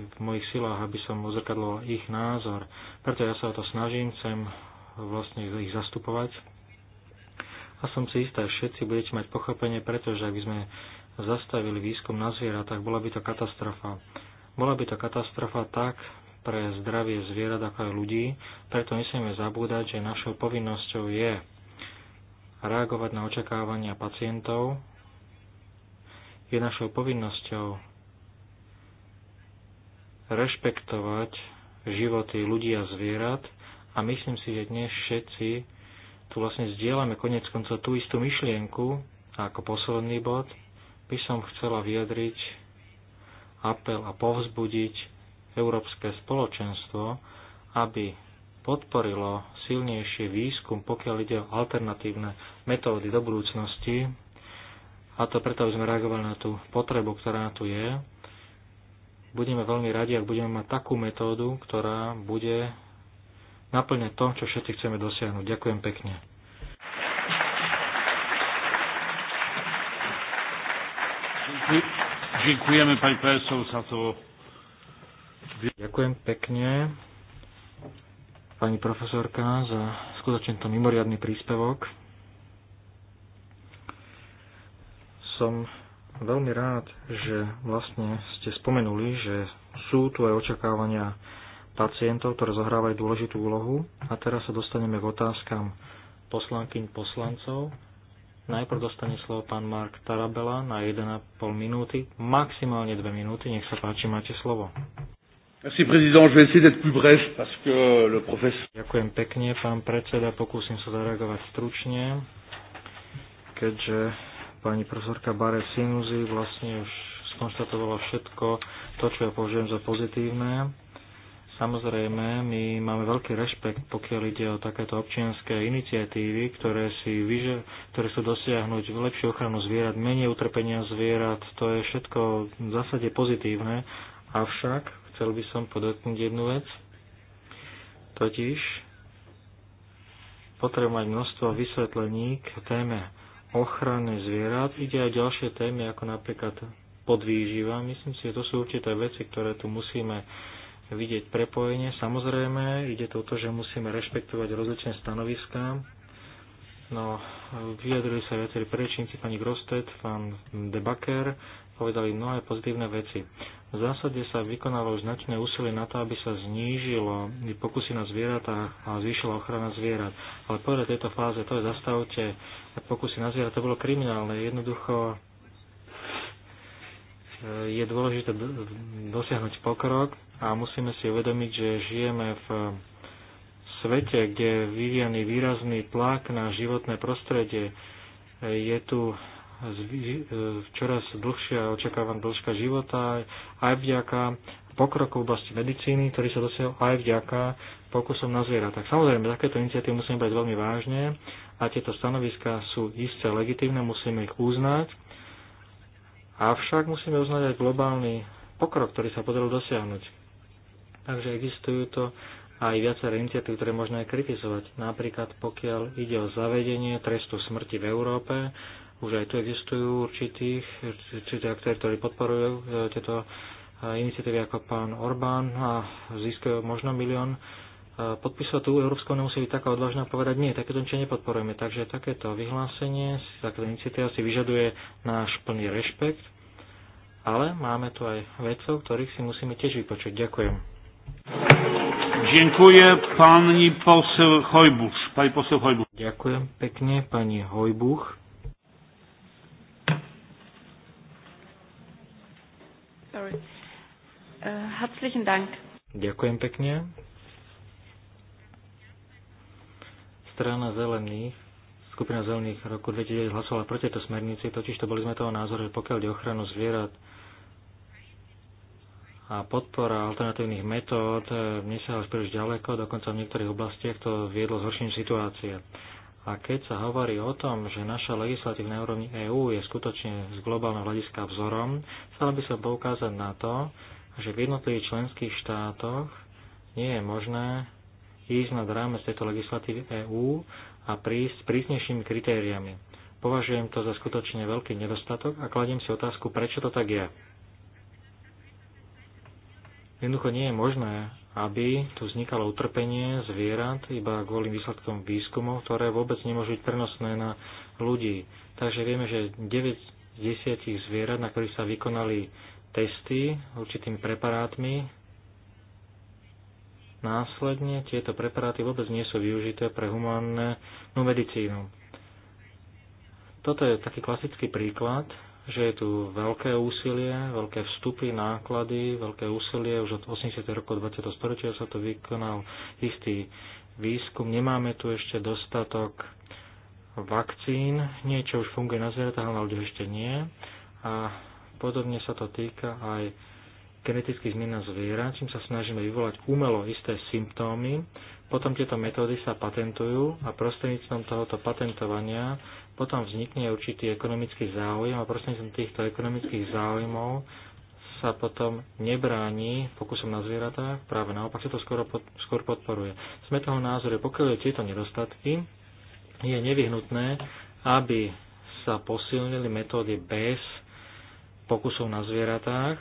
v mojich silách, aby som ozrkadlo ich názor. Preto ja sa o to snažím, chcem vlastne ich zastupovať. A som si istá, všetci budete mať pochopenie, pretože ak by sme zastavili výskum na zvieratách, bola by to katastrofa. Bola by to katastrofa tak pre zdravie zvierat ako aj ľudí, preto nesmieme zabúdať, že našou povinnosťou je reagovať na očakávania pacientov, je našou povinnosťou rešpektovať životy ľudí a zvierat a myslím si, že dnes všetci tu vlastne zdieľame konec konca tú istú myšlienku a ako posledný bod by som chcela vyjadriť apel a povzbudiť európske spoločenstvo, aby podporilo silnejšie výskum, pokiaľ ide o alternatívne metódy do budúcnosti, a to preto, aby sme reagovali na tú potrebu, ktorá tu je. Budeme veľmi radi, ak budeme mať takú metódu, ktorá bude naplňať to, čo všetci chceme dosiahnuť. Ďakujem pekne. Ďakujeme pani profesor za to. Ďakujem pekne pani profesorka za skutočne to mimoriadný príspevok. Som veľmi rád, že vlastne ste spomenuli, že sú tu aj očakávania pacientov, ktoré zohrávajú dôležitú úlohu. A teraz sa dostaneme k otázkam poslankyň poslancov. Najprv dostane slovo pán Mark Tarabela na 1,5 minúty, maximálne 2 minúty. Nech sa páči, máte slovo. Merci, président. Je vais essayer d'être plus bref parce que le professeur... Ďakujem pekne, pán predseda. Pokúsim sa zareagovať stručne, keďže pani profesorka Bare Sinuzi vlastne už skonštatovala všetko to, čo ja považujem za pozitívne. Samozrejme, my máme veľký rešpekt, pokiaľ ide o takéto občianské iniciatívy, ktoré, si vyže, ktoré sú dosiahnuť lepšiu ochranu zvierat, menej utrpenia zvierat. To je všetko v zásade pozitívne, avšak chcel by som podotknúť jednu vec. Totiž potrebujem mať množstvo vysvetlení k téme ochrany zvierat. Ide aj ďalšie témy, ako napríklad podvýživa. Myslím si, že to sú určité veci, ktoré tu musíme vidieť prepojenie. Samozrejme, ide to o to, že musíme rešpektovať rozličné stanoviská. No, vyjadrili sa viacerí prečníci, pani Grostet, pán Debaker, povedali mnohé pozitívne veci. V zásade sa vykonalo značné úsilie na to, aby sa znížilo pokusy na zvieratách a zvýšila ochrana zvierat. Ale povedať tejto fáze, to je zastavte pokusy na zvierat, to bolo kriminálne. Jednoducho e, je dôležité dosiahnuť pokrok a musíme si uvedomiť, že žijeme v svete, kde je vyvíjaný výrazný tlak na životné prostredie. E, je tu E, čoraz dlhšia očakávam dĺžka života, aj vďaka pokroku v oblasti medicíny, ktorý sa dosiahol aj vďaka pokusom na Tak Samozrejme, takéto iniciatívy musíme brať veľmi vážne a tieto stanoviská sú isté legitívne, musíme ich uznať. Avšak musíme uznať aj globálny pokrok, ktorý sa podaril dosiahnuť. Takže existujú to aj viaceré iniciatív, ktoré možno aj kritizovať. Napríklad pokiaľ ide o zavedenie trestu smrti v Európe, už aj tu existujú určitých, určitých aktéry, ktorí podporujú e, tieto e, iniciatívy ako pán Orbán a získajú možno milión e, podpisov tu Európska únia musí byť taká odvážna povedať, nie, takéto niečo nepodporujeme. Takže takéto vyhlásenie, takéto iniciatíva si vyžaduje náš plný rešpekt, ale máme tu aj vedcov, ktorých si musíme tiež vypočuť. Ďakujem. Ďakujem pani posel Hojbuch. Pani posel Hojbuch. Ďakujem pekne pani Hojbuch. Sorry. Uh, herzlichen Dank. Ďakujem pekne. Strana zelených, skupina zelených roku 2009 hlasovala proti tejto smernici, totiž to boli sme toho názoru, že pokiaľ ide ochranu zvierat a podpora alternatívnych metód eh, nesiahla až príliš ďaleko, dokonca v niektorých oblastiach to viedlo zhoršenie situácie. A keď sa hovorí o tom, že naša legislatívna úrovni EÚ je skutočne z globálneho hľadiska vzorom, chcel by sa poukázať na to, že v jednotlivých členských štátoch nie je možné ísť nad rámec tejto legislatívy EÚ a prísť s prísnejšími kritériami. Považujem to za skutočne veľký nedostatok a kladiem si otázku, prečo to tak je. Jednoducho nie je možné, aby tu vznikalo utrpenie zvierat iba kvôli výsledkom výskumov, ktoré vôbec nemôžu byť prenosné na ľudí. Takže vieme, že 9 z 10 zvierat, na ktorých sa vykonali testy určitými preparátmi, následne tieto preparáty vôbec nie sú využité pre humánnu medicínu. Toto je taký klasický príklad že je tu veľké úsilie, veľké vstupy, náklady, veľké úsilie. Už od 80. rokov 20. storočia sa to vykonal istý výskum. Nemáme tu ešte dostatok vakcín. Niečo už funguje na zvieratách, ale ľudia ešte nie. A podobne sa to týka aj genetických zmien na zviera, čím sa snažíme vyvolať umelo isté symptómy. Potom tieto metódy sa patentujú a prostredníctvom tohoto patentovania potom vznikne určitý ekonomický záujem a prostredníctvom týchto ekonomických záujmov sa potom nebráni pokusom na zvieratách, práve naopak sa to skoro pod, skôr podporuje. Sme toho názoru, pokiaľ je tieto nedostatky, je nevyhnutné, aby sa posilnili metódy bez pokusov na zvieratách,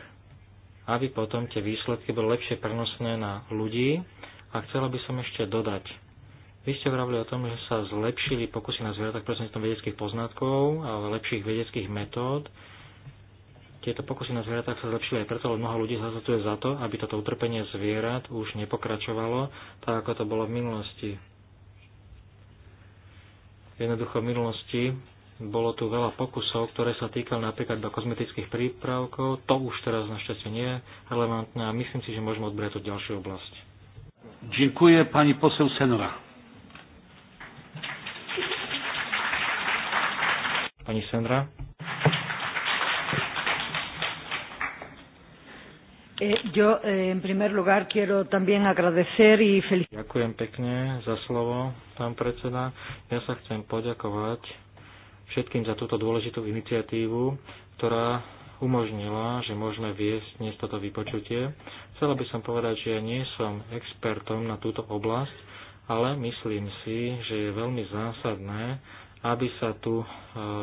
aby potom tie výsledky boli lepšie prenosné na ľudí. A chcela by som ešte dodať, vy ste vravili o tom, že sa zlepšili pokusy na zvieratách prostredníctvom vedeckých poznatkov a lepších vedeckých metód. Tieto pokusy na zvieratách sa zlepšili aj preto, lebo mnoho ľudí zazatuje za to, aby toto utrpenie zvierat už nepokračovalo tak, ako to bolo v minulosti. Jednoducho v minulosti bolo tu veľa pokusov, ktoré sa týkali napríklad do kozmetických prípravkov. To už teraz našťastie nie je relevantné a myslím si, že môžeme odbrať tú ďalšiu oblasť. Ďakujem pani posel Senora. Pani Sandra. Eh, yo, eh, en primer lugar, quiero también agradecer y felicitar. Ďakujem pekne za slovo, pán predseda. Ja sa chcem poďakovať všetkým za túto dôležitú iniciatívu, ktorá umožnila, že môžeme viesť dnes toto vypočutie. Chcela by som povedať, že ja nie som expertom na túto oblasť, ale myslím si, že je veľmi zásadné, aby sa tu e,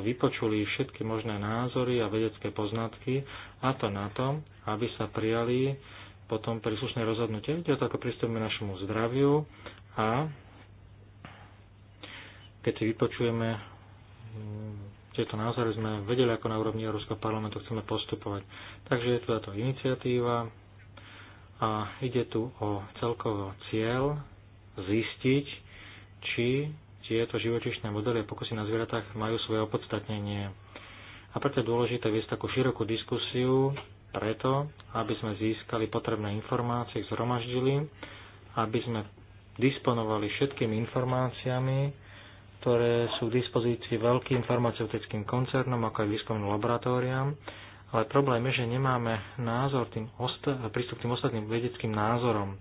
vypočuli všetky možné názory a vedecké poznatky, a to na tom, aby sa prijali potom príslušné rozhodnutie. Ide ako pristúpime našemu zdraviu a keď si vypočujeme mm, tieto názory, sme vedeli, ako na úrovni Európskeho parlamentu chceme postupovať. Takže je tu táto iniciatíva a ide tu o celkový cieľ zistiť, či tieto živočišné modely a pokusy na zvieratách majú svoje opodstatnenie. A preto je dôležité viesť takú širokú diskusiu, preto, aby sme získali potrebné informácie, zhromaždili, aby sme disponovali všetkými informáciami, ktoré sú k dispozícii veľkým farmaceutickým koncernom, ako aj výskumným laboratóriám, ale problém je, že nemáme názor tým osta- prístup k tým ostatným vedeckým názorom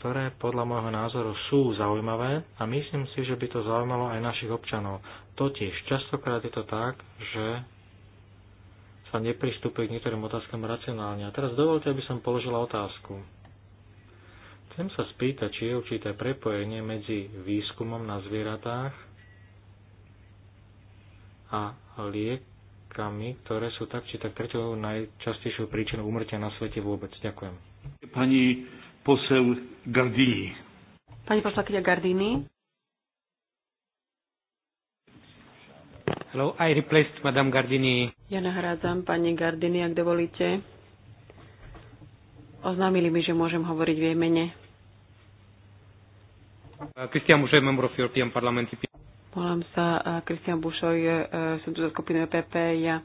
ktoré podľa môjho názoru sú zaujímavé a myslím si, že by to zaujímalo aj našich občanov. Totiž častokrát je to tak, že sa nepristúpi k niektorým otázkam racionálne. A teraz dovolte, aby som položila otázku. Chcem sa spýtať, či je určité prepojenie medzi výskumom na zvieratách a liekami, ktoré sú tak či tak tretou najčastejšou príčinou úmrtia na svete vôbec. Ďakujem. Pani poseł Gardini. Pani poslankyňa Gardini. Hello, I replaced Madame Gardini. Ja nahrádzam pani Gardini, ak dovolíte. Oznámili mi, že môžem hovoriť v jej mene. Cristian Mujer, môžem of European Parliament, Volám sa Kristian e, Bušoj, e, som tu za skupinu EPP. Ja e,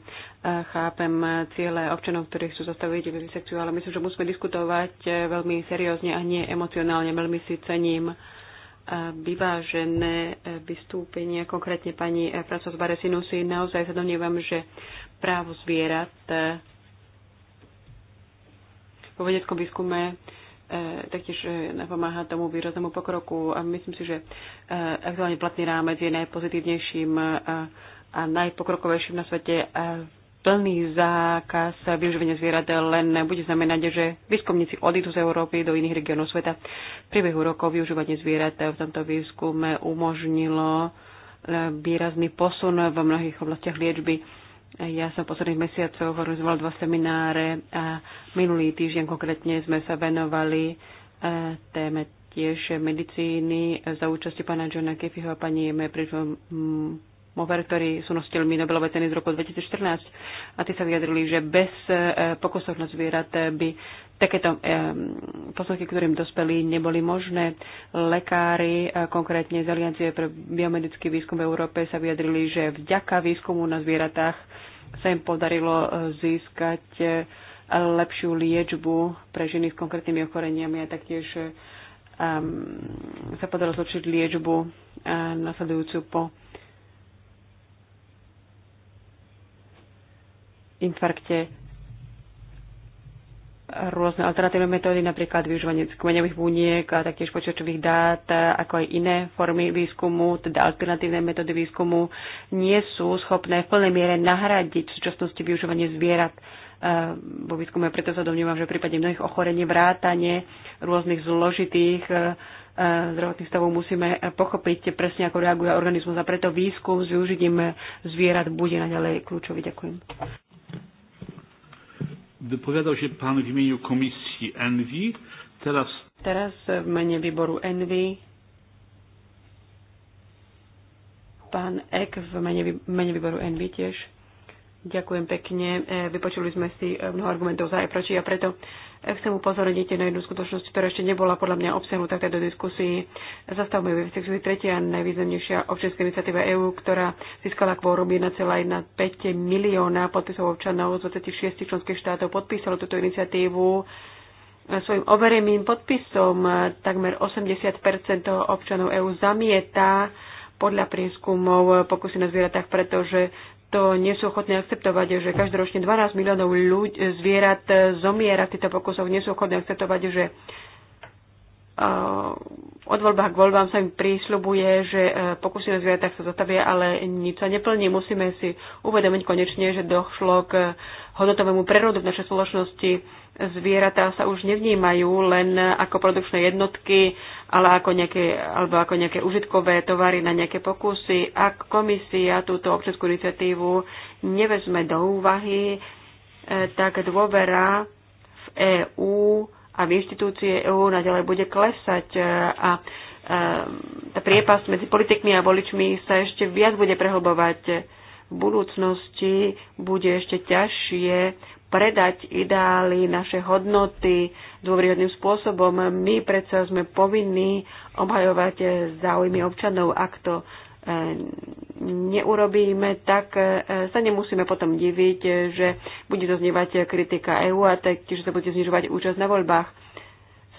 chápem ciele občanov, ktorí chcú zastaviť vivisekciu, ale myslím, že musíme diskutovať veľmi seriózne a nie emocionálne. Veľmi si cením vyvážené vystúpenie, konkrétne pani Francois Baresinusi. Naozaj sa domnievam, že právo zvierat vo vedeckom výskume E, taktiež e, napomáha tomu výraznému pokroku a myslím si, že e, aktuálne platný rámec je najpozitívnejším a najpokrokovejším na svete plný zákaz využívania zvierat len bude znamenať, že výskumníci odídu z Európy do iných regiónov sveta. V priebehu rokov využívanie zvierat v tomto výskume umožnilo výrazný posun v mnohých oblastiach liečby ja som posledných mesiacov organizoval dva semináre a minulý týždeň konkrétne sme sa venovali e, téme tiež medicíny za účasti pána Johna Kefiho a pani Jeme mm, Mover, ktorí sú nositeľmi Nobelovej ceny z roku 2014. A tí sa vyjadrili, že bez e, pokusov na zvierat by takéto posunky, ktorým dospeli, neboli možné. Lekári, konkrétne z Aliancie pre biomedický výskum v Európe, sa vyjadrili, že vďaka výskumu na zvieratách sa im podarilo e, získať e, lepšiu liečbu pre ženy s konkrétnymi ochoreniami a taktiež um, sa podarilo zlepšiť liečbu uh, nasledujúcu po infarkte rôzne alternatívne metódy, napríklad využívanie kmeňových buniek a taktiež počítačových dát, ako aj iné formy výskumu, teda alternatívne metódy výskumu, nie sú schopné v plnej miere nahradiť v súčasnosti využívanie zvierat eh, vo výskume. Preto sa domnívam, že v prípade mnohých ochorení vrátane rôznych zložitých eh, eh, zdravotných stavov musíme pochopiť presne, ako reaguje organizmus a preto výskum s využitím zvierat bude naďalej kľúčový. Ďakujem. Wypowiadał się Pan w imieniu Komisji Envi. Teraz... Teraz w mene výboru Envy pán Ek v mene, mene výboru Envy tiež. Ďakujem pekne. Vypočuli e, sme si mnoho argumentov za aj proti a preto Chcem upozorniť na jednu skutočnosť, ktorá ešte nebola podľa mňa obsiahnutá v tejto diskusii. Zastavme v sexuji tretia najvýznamnejšia občianská iniciatíva EÚ, ktorá získala kvórum 1,15 milióna podpisov občanov z 26 členských štátov. Podpísalo túto iniciatívu svojim overeným podpisom takmer 80 občanov EÚ zamieta podľa prieskumov pokusy na zvieratách, pretože to nie sú ochotné akceptovať, že každoročne 12 miliónov ľudí, zvierat zomiera týchto pokusov, nie sú ochotné akceptovať, že od voľbách k voľbám sa im prísľubuje, že e, pokusy o zvieratách sa zastavia, ale nič sa neplní. Musíme si uvedomiť konečne, že došlo k hodnotovému prerodu v našej spoločnosti. Zvieratá sa už nevnímajú len ako produkčné jednotky, ale ako nejaké, alebo ako nejaké užitkové tovary na nejaké pokusy. Ak komisia túto občanskú iniciatívu nevezme do úvahy, e, tak dôvera v EÚ a v inštitúcie EÚ naďalej bude klesať e, a e, tá priepasť medzi politikmi a voličmi sa ešte viac bude prehlbovať. V budúcnosti bude ešte ťažšie predať ideály, naše hodnoty dôveryhodným spôsobom. My predsa sme povinní obhajovať záujmy občanov. Ak to E, neurobíme, tak e, sa nemusíme potom diviť, že bude doznievať kritika EÚ a taktiež sa bude znižovať účasť na voľbách.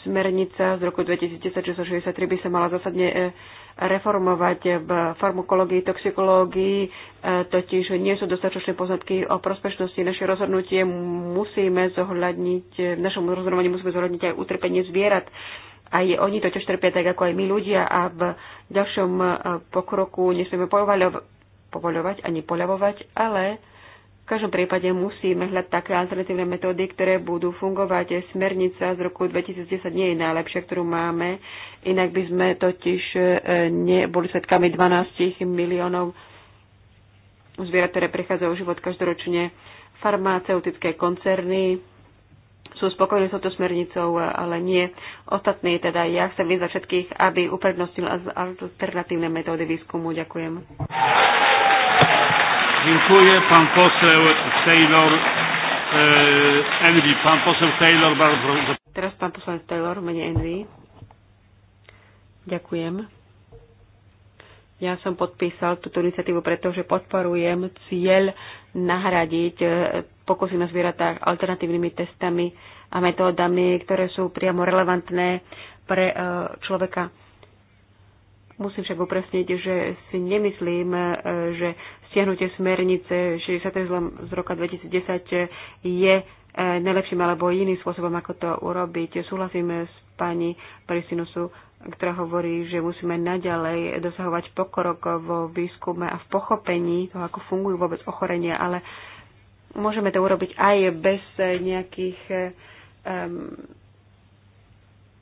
Smernica z roku 2063 by sa mala zásadne e, reformovať v farmakológii, toxikológii, totiž nie sú dostatočné poznatky o prospešnosti. Naše rozhodnutie musíme zohľadniť, v našom rozhodovaní musíme zohľadniť aj utrpenie zvierat aj oni totiž trpia tak ako aj my ľudia a v ďalšom e, pokroku nesmieme povoľovať ani poľavovať, ale v každom prípade musíme hľadať také alternatívne metódy, ktoré budú fungovať. Smernica z roku 2010 nie je najlepšia, ktorú máme, inak by sme totiž e, neboli svetkami 12 miliónov zvierat, ktoré prechádzajú život každoročne farmaceutické koncerny sú spokojní s touto smernicou, ale nie ostatní. Teda ja chcem vyzvať všetkých, aby uprednostnil alternatívne metódy výskumu. Ďakujem. Dziękuję. Pan poseł Taylor, e, Envy. Pan poseł Taylor, bardzo Teraz pan poseł Taylor, mnie Envy. Ďakujem. Ja som podpísal túto iniciatívu, pretože podporujem cieľ nahradiť e, pokusy na zvieratách alternatívnymi testami a metódami, ktoré sú priamo relevantné pre e, človeka. Musím však upresniť, že si nemyslím, e, že stiahnutie smernice 60. z roka 2010 je najlepším alebo iným spôsobom, ako to urobiť. Súhlasím s pani Parisinusu, ktorá hovorí, že musíme naďalej dosahovať pokrok vo výskume a v pochopení toho, ako fungujú vôbec ochorenia, ale môžeme to urobiť aj bez nejakých um,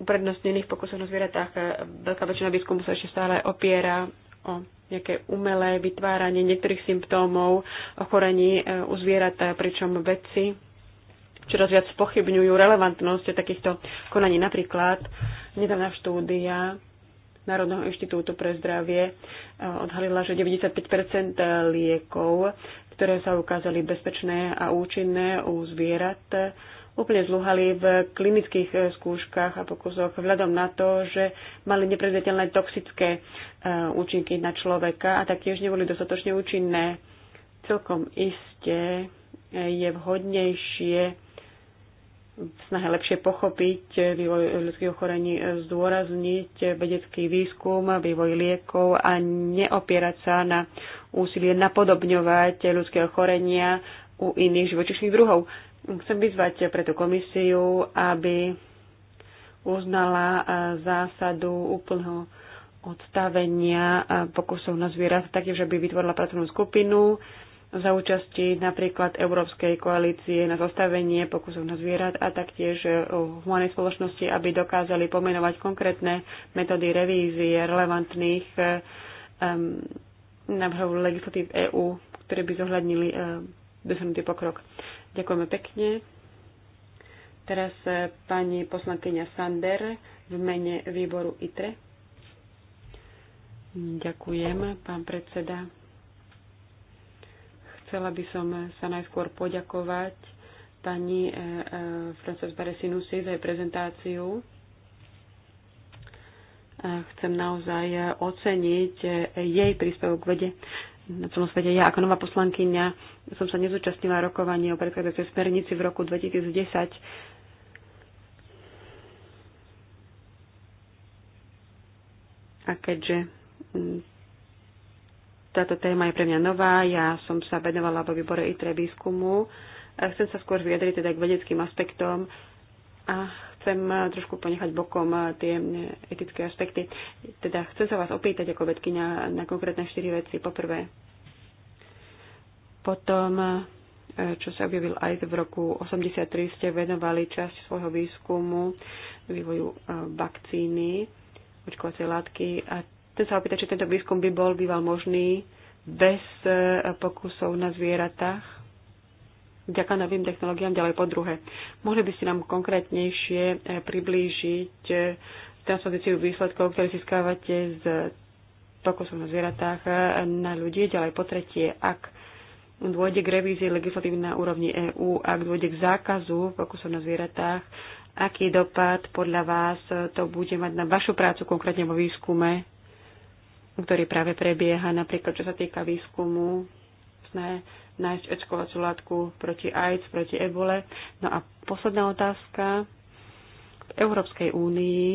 uprednostnených pokusov na zvieratách. Veľká väčšina výskumu sa ešte stále opiera o nejaké umelé vytváranie niektorých symptómov ochorení eh, u zvierat, eh, pričom vedci čoraz viac pochybňujú relevantnosť takýchto konaní. Napríklad nedávna štúdia Národného inštitútu pre zdravie eh, odhalila, že 95 liekov, ktoré sa ukázali bezpečné a účinné u zvierat, úplne zluhali v klinických eh, skúškach a pokusoch vzhľadom na to, že mali neprezvedateľné toxické eh, účinky na človeka a taktiež neboli dostatočne účinné. Celkom isté je vhodnejšie snahe lepšie pochopiť vývoj ľudských ochorení, zdôrazniť vedecký výskum, vývoj liekov a neopierať sa na úsilie napodobňovať ľudské ochorenia u iných živočišných druhov. Chcem vyzvať preto komisiu, aby uznala zásadu úplného odstavenia pokusov na zvierat, takže by vytvorila pracovnú skupinu, za účasti napríklad Európskej koalície na zastavenie pokusov na zvierat a taktiež e, v humanej spoločnosti, aby dokázali pomenovať konkrétne metódy revízie relevantných um, návrhov legislatív EÚ, ktoré by zohľadnili um, dosiahnutý pokrok. Ďakujeme pekne. Teraz pani poslankyňa Sander v mene výboru ITRE. Ďakujem, pán predseda. Chcela by som sa najskôr poďakovať pani eh, eh, Frances Baresinusi za jej prezentáciu. Chcem naozaj eh, oceniť jej príspevok k vede na celom svete. Ja ako nová poslankyňa som sa nezúčastnila rokovanie o predchádzajúcej smernici v roku 2010. A keďže mm, táto téma je pre mňa nová. Ja som sa venovala vo výbore ITRE výskumu. Chcem sa skôr vyjadriť teda k vedeckým aspektom a chcem trošku ponechať bokom tie etické aspekty. Teda chcem sa vás opýtať ako vedkynia na konkrétne štyri veci. Poprvé, potom, čo sa objavil aj v roku 83, ste venovali časť svojho výskumu vývoju eh, vakcíny, očkovacej látky a Chcem sa opýtať, či tento výskum by bol býval možný bez e, pokusov na zvieratách vďaka novým technológiám ďalej po druhé. Mohli by ste nám konkrétnejšie e, priblížiť e, transpozíciu výsledkov, ktoré získávate z pokusov na zvieratách na ľudí, ďalej po tretie, ak dôjde k revízii legislatívy na úrovni EÚ, ak dôjde k zákazu pokusov na zvieratách, aký dopad podľa vás to bude mať na vašu prácu konkrétne vo výskume ktorý práve prebieha, napríklad čo sa týka výskumu, sme nájsť očkovaciu látku proti AIDS, proti ebole. No a posledná otázka. V Európskej únii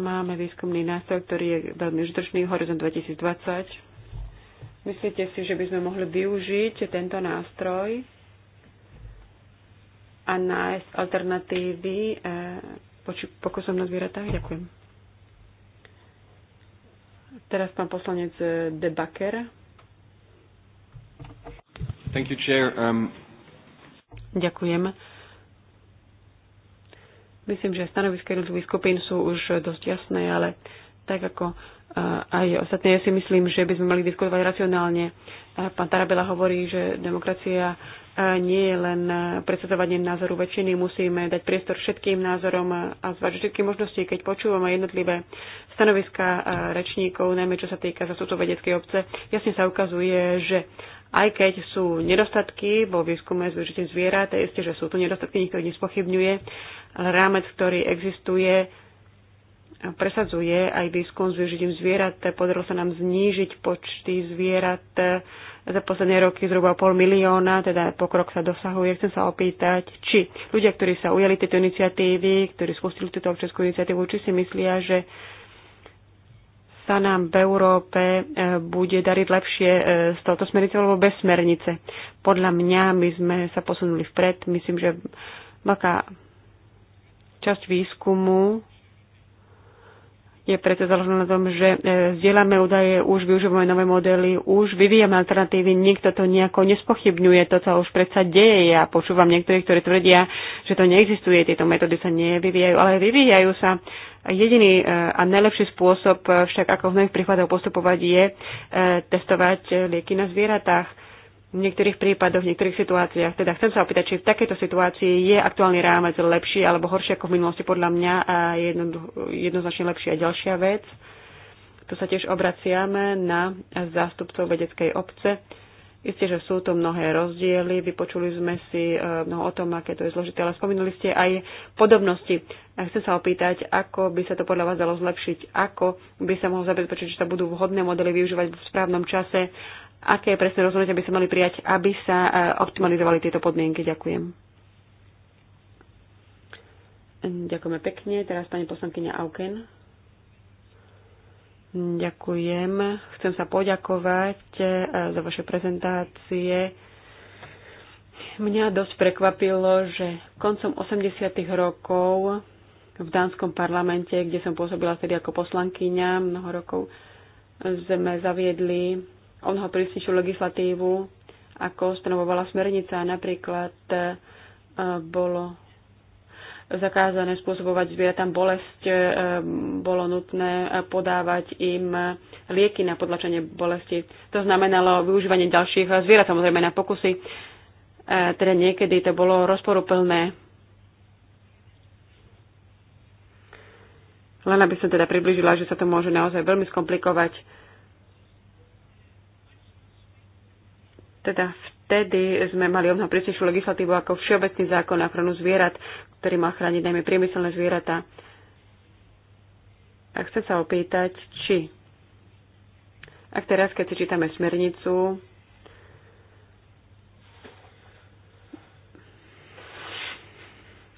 máme výskumný nástroj, ktorý je veľmi užitočný, Horizont 2020. Myslíte si, že by sme mohli využiť tento nástroj a nájsť alternatívy e, pokusom na zvieratách? Ďakujem. Teraz pán poslanec e, Debaker. Thank you, chair. Um... Ďakujem. Myslím, že stanoviska jednotlivých skupín sú už dosť jasné, ale tak ako e, aj ostatné, ja si myslím, že by sme mali diskutovať racionálne. Pán Tarabela hovorí, že demokracia nie je len e, predsedzovanie názoru väčšiny, musíme dať priestor všetkým názorom a zvažiť všetky možnosti, keď počúvame jednotlivé stanoviska e, rečníkov, najmä čo sa týka zastupcov vedeckej obce, jasne sa ukazuje, že aj keď sú nedostatky vo výskume s využitím zvierat, je isté, že sú tu nedostatky, nikto ich nespochybňuje, ale rámec, ktorý existuje, presadzuje aj výskum s využitím zvierat. Podarilo sa nám znížiť počty zvierat za posledné roky zhruba pol milióna, teda pokrok sa dosahuje. Chcem sa opýtať, či ľudia, ktorí sa ujali tejto iniciatívy, ktorí spustili túto občianskú iniciatívu, či si myslia, že sa nám v Európe e, bude dariť lepšie e, s touto smernicou alebo bez smernice. Podľa mňa my sme sa posunuli vpred. Myslím, že veľká časť výskumu je preto založené na tom, že e, zdieľame údaje, už využívame nové modely, už vyvíjame alternatívy, nikto to nejako nespochybňuje, to sa už predsa deje. Ja počúvam niektorých, ktorí tvrdia, že to neexistuje, tieto metódy sa nevyvíjajú, ale vyvíjajú sa. Jediný e, a najlepší spôsob e, však, ako v mnohých prípadoch postupovať, je testovať lieky na zvieratách v niektorých prípadoch, v niektorých situáciách. Teda chcem sa opýtať, či v takejto situácii je aktuálny rámec lepší alebo horší ako v minulosti podľa mňa a jedno, jednoznačne lepší. A ďalšia vec, tu sa tiež obraciame na zástupcov vedeckej obce. Isté, že sú to mnohé rozdiely, vypočuli sme si e, mnoho o tom, aké to je zložité, ale spomínali ste aj podobnosti. A chcem sa opýtať, ako by sa to podľa vás dalo zlepšiť, ako by sa mohlo zabezpečiť, že sa budú vhodné modely využívať v správnom čase aké presné rozhodnutia by sa mali prijať, aby sa e, optimalizovali tieto podmienky. Ďakujem. Ďakujeme pekne. Teraz pani poslankyňa Auken. Ďakujem. Chcem sa poďakovať e, za vaše prezentácie. Mňa dosť prekvapilo, že koncom 80. rokov v dánskom parlamente, kde som pôsobila vtedy ako poslankyňa mnoho rokov, sme zaviedli o prísnejšiu legislatívu, ako stanovovala smernica. Napríklad e, bolo zakázané spôsobovať zvieratám bolesť, e, bolo nutné podávať im lieky na podlačenie bolesti. To znamenalo využívanie ďalších zvierat, samozrejme na pokusy. E, teda niekedy to bolo rozporuplné. Len aby som teda približila, že sa to môže naozaj veľmi skomplikovať Teda vtedy sme mali o mnoho prísnejšiu legislatívu ako všeobecný zákon na ochranu zvierat, ktorý má chrániť najmä priemyselné zvieratá. A chcem sa opýtať, či ak teraz, keď si čítame smernicu,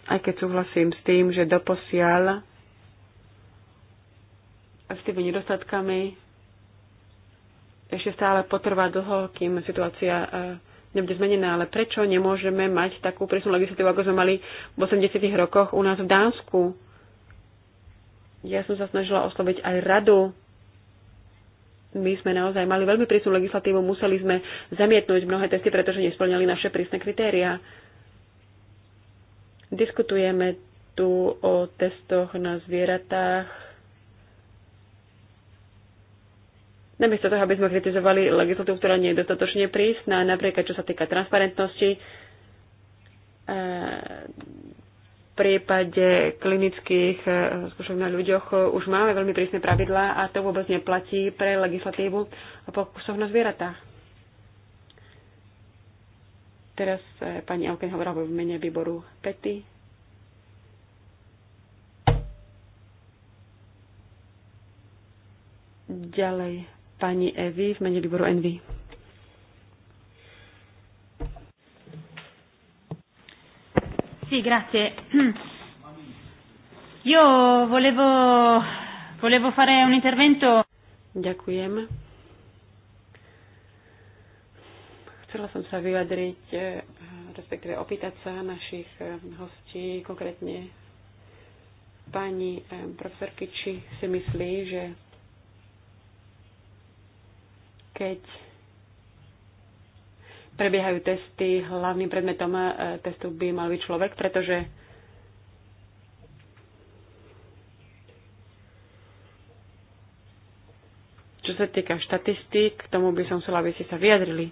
aj keď súhlasím s tým, že doposiaľ s tými nedostatkami ešte stále potrvá dlho, kým situácia e, nebude zmenená, ale prečo nemôžeme mať takú prísnu legislatívu, ako sme mali v 80. rokoch u nás v Dánsku? Ja som sa snažila osloviť aj radu. My sme naozaj mali veľmi prísnu legislatívu, museli sme zamietnúť mnohé testy, pretože nesplňali naše prísne kritéria. Diskutujeme tu o testoch na zvieratách, namiesto toho, aby sme kritizovali legislatívu, ktorá nie je dostatočne prísna, napríklad čo sa týka transparentnosti, eh, v prípade klinických eh, skúšok na ľuďoch eh, už máme veľmi prísne pravidlá a to vôbec neplatí pre legislatívu o pokusoch na zvieratách. Teraz pani Elken hovorila v mene výboru PETI. Ďalej pani Evy v mene výboru Envy. Sì, grazie. Io volevo, volevo fare un intervento. Ďakujem. Chcela som sa vyjadriť, eh, respektíve opýtať sa našich eh, hostí, konkrétne pani eh, profesorky, či si myslí, že keď prebiehajú testy, hlavným predmetom eh, testu by mal byť človek, pretože čo sa týka štatistík, k tomu by som chcela, aby ste sa vyjadrili.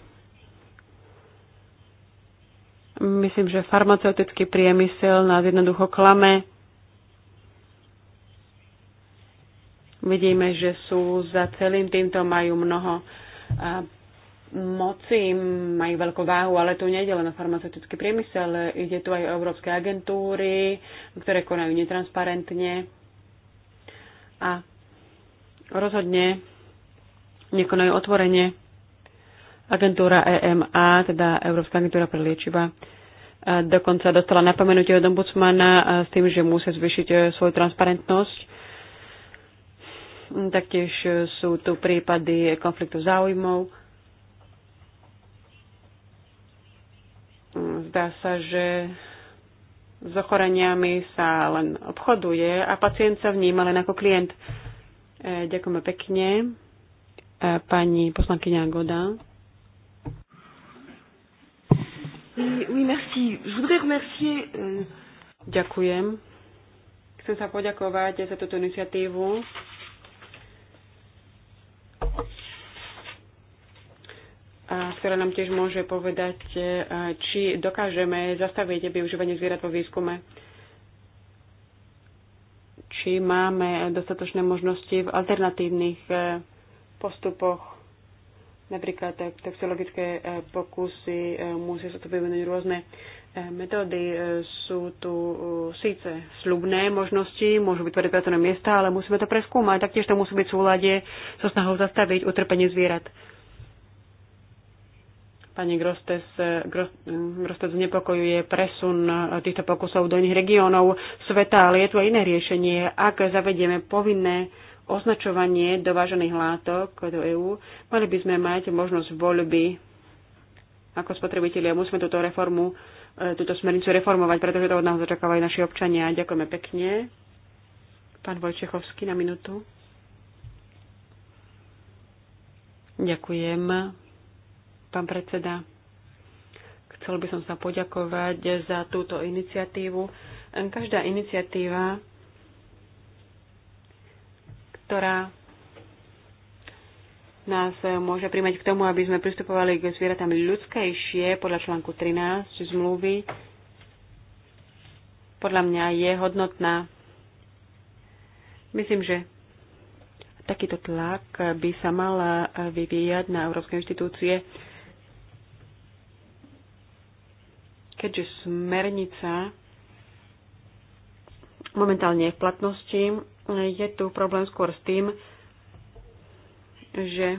Myslím, že farmaceutický priemysel nás jednoducho klame. Vidíme, že sú za celým týmto majú mnoho moci majú veľkú váhu, ale tu nejde len o farmaceutický priemysel, ide tu aj o európske agentúry, ktoré konajú netransparentne a rozhodne nekonajú otvorenie. Agentúra EMA, teda Európska agentúra pre liečiva, dokonca dostala napomenutie od ombudsmana s tým, že musia zvyšiť e, svoju transparentnosť Taktiež sú tu prípady konfliktu záujmov. Zdá sa, že s ochoreniami sa len obchoduje a pacient sa vníma len ako klient. E, ďakujeme pekne. E, pani poslankyňa Goda. Oui, merci. Je voudrais remercier... Euh, Ďakujem. Chcem sa poďakovať za túto iniciatívu a ktorá nám tiež môže povedať, e, či dokážeme zastaviť využívanie zvierat vo výskume. Či máme dostatočné možnosti v alternatívnych e, postupoch, napríklad toxicologické e, pokusy, musia sa tu vyvinúť rôzne metódy. Sú tu síce slubné možnosti, môžu byť pracovné miesta, ale musíme to preskúmať. Taktiež to musí byť v súlade so snahou zastaviť utrpenie zvierat. Pani Grostes, Grostes znepokojuje presun týchto pokusov do iných regiónov sveta, ale je tu aj iné riešenie. Ak zavedieme povinné označovanie dovážených látok do EÚ, mali by sme mať možnosť voľby ako spotrebitelia. Musíme túto reformu, e, túto smernicu reformovať, pretože to od nás očakávajú naši občania. Ďakujeme pekne. Pán Vojčechovský na minútu. Ďakujem pán predseda. Chcel by som sa poďakovať za túto iniciatívu. Každá iniciatíva, ktorá nás môže príjmať k tomu, aby sme pristupovali k zvieratám ľudskejšie podľa článku 13 zmluvy, podľa mňa je hodnotná. Myslím, že takýto tlak by sa mal vyvíjať na európske inštitúcie Keďže smernica momentálne je v platnosti, je tu problém skôr s tým, že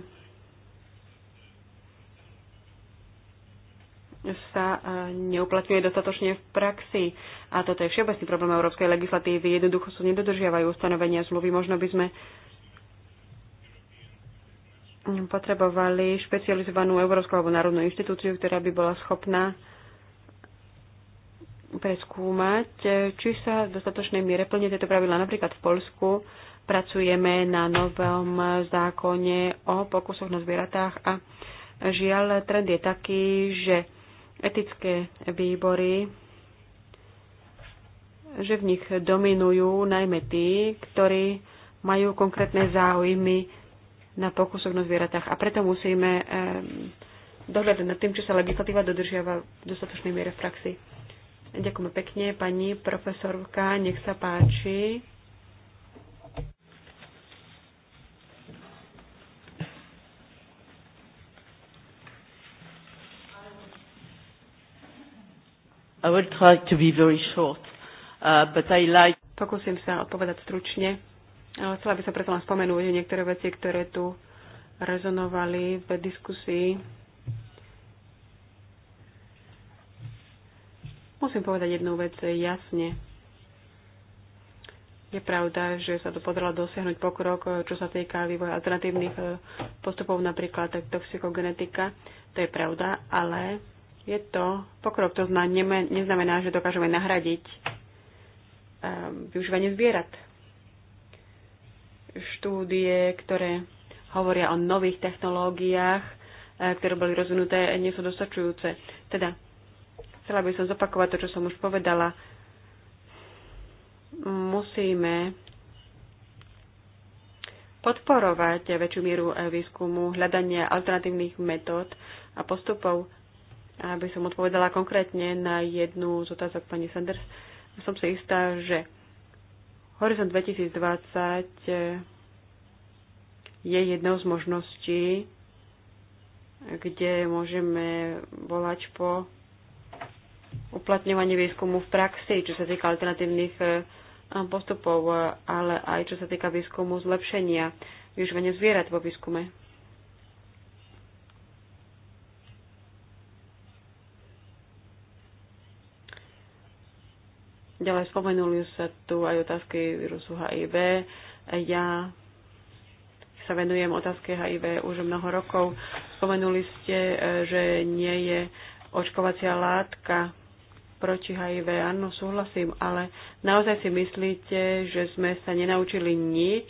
sa e, neuplatňuje dostatočne v praxi. A toto je všeobecný problém európskej legislatívy. Jednoducho sa nedodržiavajú ustanovenia zmluvy. Možno by sme potrebovali špecializovanú európsku alebo národnú inštitúciu, ktorá by bola schopná preskúmať, e, či sa v dostatočnej miere plne tieto pravidla. Napríklad v Polsku pracujeme na novom zákone o pokusoch na zvieratách a žiaľ trend je taký, že etické výbory že v nich dominujú najmä tí, ktorí majú konkrétne záujmy na pokusoch na zvieratách. A preto musíme dohľadať nad tým, či sa legislatíva dodržiava v dostatočnej miere v praxi. Ďakujem pekne, pani profesorka, nech sa páči. I would try to be very short, uh, but I like... Pokúsim sa odpovedať stručne. chcela by som preto len spomenúť niektoré veci, ktoré tu rezonovali v diskusii Musím povedať jednu vec jasne. Je pravda, že sa to podarilo dosiahnuť pokrok, čo sa týka vývoja alternatívnych e, postupov, napríklad toxikogenetika. To je pravda, ale je to pokrok. To neznamená, že dokážeme nahradiť ehm, využívanie zvierat. Štúdie, ktoré hovoria o nových technológiách, e, ktoré boli rozvinuté, nie sú dostačujúce. Teda Chcela by som zopakovať to, čo som už povedala. Musíme podporovať väčšiu mieru eh, výskumu, hľadania alternatívnych metód a postupov. Aby som odpovedala konkrétne na jednu z otázok pani Sanders, som si istá, že Horizont 2020 eh, je jednou z možností, kde môžeme volať po uplatňovanie výskumu v praxi, čo sa týka alternatívnych e, postupov, e, ale aj čo sa týka výskumu zlepšenia využívania zvierat vo výskume. Ďalej spomenuli sa tu aj otázky vírusu HIV. Ja sa venujem otázke HIV už mnoho rokov. Spomenuli ste, e, že nie je očkovacia látka proti HIV. Áno, súhlasím, ale naozaj si myslíte, že sme sa nenaučili nič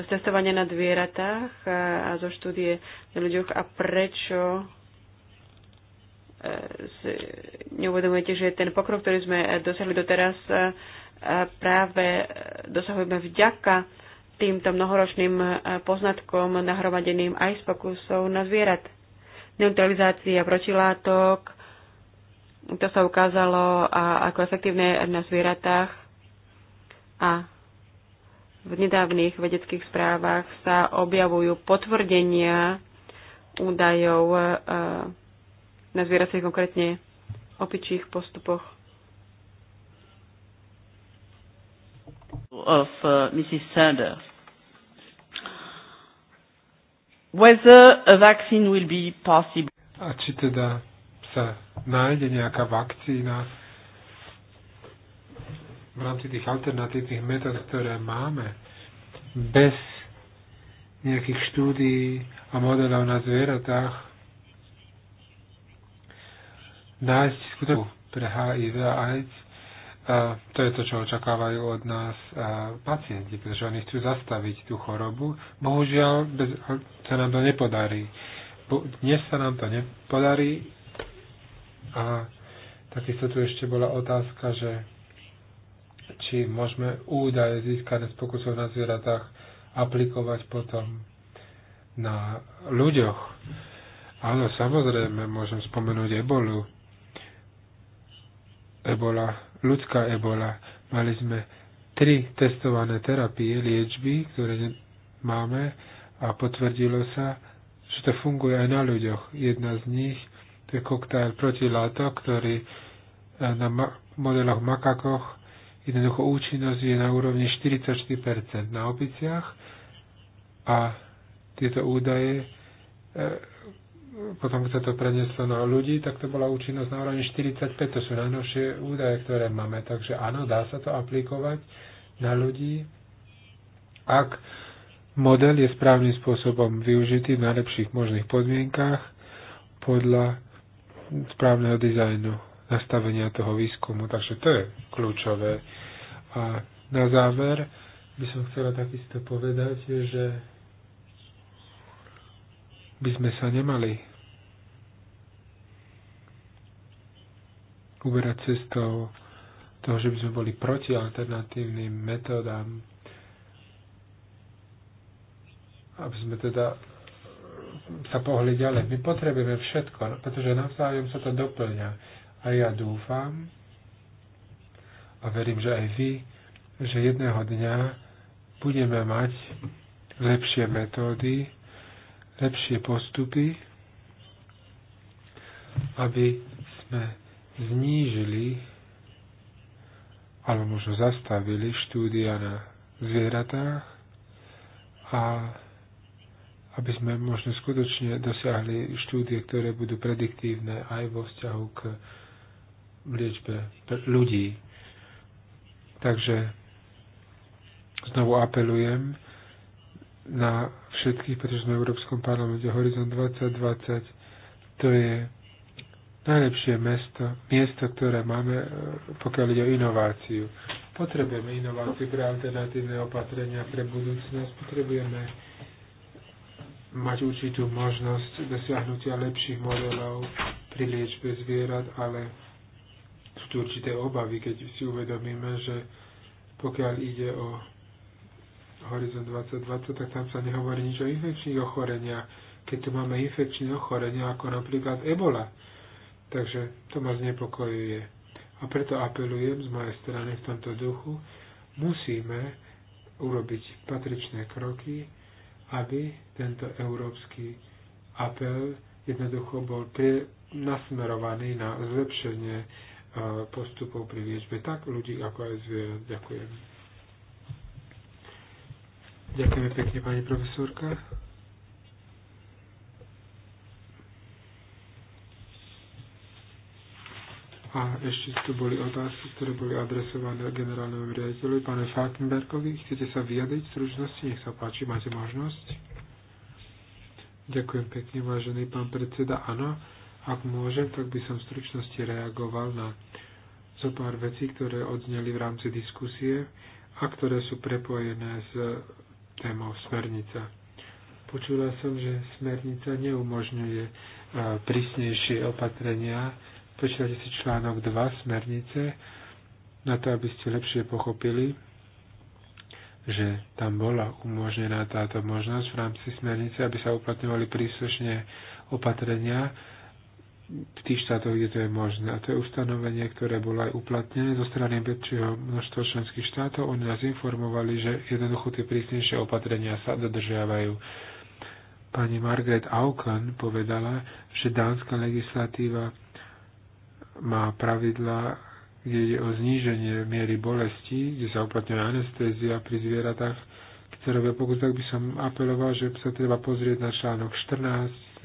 z testovania na zvieratách a zo štúdie na ľuďoch a prečo e, neuvedomujete, že ten pokrok, ktorý sme e, dosiahli doteraz, e, práve dosahujeme vďaka týmto mnohoročným poznatkom nahromadeným aj z pokusov na zvierat. Neutralizácia protilátok, to sa ukázalo a ako efektívne na zvieratách a v nedávnych vedeckých správach sa objavujú potvrdenia údajov e, na zvieratách, konkrétne opičích postupoch. Of uh, Mrs. Sanders. Whether a vaccine will be possible. A či teda sa nájde nejaká vakcína v rámci tých alternatívnych metód, ktoré máme, bez nejakých štúdií a modelov na zvieratách, nájsť skutočnú pre HIV a AIDS, a to je to, čo očakávajú od nás a pacienti, pretože oni chcú zastaviť tú chorobu. Bohužiaľ, bez, sa nám to nepodarí. Dnes sa nám to nepodarí, a takisto tu ešte bola otázka, že či môžeme údaje získané z pokusov na zvieratách aplikovať potom na ľuďoch. Áno, samozrejme, môžem spomenúť ebolu. Ebola, ľudská ebola. Mali sme tri testované terapie liečby, ktoré máme a potvrdilo sa, že to funguje aj na ľuďoch. Jedna z nich to je koktajl protilátok, ktorý eh, na ma- modeloch makakoch jednoducho účinnosť je na úrovni 44% na opiciach a tieto údaje eh, potom, keď sa to preneslo na ľudí, tak to bola účinnosť na úrovni 45, to sú najnovšie údaje, ktoré máme, takže áno, dá sa to aplikovať na ľudí, ak model je správnym spôsobom využitý v najlepších možných podmienkách podľa správneho dizajnu, nastavenia toho výskumu, takže to je kľúčové. A na záver by som chcela takisto povedať, že by sme sa nemali uberať cestou toho, že by sme boli proti alternatívnym metódám, aby sme teda sa pohli ďalej. My potrebujeme všetko, pretože navzájom sa to doplňa. A ja dúfam a verím, že aj vy, že jedného dňa budeme mať lepšie metódy, lepšie postupy, aby sme znížili alebo možno zastavili štúdia na zvieratách a aby sme možno skutočne dosiahli štúdie, ktoré budú prediktívne aj vo vzťahu k liečbe ľudí. Takže znovu apelujem na všetkých, pretože sme v Európskom parlamente Horizon 2020 to je najlepšie mesto, miesto, ktoré máme, e, pokiaľ ide o inováciu. Potrebujeme inováciu pre alternatívne opatrenia, pre budúcnosť, potrebujeme mať určitú možnosť dosiahnutia lepších modelov pri liečbe zvierat, ale sú tu určité obavy, keď si uvedomíme, že pokiaľ ide o Horizon 2020, tak tam sa nehovorí nič o infekčných ochoreniach, keď tu máme infekčné ochorenia ako napríklad ebola. Takže to ma znepokojuje. A preto apelujem z mojej strany v tomto duchu, musíme urobiť patričné kroky, aby tento európsky apel jednoducho bol pre, nasmerovaný na zlepšenie e, postupov pri liečbe tak ľudí ako aj zvierat. Ďakujem. Ďakujeme pekne, pani profesorka. A ešte tu boli otázky, ktoré boli adresované generálnemu riaditeľovi, pánu Falkenbergovi. Chcete sa vyjadriť v stručnosti? Nech sa páči, máte možnosť. Ďakujem pekne, vážený pán predseda. Áno, ak môžem, tak by som v stručnosti reagoval na zo pár vecí, ktoré odzneli v rámci diskusie a ktoré sú prepojené s témou smernica. Počula som, že smernica neumožňuje e, prísnejšie opatrenia, Prečítajte si článok 2 smernice na to, aby ste lepšie pochopili, že tam bola umožnená táto možnosť v rámci smernice, aby sa uplatňovali príslušne opatrenia v tých štátoch, kde to je možné. A to je ustanovenie, ktoré bolo aj uplatnené zo strany väčšieho množstva členských štátov. Oni nás informovali, že jednoducho tie prísnejšie opatrenia sa dodržiavajú. Pani Margaret Auken povedala, že dánska legislatíva má pravidla kde ide o zníženie miery bolesti, kde sa uplatňuje anestézia pri zvieratách robia pokus, tak by som apeloval, že sa treba pozrieť na článok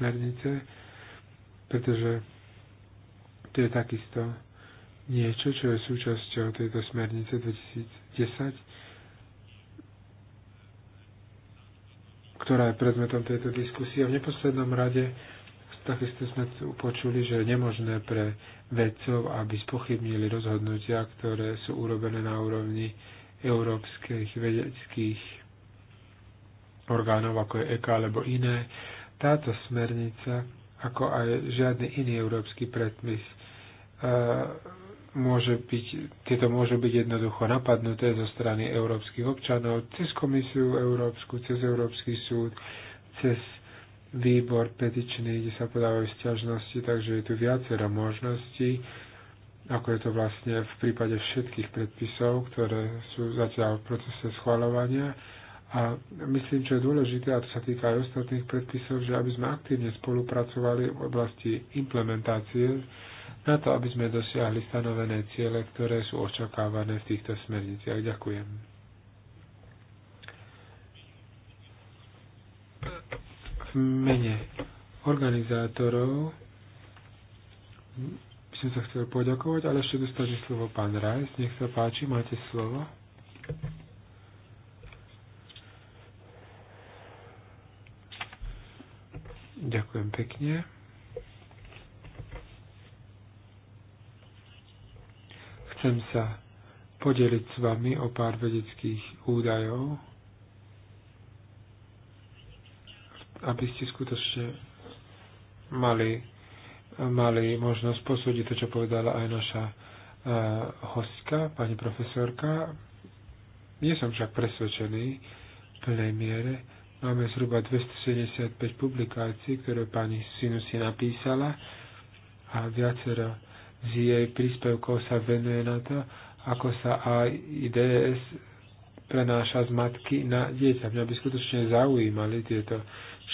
14 smernice, pretože to je takisto niečo, čo je súčasťou tejto smernice 2010, ktorá je predmetom tejto diskusie. A v neposlednom rade Takisto sme počuli, že je nemožné pre vedcov, aby spochybnili rozhodnutia, ktoré sú urobené na úrovni európskych vedeckých orgánov, ako je EKA alebo iné. Táto smernica, ako aj žiadny iný európsky predpis, e, môže byť, tieto môžu byť jednoducho napadnuté zo strany európskych občanov, cez komisiu európsku, cez Európsky súd, cez výbor petičný, kde sa podávajú stiažnosti, takže je tu viacero možností, ako je to vlastne v prípade všetkých predpisov, ktoré sú zatiaľ v procese schvaľovania. A myslím, čo je dôležité, a to sa týka aj ostatných predpisov, že aby sme aktívne spolupracovali v oblasti implementácie, na to, aby sme dosiahli stanovené ciele, ktoré sú očakávané v týchto smerniciach. Ďakujem. mene organizátorov by som sa chcel poďakovať, ale ešte dostane slovo pán Rajs. Nech sa páči, máte slovo. Ďakujem pekne. Chcem sa podeliť s vami o pár vedeckých údajov, aby ste skutočne mali, mali možnosť posúdiť to, čo povedala aj naša uh, hostka, pani profesorka. Nie som však presvedčený v plnej miere. Máme zhruba 275 publikácií, ktoré pani Sinusi napísala a viacero z jej príspevkov sa venuje na to, ako sa AIDS prenáša z matky na dieťa. Mňa by skutočne zaujímali tieto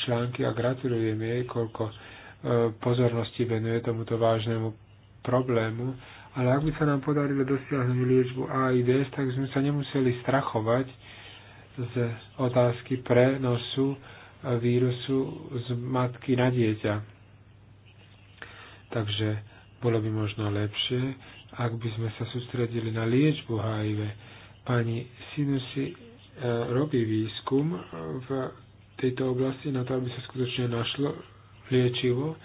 články a gratulujem jej, koľko e, pozornosti venuje tomuto vážnemu problému. Ale ak by sa nám podarilo dosiahnuť liečbu AIDS, tak sme sa nemuseli strachovať z otázky prenosu e, vírusu z matky na dieťa. Takže bolo by možno lepšie, ak by sme sa sústredili na liečbu HIV. Pani Sinusi e, robí výskum v tejto oblasti na to, aby sa skutočne našlo liečivo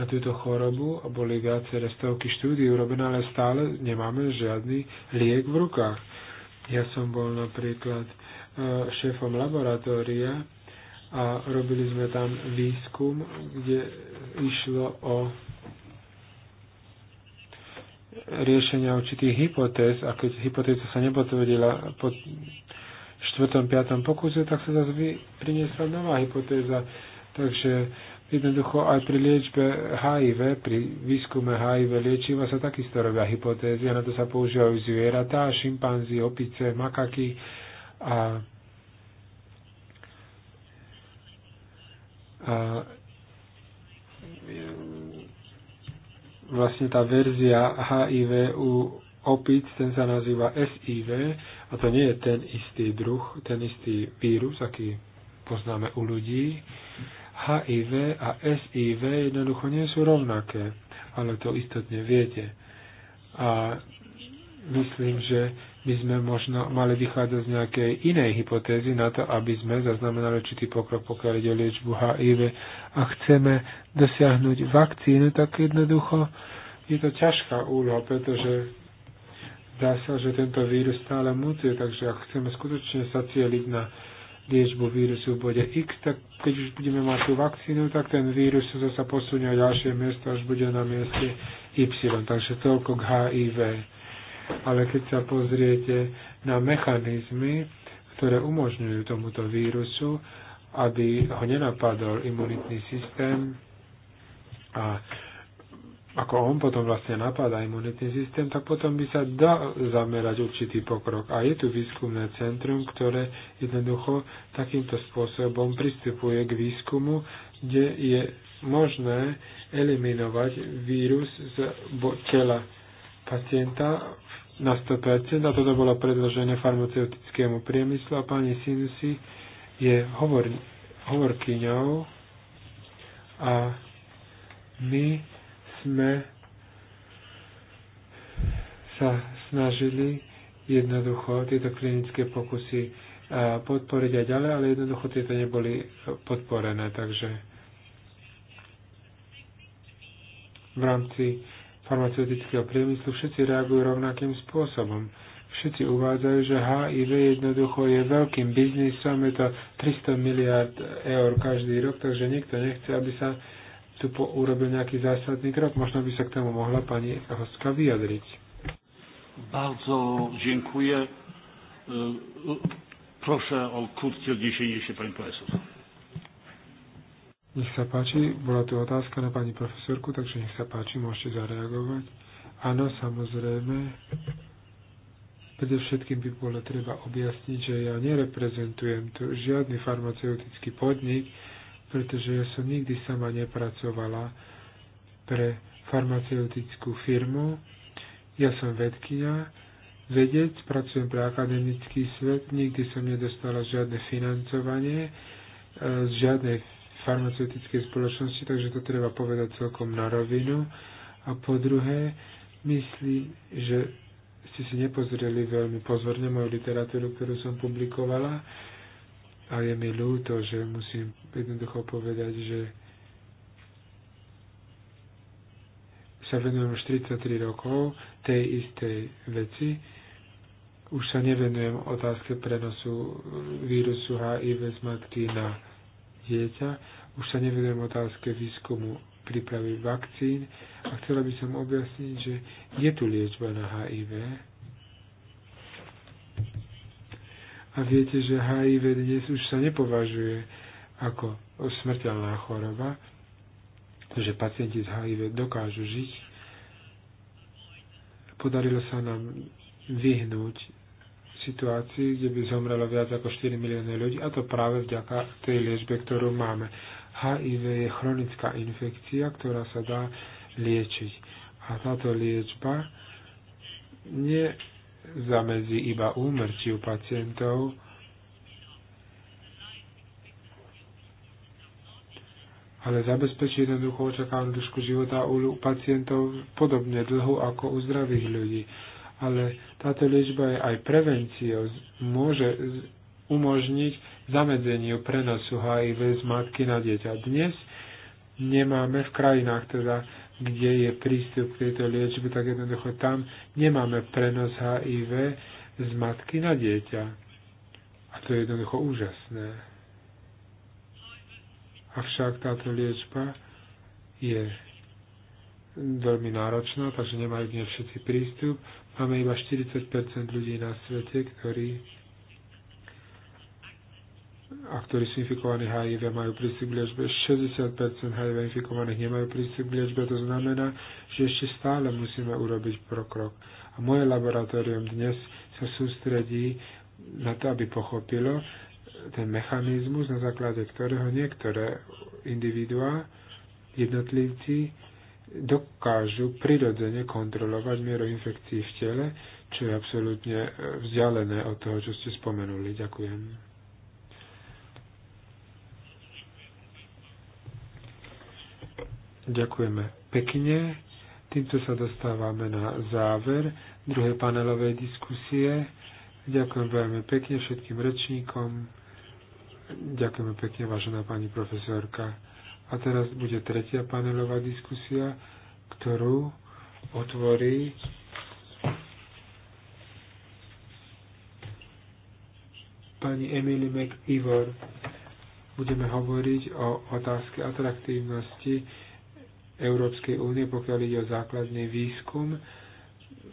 na túto chorobu a boli viaceré stovky štúdí urobené, ale stále nemáme žiadny liek v rukách. Ja som bol napríklad e, šéfom laboratória a robili sme tam výskum, kde išlo o riešenia určitých hypotéz a keď hypotéza sa nepotvrdila pod, čtvrtom piatom pokuse, tak sa zase priniesla nová hypotéza. Takže Jednoducho aj pri liečbe HIV, pri výskume HIV liečiva sa takisto robia hypotézy a na to sa používajú zvieratá, šimpanzi, opice, makaky a, a vlastne tá verzia HIV u opic, ten sa nazýva SIV a to nie je ten istý druh, ten istý vírus, aký poznáme u ľudí. HIV a SIV jednoducho nie sú rovnaké, ale to istotne viete. A myslím, že my sme možno mali vychádzať z nejakej inej hypotézy na to, aby sme zaznamenali určitý pokrok, pokiaľ ide o liečbu HIV. A chceme dosiahnuť vakcínu, tak jednoducho je to ťažká úloha, pretože Zdá sa, že tento vírus stále mutuje, takže ak chceme skutočne sa cieliť na liečbu vírusu v bode X, tak keď už budeme mať tú vakcínu, tak ten vírus sa zase posunie na ďalšie miesto, až bude na mieste Y. Takže toľko k HIV. Ale keď sa pozriete na mechanizmy, ktoré umožňujú tomuto vírusu, aby ho nenapadol imunitný systém a ako on potom vlastne napadá imunitný systém, tak potom by sa dá zamerať určitý pokrok. A je tu výskumné centrum, ktoré jednoducho takýmto spôsobom pristupuje k výskumu, kde je možné eliminovať vírus z tela pacienta na 100%. A toto bolo predložené farmaceutickému priemyslu a pani Sinusi je hovor, hovorkyňou a my sme sa snažili jednoducho tieto klinické pokusy podporiť aj ďalej, ale jednoducho tieto neboli podporené. Takže v rámci farmaceutického priemyslu všetci reagujú rovnakým spôsobom. Všetci uvádzajú, že HIV jednoducho je veľkým biznisom, je to 300 miliard eur každý rok, takže nikto nechce, aby sa tu urobil nejaký zásadný krok. Možno by sa k tomu mohla pani hostka vyjadriť. Bardzo dziękuję. E, proszę o krótkie odniesienie się pani profesor. Nech sa páči, bola tu otázka na pani profesorku, takže nech sa páči, môžete zareagovať. Áno, samozrejme. Predovšetkým by bolo treba objasniť, že ja nereprezentujem tu žiadny farmaceutický podnik, pretože ja som nikdy sama nepracovala pre farmaceutickú firmu. Ja som vedkynia, vedec, pracujem pre akademický svet, nikdy som nedostala žiadne financovanie e, z žiadnej farmaceutickej spoločnosti, takže to treba povedať celkom na rovinu. A po druhé, myslím, že ste si nepozreli veľmi pozorne moju literatúru, ktorú som publikovala a je mi ľúto, že musím jednoducho povedať, že sa venujem už 33 rokov tej istej veci. Už sa nevenujem otázke prenosu vírusu HIV z matky na dieťa. Už sa nevenujem otázke výskumu prípravy vakcín. A chcela by som objasniť, že je tu liečba na HIV. a viete, že HIV dnes už sa nepovažuje ako smrteľná choroba, že pacienti z HIV dokážu žiť. Podarilo sa nám vyhnúť situácii, kde by zomrelo viac ako 4 milióny ľudí, a to práve vďaka tej liečbe, ktorú máme. HIV je chronická infekcia, ktorá sa dá liečiť. A táto liečba nie zamedzi iba úmrtiu pacientov, ale zabezpečí jednoducho očakávanú dĺžku života u pacientov podobne dlhu ako u zdravých ľudí. Ale táto liečba je aj prevenciou, môže umožniť zamedzeniu prenosu HIV z matky na dieťa. Dnes nemáme v krajinách teda kde je prístup k tejto liečbe, tak jednoducho tam nemáme prenos HIV z matky na dieťa. A to je jednoducho úžasné. Avšak táto liečba je veľmi náročná, takže nemajú k všetci prístup. Máme iba 40% ľudí na svete, ktorí a ktorí sú infikovaní HIV majú prístup k liečbe. 60% HIV infikovaných nemajú prístup k liečbe, to znamená, že ešte stále musíme urobiť prokrok. A moje laboratórium dnes sa sústredí na to, aby pochopilo ten mechanizmus, na základe ktorého niektoré individuá, jednotlivci, dokážu prirodzene kontrolovať mieru infekcií v tele, čo je absolútne vzdialené od toho, čo ste spomenuli. Ďakujem. Ďakujeme pekne. Týmto sa dostávame na záver druhej panelovej diskusie. Ďakujem veľmi pekne všetkým rečníkom. Ďakujeme pekne, vážená pani profesorka. A teraz bude tretia panelová diskusia, ktorú otvorí pani Emily McIvor. Budeme hovoriť o otázke atraktívnosti Európskej únie, pokiaľ ide o základný výskum,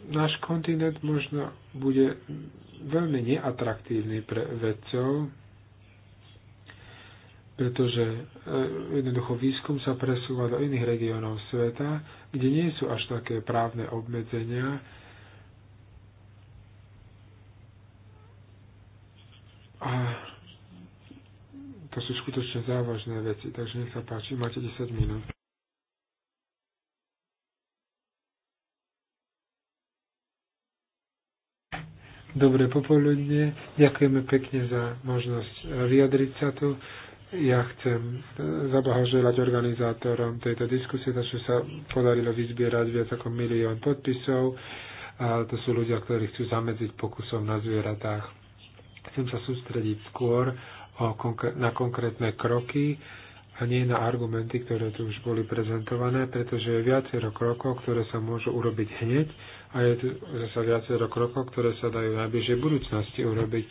náš kontinent možno bude veľmi neatraktívny pre vedcov, pretože e, jednoducho výskum sa presúva do iných regiónov sveta, kde nie sú až také právne obmedzenia, A to sú skutočne závažné veci, takže nech sa páči, máte 10 minút. Dobré popoludne. Ďakujeme pekne za možnosť vyjadriť sa tu. Ja chcem e, zablahoželať organizátorom tejto diskusie, za čo sa podarilo vyzbierať viac ako milión podpisov. A to sú ľudia, ktorí chcú zamedziť pokusom na zvieratách. Chcem sa sústrediť skôr na konkrétne kroky, a nie na argumenty, ktoré tu už boli prezentované, pretože je viacero krokov, ktoré sa môžu urobiť hneď a je tu zase viacero krokov, ktoré sa dajú v najbližšej budúcnosti urobiť.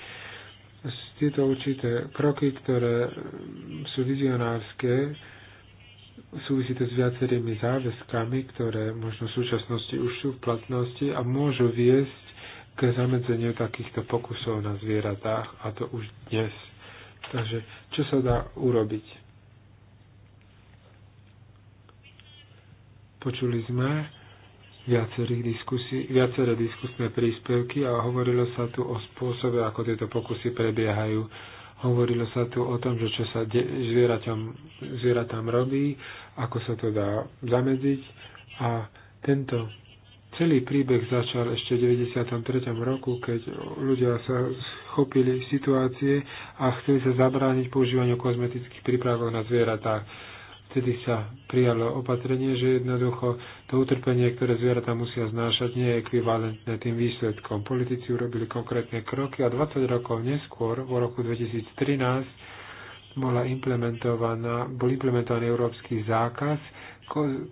Tieto určité kroky, ktoré sú vizionárske, súvisí to s viacerými záväzkami, ktoré možno v súčasnosti už sú v platnosti a môžu viesť k zamedzeniu takýchto pokusov na zvieratách a to už dnes. Takže čo sa dá urobiť? Počuli sme, viacerých diskusí, viaceré diskusné príspevky a hovorilo sa tu o spôsobe, ako tieto pokusy prebiehajú. Hovorilo sa tu o tom, že čo sa de- zvieraťom, zvieratám robí, ako sa to dá zamedziť a tento celý príbeh začal ešte v 93. roku, keď ľudia sa chopili situácie a chceli sa zabrániť používaniu kozmetických prípravok na zvieratách vtedy sa prijalo opatrenie, že jednoducho to utrpenie, ktoré zvieratá musia znášať, nie je ekvivalentné tým výsledkom. Politici urobili konkrétne kroky a 20 rokov neskôr, v roku 2013, bola implementovaná, bol implementovaný európsky zákaz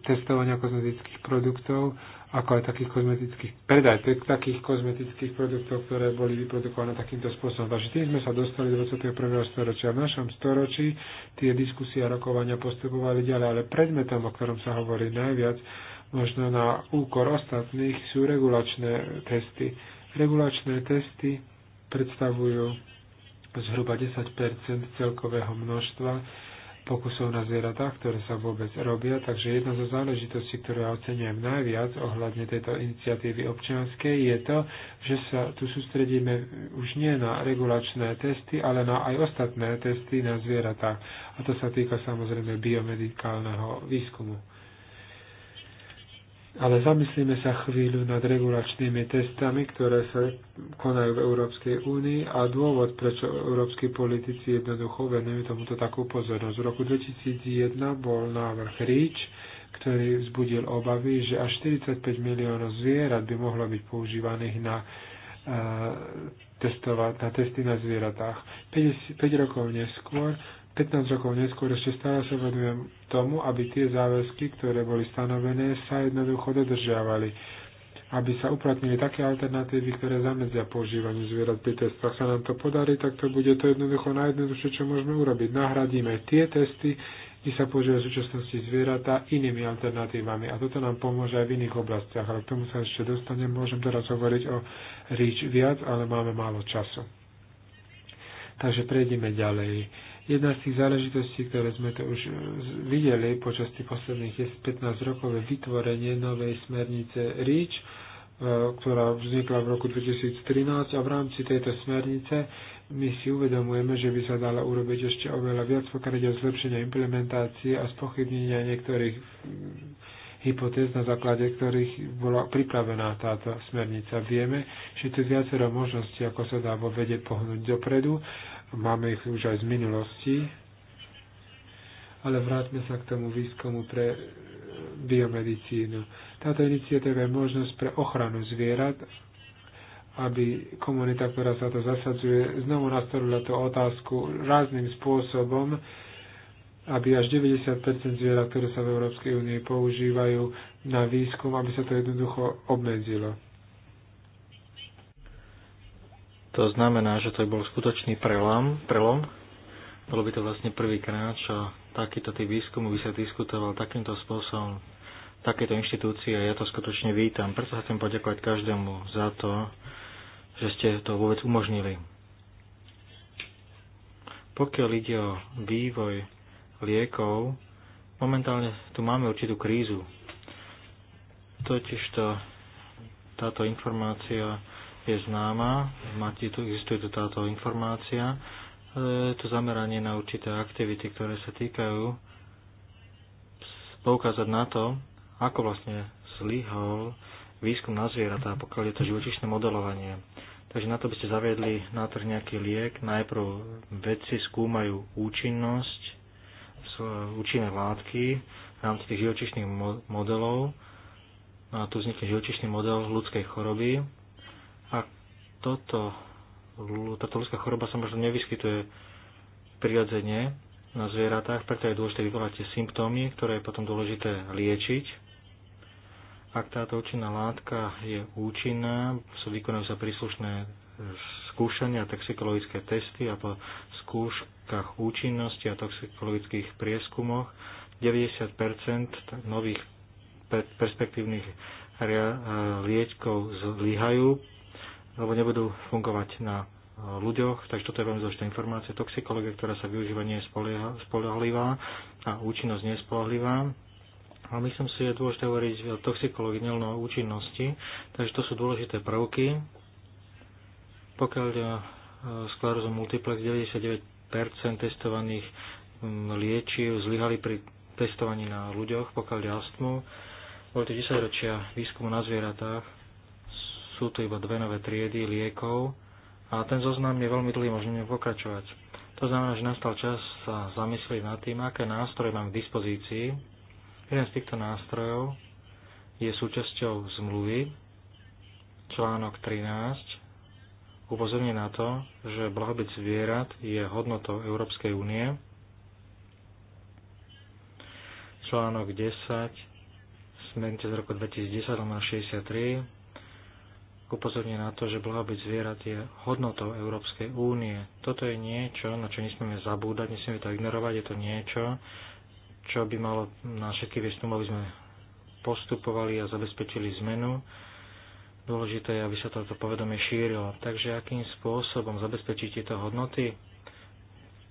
testovania kozmetických produktov, ako aj takých kozmetických, predaj takých kozmetických produktov, ktoré boli vyprodukované takýmto spôsobom. Takže tým sme sa dostali do 21. storočia. V našom storočí tie diskusie a rokovania postupovali ďalej, ale predmetom, o ktorom sa hovorí najviac, možno na úkor ostatných, sú regulačné testy. Regulačné testy predstavujú zhruba 10 celkového množstva pokusov na zvieratách, ktoré sa vôbec robia. Takže jedna zo záležitostí, ktorú ja ocenujem najviac ohľadne tejto iniciatívy občianskej, je to, že sa tu sústredíme už nie na regulačné testy, ale na aj ostatné testy na zvieratách. A to sa týka samozrejme biomedikálneho výskumu. Ale zamyslíme sa chvíľu nad regulačnými testami, ktoré sa konajú v Európskej únii a dôvod, prečo európsky politici jednoducho venujú tomuto takú pozornosť. V roku 2001 bol návrh REACH, ktorý vzbudil obavy, že až 45 miliónov zvierat by mohlo byť používaných na, eh, na testy na zvieratách. 5, 5 rokov neskôr 15 rokov neskôr ešte stále sa venujem tomu, aby tie záväzky, ktoré boli stanovené, sa jednoducho dodržiavali aby sa uplatnili také alternatívy, ktoré zamedzia používaniu zvierat pri testoch. Sa nám to podarí, tak to bude to jednoducho najjednoduchšie, čo môžeme urobiť. Nahradíme tie testy, kde sa používajú v súčasnosti zvieratá inými alternatívami. A toto nám pomôže aj v iných oblastiach. Ale k tomu sa ešte dostanem. Môžem teraz hovoriť o rič viac, ale máme málo času. Takže prejdeme ďalej Jedna z tých záležitostí, ktoré sme to už eh, videli počas tých posledných 15 rokov, je vytvorenie novej smernice REACH, ktorá vznikla v roku 2013 a v rámci tejto smernice my si uvedomujeme, že by sa dala urobiť ešte oveľa viac, pokiaľ zlepšenia o implementácie a spochybnenia niektorých mm, hypotéz, na základe ktorých bola pripravená táto smernica. Vieme, že tu viacero možností, ako sa dá vo vede pohnúť dopredu máme ich už aj z minulosti, ale vráťme sa k tomu výskumu pre e, biomedicínu. Táto iniciatíva je možnosť pre ochranu zvierat, aby komunita, ktorá sa to zasadzuje, znovu nastavila tú otázku rázným spôsobom, aby až 90% zvierat, ktoré sa v Európskej únii používajú na výskum, aby sa to jednoducho obmedzilo. To znamená, že to je bol skutočný prelom, prelom. Bolo by to vlastne prvýkrát, čo takýto typ výskumu by sa diskutoval takýmto spôsobom takéto inštitúcie. Ja to skutočne vítam. Preto sa chcem poďakovať každému za to, že ste to vôbec umožnili. Pokiaľ ide o vývoj liekov, momentálne tu máme určitú krízu. Totižto táto informácia je známa, máte tu, existuje tu táto informácia, e, to zameranie na určité aktivity, ktoré sa týkajú poukázať na to, ako vlastne zlyhol výskum na zvieratá, pokiaľ je to živočišné modelovanie. Takže na to by ste zaviedli na trh nejaký liek. Najprv vedci skúmajú účinnosť, účinné látky v rámci tých živočišných modelov. No a tu vznikne živočišný model ľudskej choroby, toto, táto ľudská choroba sa možno nevyskytuje prirodzene na zvieratách, preto je dôležité vyvolať tie symptómy, ktoré je potom dôležité liečiť. Ak táto účinná látka je účinná, sú vykonajú sa príslušné skúšania, toxikologické testy a po skúškach účinnosti a toxikologických prieskumoch 90 nových perspektívnych liečkov zlyhajú alebo nebudú fungovať na e, ľuďoch, takže toto je veľmi zložitá informácia. Toxikológia, ktorá sa využíva, nie je spolahlivá a účinnosť nie je spolahlivá. A myslím si, je dôležité hovoriť o toxikológii, nielen o účinnosti, takže to sú dôležité prvky. Pokiaľ ide e, sklerózu multiplex, 99% testovaných liečiv zlyhali pri testovaní na ľuďoch, pokiaľ ide astmu. Boli to 10 ročia výskumu na zvieratách, sú tu iba dve nové triedy liekov a ten zoznam je veľmi dlhý, môžeme pokračovať. To znamená, že nastal čas sa zamyslieť nad tým, aké nástroje mám k dispozícii. Jeden z týchto nástrojov je súčasťou zmluvy, článok 13, upozorňuje na to, že blahobyt zvierat je hodnotou Európskej únie. Článok 10, smernice z roku 2010, 63, upozorňuje na to, že blahobyt zvierat je hodnotou Európskej únie. Toto je niečo, na čo nesmieme zabúdať, nesmieme to ignorovať, je to niečo, čo by malo na všetky viesť aby sme postupovali a zabezpečili zmenu. Dôležité je, aby sa toto povedomie šírilo. Takže akým spôsobom zabezpečiť tieto hodnoty?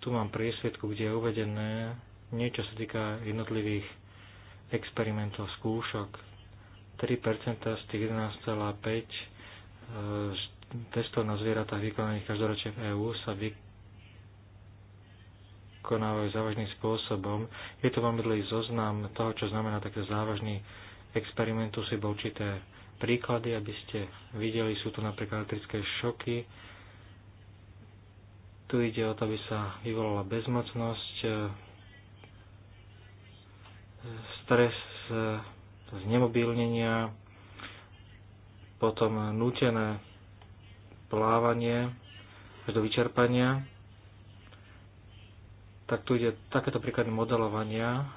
Tu mám priesvedku, kde je uvedené niečo sa týka jednotlivých experimentov, skúšok. 3% z tých 11,5 E, testov na zvieratách vykonaných každoročne v EÚ sa vykonávajú závažným spôsobom. Je to veľmi dlhý zoznam toho, čo znamená takto závažný experiment. Tu sú iba určité príklady, aby ste videli. Sú tu napríklad elektrické šoky. Tu ide o to, aby sa vyvolala bezmocnosť, e, stres e, z nemobilnenia, potom nútené plávanie až do vyčerpania, tak tu ide takéto príklady modelovania,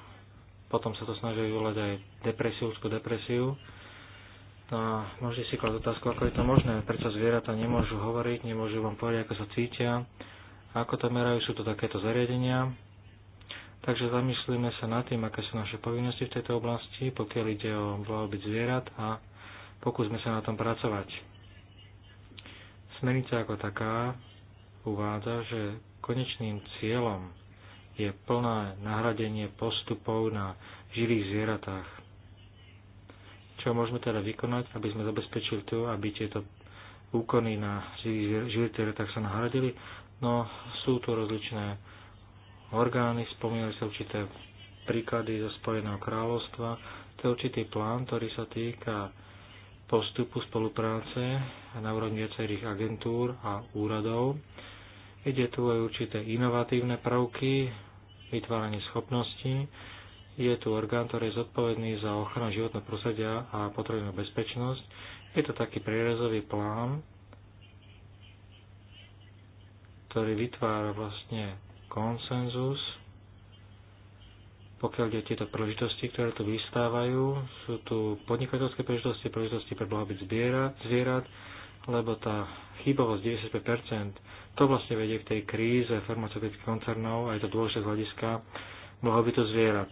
potom sa to snažia vyvolať aj depresiu, úzku depresiu. No a môžete si klásť otázku, ako je to možné, prečo zvieratá nemôžu hovoriť, nemôžu vám povedať, ako sa cítia, ako to merajú, sú to takéto zariadenia. Takže zamyslíme sa nad tým, aké sú naše povinnosti v tejto oblasti, pokiaľ ide o blahobyt zvierat a Pokúsme sa na tom pracovať. Smernica ako taká uvádza, že konečným cieľom je plné nahradenie postupov na živých zvieratách. Čo môžeme teda vykonať, aby sme zabezpečili to, aby tieto úkony na živých zvieratách sa nahradili? No, sú tu rozličné orgány, spomínali sa určité príklady zo Spojeného kráľovstva. To je určitý plán, ktorý sa týka postupu spolupráce na úrovni viacerých agentúr a úradov. Ide tu aj určité inovatívne prvky, vytváranie schopností. Je tu orgán, ktorý je zodpovedný za ochranu životného prostredia a potrebnú bezpečnosť. Je to taký prierezový plán, ktorý vytvára vlastne konsenzus pokiaľ ide tieto príležitosti, ktoré tu vystávajú. Sú tu podnikateľské príležitosti, príležitosti pre blahobyt zvierat, lebo tá chybovosť 95%, to vlastne vedie k tej kríze farmaceutických koncernov a je to dôležité z hľadiska blahobytu zvierat.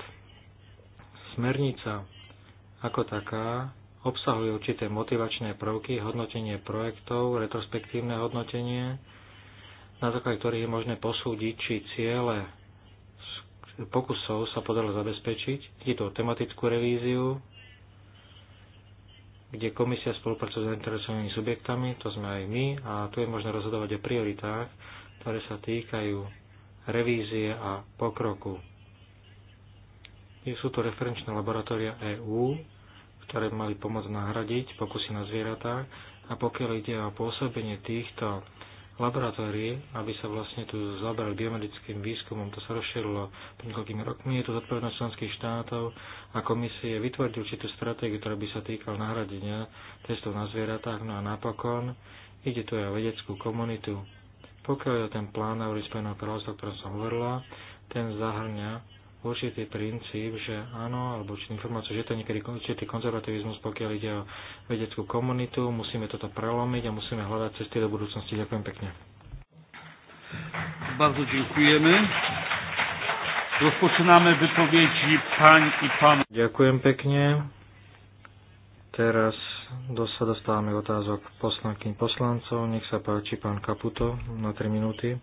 Smernica ako taká obsahuje určité motivačné prvky, hodnotenie projektov, retrospektívne hodnotenie, na základe ktorých je možné posúdiť, či ciele pokusov sa podalo zabezpečiť. Je to tematickú revíziu, kde komisia spolupracuje s zainteresovanými subjektami, to sme aj my, a tu je možné rozhodovať o prioritách, ktoré sa týkajú revízie a pokroku. Sú to referenčné laboratória EÚ, ktoré mali pomôcť nahradiť pokusy na zvieratá a pokiaľ ide o pôsobenie týchto laboratórii, aby sa vlastne tu zabrali biomedickým výskumom. To sa rozšírilo pred niekoľkými rokmi. Je to zodpovednosť členských štátov a komisie vytvoriť určitú stratégiu, ktorá by sa týkala nahradenia testov na zvieratách. No a napokon ide tu aj o vedeckú komunitu. Pokiaľ je ten plán na Európskeho kráľovstva, o ktorom som hovorila, ten zahrňa určitý princíp, že áno, alebo určitú informáciu, že to niekedy určitý konzervativizmus, pokiaľ ide o vedeckú komunitu, musíme toto prelomiť a musíme hľadať cesty do budúcnosti. Ďakujem pekne. Bardzo dziękujemy. Rozpoczynamy wypowiedzi pań i panów. Ďakujem pekne. Teraz sa dostávame otázok poslanky poslancov. Nech sa páči pán Kaputo na 3 minúty.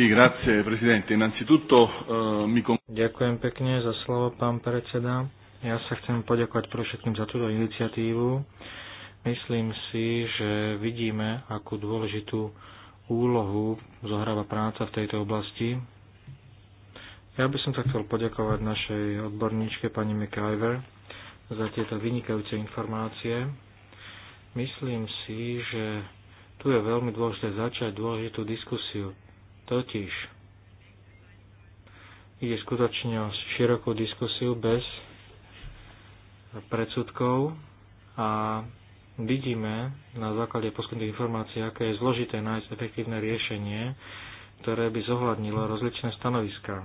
Sì, grazie Presidente. Innanzitutto eh, mi... Ďakujem pekne za slovo, pán predseda. Ja sa chcem poďakovať pre všetkým za túto iniciatívu. Myslím si, že vidíme, akú dôležitú úlohu zohráva práca v tejto oblasti. Ja by som sa chcel poďakovať našej odborníčke pani McIver za tieto vynikajúce informácie. Myslím si, že tu je veľmi dôležité začať dôležitú diskusiu. Totiž ide skutočne o širokú diskusiu bez predsudkov a vidíme na základe poskytných informácií, aké je zložité nájsť efektívne riešenie, ktoré by zohľadnilo rozličné stanoviská.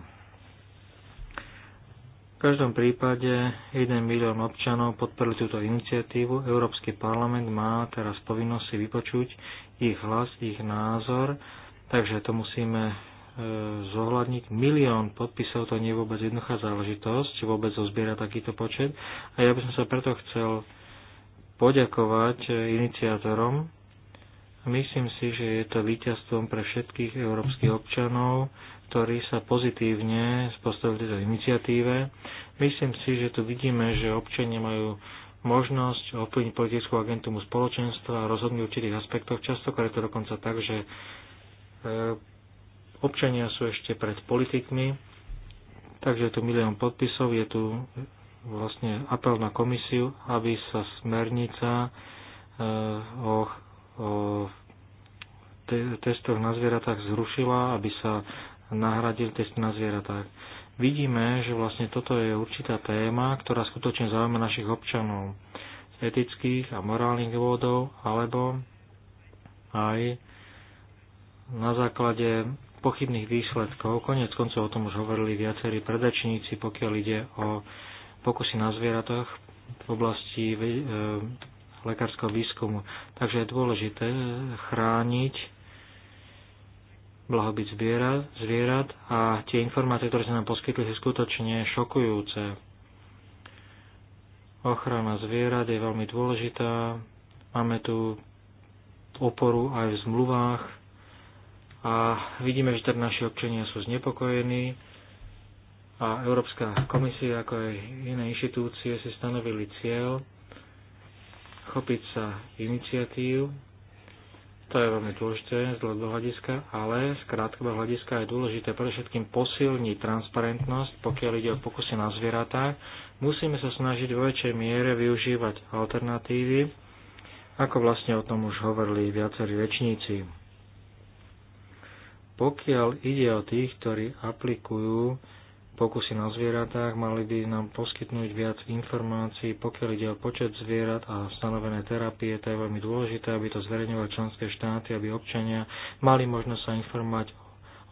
V každom prípade 1 milión občanov podporili túto iniciatívu. Európsky parlament má teraz povinnosť si vypočuť ich hlas, ich názor Takže to musíme e, zohľadniť. Milión podpisov to nie je vôbec jednoduchá záležitosť, vôbec zozbiera takýto počet. A ja by som sa preto chcel poďakovať e, iniciátorom. Myslím si, že je to víťazstvom pre všetkých európskych občanov, ktorí sa pozitívne postavili tejto iniciatíve. Myslím si, že tu vidíme, že občania majú možnosť ovplyvniť politickú agentumu spoločenstva a rozhodnúť v určitých aspektoch, častokrát je to dokonca tak, že E, občania sú ešte pred politikmi, takže je tu milión podpisov, je tu vlastne apel na komisiu, aby sa smernica e, o, testoch na zvieratách zrušila, aby sa nahradil test na zvieratách. Vidíme, že vlastne toto je určitá téma, ktorá skutočne zaujíma našich občanov z etických a morálnych dôvodov, alebo aj na základe pochybných výsledkov. Konec koncov o tom už hovorili viacerí predačníci, pokiaľ ide o pokusy na zvieratách v oblasti eh, lekárskeho výskumu. Takže je dôležité chrániť blahobyt zvierat, zvierat a tie informácie, ktoré sa nám poskytli, sú skutočne šokujúce. Ochrana zvierat je veľmi dôležitá. Máme tu oporu aj v zmluvách a vidíme, že tak naši občania sú znepokojení a Európska komisia, ako aj iné inštitúcie, si stanovili cieľ chopiť sa iniciatív. To je veľmi dôležité z dlhého hľadiska, ale z krátkodobého hľadiska je dôležité pre všetkým posilniť transparentnosť, pokiaľ ide o pokusy na zvieratách. Musíme sa snažiť vo väčšej miere využívať alternatívy, ako vlastne o tom už hovorili viacerí rečníci. Pokiaľ ide o tých, ktorí aplikujú pokusy na zvieratách, mali by nám poskytnúť viac informácií, pokiaľ ide o počet zvierat a stanovené terapie, to je veľmi dôležité, aby to zverejňovali členské štáty, aby občania mali možnosť sa informovať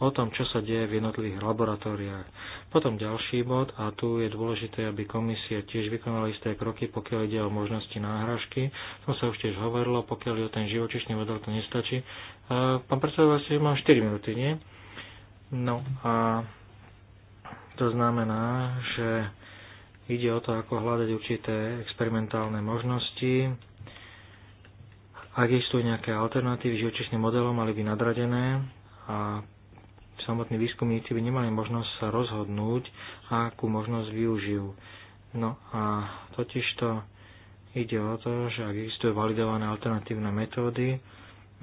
o tom, čo sa deje v jednotlivých laboratóriách. Potom ďalší bod, a tu je dôležité, aby komisia tiež vykonala isté kroky, pokiaľ ide o možnosti náhražky. To sa už tiež hovorilo, pokiaľ o ten živočišný model, to nestačí. Pán predseda, vlastne mám 4 minúty, nie? No a to znamená, že ide o to, ako hľadať určité experimentálne možnosti. Ak existujú nejaké alternatívy živočišným modelom, mali by nadradené a samotní výskumníci by nemali možnosť sa rozhodnúť, akú možnosť využijú. No a totižto ide o to, že ak existujú validované alternatívne metódy,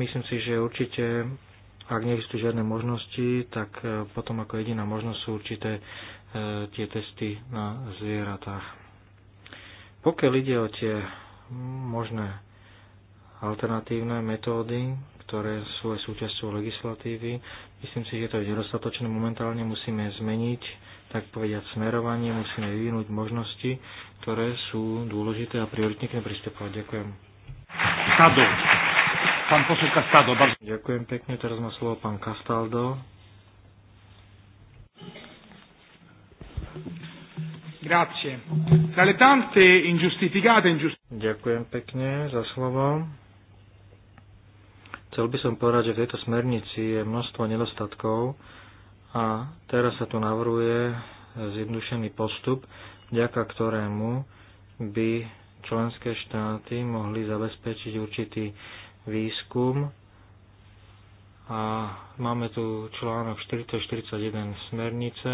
Myslím si, že určite, ak neexistujú žiadne možnosti, tak e, potom ako jediná možnosť sú určité e, tie testy na zvieratách. Pokiaľ ide o tie možné alternatívne metódy, ktoré sú aj súčasťou legislatívy. Myslím si, že to je nedostatočné. Momentálne musíme zmeniť, tak povediať, smerovanie, musíme vyvinúť možnosti, ktoré sú dôležité a prioritne k pristupovať. Ďakujem. Sadu. Pán posled Kastaldo. Bardzo... Ďakujem pekne, teraz má slovo pán Kastaldo. Grazie. Tra le tante ingiustificate e ingiustificate. Ďakujem pekne za slovo. Chcel by som povedať, že v tejto smernici je množstvo nedostatkov a teraz sa tu navrhuje zjednodušený postup, vďaka ktorému by členské štáty mohli zabezpečiť určitý výskum a máme tu článok 441 smernice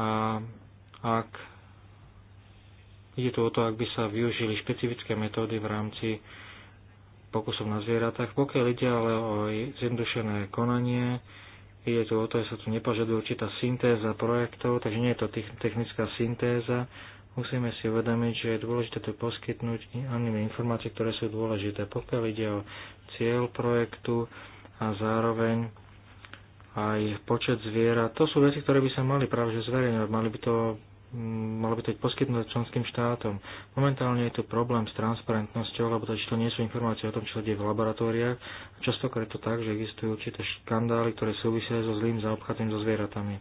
a ak ide tu o to, ak by sa využili špecifické metódy v rámci pokusov na zvieratách, pokiaľ ide ale o zjednodušené konanie, ide tu o to, že sa tu nepožaduje určitá syntéza projektov, takže nie je to technická syntéza, Musíme si uvedomiť, že je dôležité tu poskytnúť ani informácie, ktoré sú dôležité. Pokiaľ ide o cieľ projektu a zároveň aj počet zvierat, to sú veci, ktoré by sa mali práve že zverejňovať. Mali by to mm, malo by to poskytnúť členským štátom. Momentálne je tu problém s transparentnosťou, lebo to, to nie sú informácie o tom, čo sa deje v laboratóriách. Častokrát je to tak, že existujú určité škandály, ktoré súvisia so zlým zaobchádzaním so zvieratami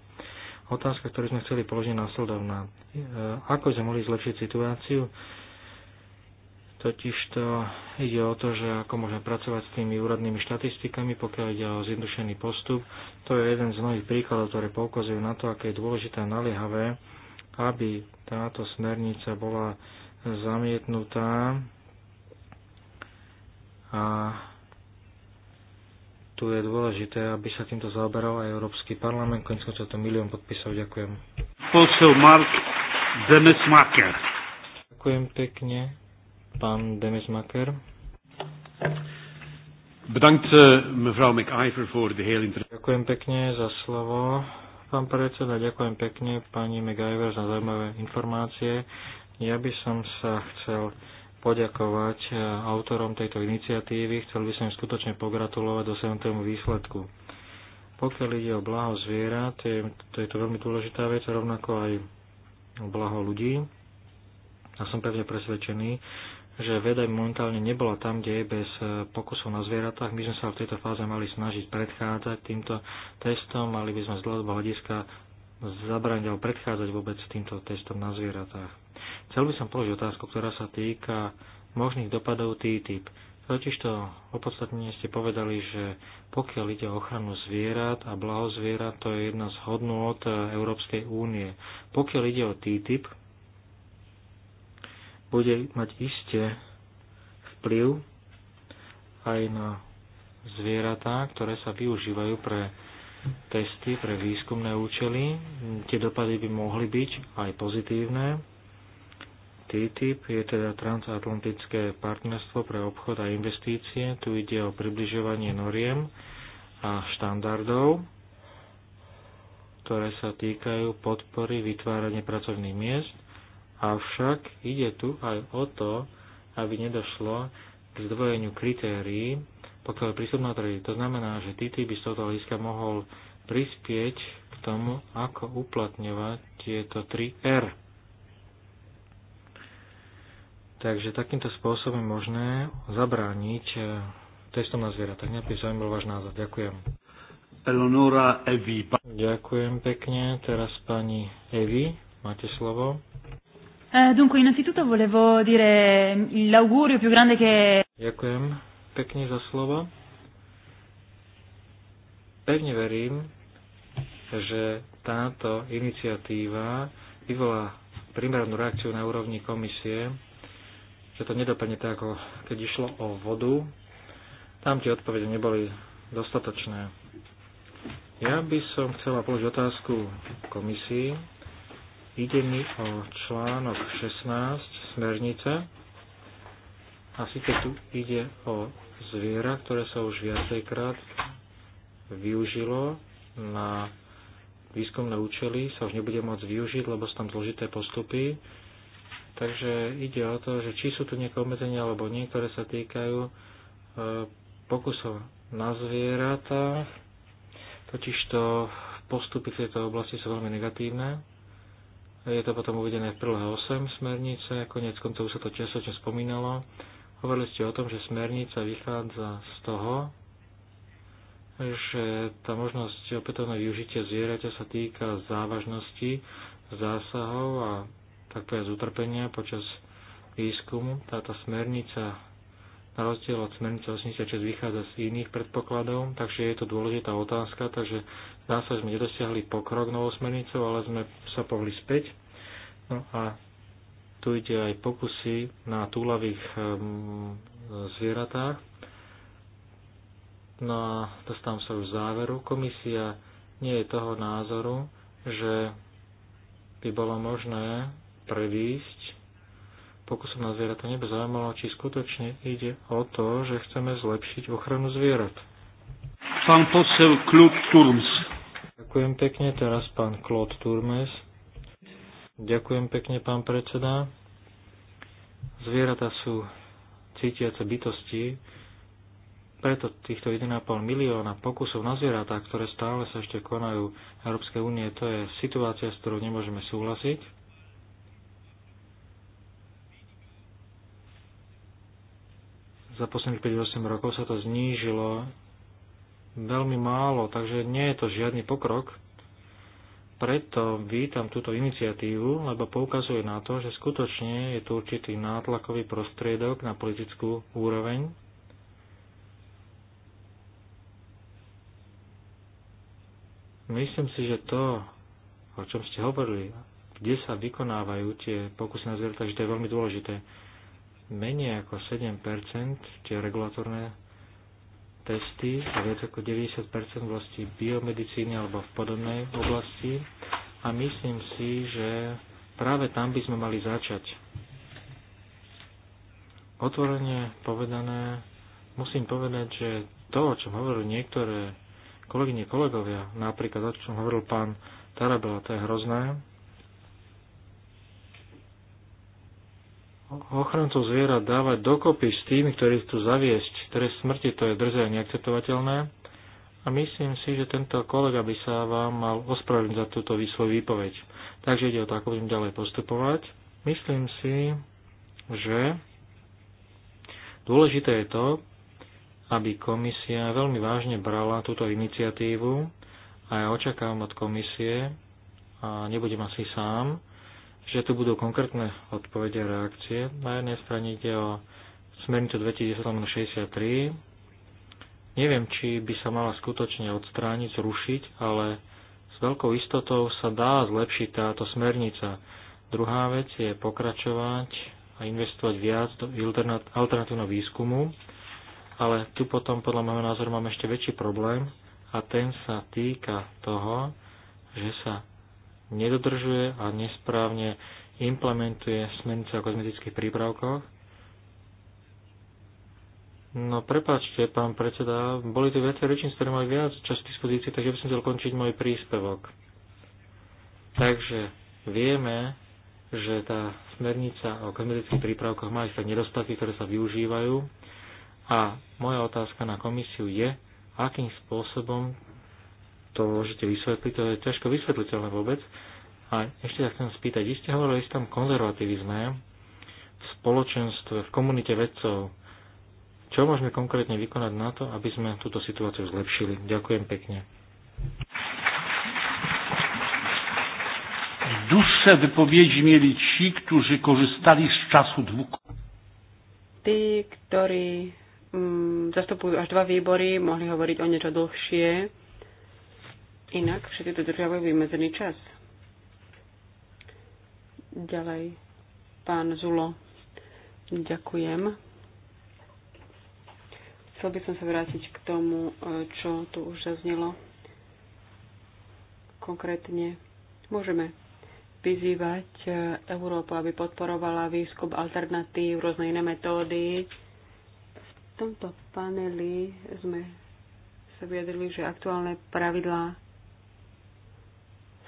otázka, ktorú sme chceli položiť následovná. E, ako sme mohli zlepšiť situáciu? Totiž to ide o to, že ako môžeme pracovať s tými úradnými štatistikami, pokiaľ ide o zjednodušený postup. To je jeden z mnohých príkladov, ktoré poukazujú na to, aké je dôležité a naliehavé, aby táto smernica bola zamietnutá a tu je dôležité, aby sa týmto zaoberal aj Európsky parlament. Koniec to milión podpisov. Ďakujem. Posel Mark Demesmaker. Ďakujem pekne, pán Demesmaker. Bedankt, eh, mevrouw McIver, voor de heel interessante... Ďakujem pekne za slovo. Pán predseda, ďakujem pekne pani McIver za zaujímavé informácie. Ja by som sa chcel poďakovať eh, autorom tejto iniciatívy. Chcel by som im skutočne pogratulovať dosiahnutému výsledku. Pokiaľ ide o blaho zvierat, to je, to je to veľmi dôležitá vec, rovnako aj blaho ľudí. A som pevne presvedčený, že veda momentálne nebola tam, kde je bez eh, pokusov na zvieratách. My sme sa v tejto fáze mali snažiť predchádzať týmto testom, mali by sme z dlhodobého hľadiska alebo predchádzať vôbec týmto testom na zvieratách. Chcel by som položiť otázku, ktorá sa týka možných dopadov TTIP. Totižto opodstatnenie ste povedali, že pokiaľ ide o ochranu zvierat a blaho zvierat, to je jedna z hodnôt e, Európskej únie. Pokiaľ ide o TTIP, bude mať iste vplyv aj na zvieratá, ktoré sa využívajú pre testy pre výskumné účely. Tie dopady by mohli byť aj pozitívne. TTIP je teda transatlantické partnerstvo pre obchod a investície. Tu ide o približovanie noriem a štandardov, ktoré sa týkajú podpory vytvárania pracovných miest. Avšak ide tu aj o to, aby nedošlo k zdvojeniu kritérií pokiaľ prístup na trhy. To znamená, že TTIP by z tohto hľadiska mohol prispieť k tomu, ako uplatňovať tieto 3R. Takže takýmto spôsobom je možné zabrániť eh, testom na Tak nejaký by bol váš názor. Ďakujem. Eleonora Evi. Ďakujem pekne. Teraz pani Evi, máte slovo. Eh, dunque, innanzitutto volevo dire l'augurio più grande che... Ďakujem pekne za slovo. Pevne verím, že táto iniciatíva vyvolá primárnu reakciu na úrovni komisie, že to nedopadne tak, ako keď išlo o vodu. Tam tie odpovede neboli dostatočné. Ja by som chcela položiť otázku komisii. Ide mi o článok 16 smernice a síce tu ide o zviera, ktoré sa už viacejkrát využilo na výskumné účely, sa už nebude môcť využiť, lebo sú tam zložité postupy. Takže ide o to, že či sú tu nejaké obmedzenia alebo nie, ktoré sa týkajú e, pokusov na zvieratá. Totižto postupy v tejto oblasti sú veľmi negatívne. Je to potom uvedené v prílohe 8 smernice, konec koncov sa to tiež spomínalo. Hovorili ste o tom, že smernica vychádza z toho, že tá možnosť opätovného využitia zvieraťa sa týka závažnosti zásahov a takto aj z utrpenia počas výskumu. Táto smernica na rozdiel od smernice 86 vychádza z iných predpokladov, takže je to dôležitá otázka, takže zdá sa, že sme nedosiahli pokrok novou smernicou, ale sme sa pohli späť. No a tu ide aj pokusy na túlavých ehm, zvieratách. No a dostávam sa už záveru. Komisia nie je toho názoru, že by bolo možné prevísť pokusom na zvieratá. Mne by zaujímalo, či skutočne ide o to, že chceme zlepšiť ochranu zvierat. Pán posel Klub Turms. Ďakujem pekne, teraz pán Klod Turmes. Ďakujem pekne, pán predseda. Zvieratá sú cítiace bytosti, preto týchto 1,5 milióna pokusov na zvieratá, ktoré stále sa ešte konajú v Európskej únie, to je situácia, s ktorou nemôžeme súhlasiť. Za posledných 5-8 rokov sa to znížilo veľmi málo, takže nie je to žiadny pokrok preto vítam túto iniciatívu, lebo poukazuje na to, že skutočne je tu určitý nátlakový prostriedok na politickú úroveň. Myslím si, že to, o čom ste hovorili, kde sa vykonávajú tie pokusy na zvieratá, že to je veľmi dôležité. Menej ako 7% tie regulatorné testy a viac ako 90% vlastne biomedicíny alebo v podobnej oblasti a myslím si, že práve tam by sme mali začať. Otvorene povedané, musím povedať, že to, o čom hovorili niektoré kolegyne, kolegovia, napríklad o čom hovoril pán Tarabela, to je hrozné, ochrancov zvierat dávať dokopy s tými, ktorí chcú zaviesť trest smrti, to je drze a neakceptovateľné. A myslím si, že tento kolega by sa vám mal ospravedlniť za túto svoju výpoveď. Takže ide o to, ako budem ďalej postupovať. Myslím si, že dôležité je to, aby komisia veľmi vážne brala túto iniciatívu a ja očakávam od komisie, a nebudem asi sám, že tu budú konkrétne odpovede a reakcie. Na jednej strane ide o smernicu 2010-63. Neviem, či by sa mala skutočne odstrániť, zrušiť, ale s veľkou istotou sa dá zlepšiť táto smernica. Druhá vec je pokračovať a investovať viac do alternatívneho výskumu, ale tu potom podľa môjho názoru máme ešte väčší problém a ten sa týka toho, že sa nedodržuje a nesprávne implementuje smernice o kozmetických prípravkoch. No prepáčte, pán predseda, boli tu viacej rečníci, ktorí mali viac času k dispozícii, takže by som chcel končiť môj príspevok. Takže vieme, že tá smernica o kozmetických prípravkoch má isté nedostatky, ktoré sa využívajú. A moja otázka na komisiu je, akým spôsobom to môžete vysvetliť, to je ťažko vysvetliteľné vôbec. A ešte sa chcem spýtať, vy ste hovorili o istom konzervativizme v spoločenstve, v komunite vedcov. Čo môžeme konkrétne vykonať na to, aby sme túto situáciu zlepšili? Ďakujem pekne. Dłuższe wypowiedzi mieli ci, którzy korzystali z czasu dwóch. Tí, ktorí mm, zastupujú až dva výbory, mohli hovoriť o niečo dlhšie Inak všetci dodržiavajú vymedzený čas. Ďalej, pán Zulo, ďakujem. Chcel by som sa vrátiť k tomu, e, čo tu už zaznelo. Konkrétne môžeme vyzývať e, Európu, aby podporovala výskum alternatív, rôzne iné metódy. V tomto paneli sme sa vyjadrili, že aktuálne pravidlá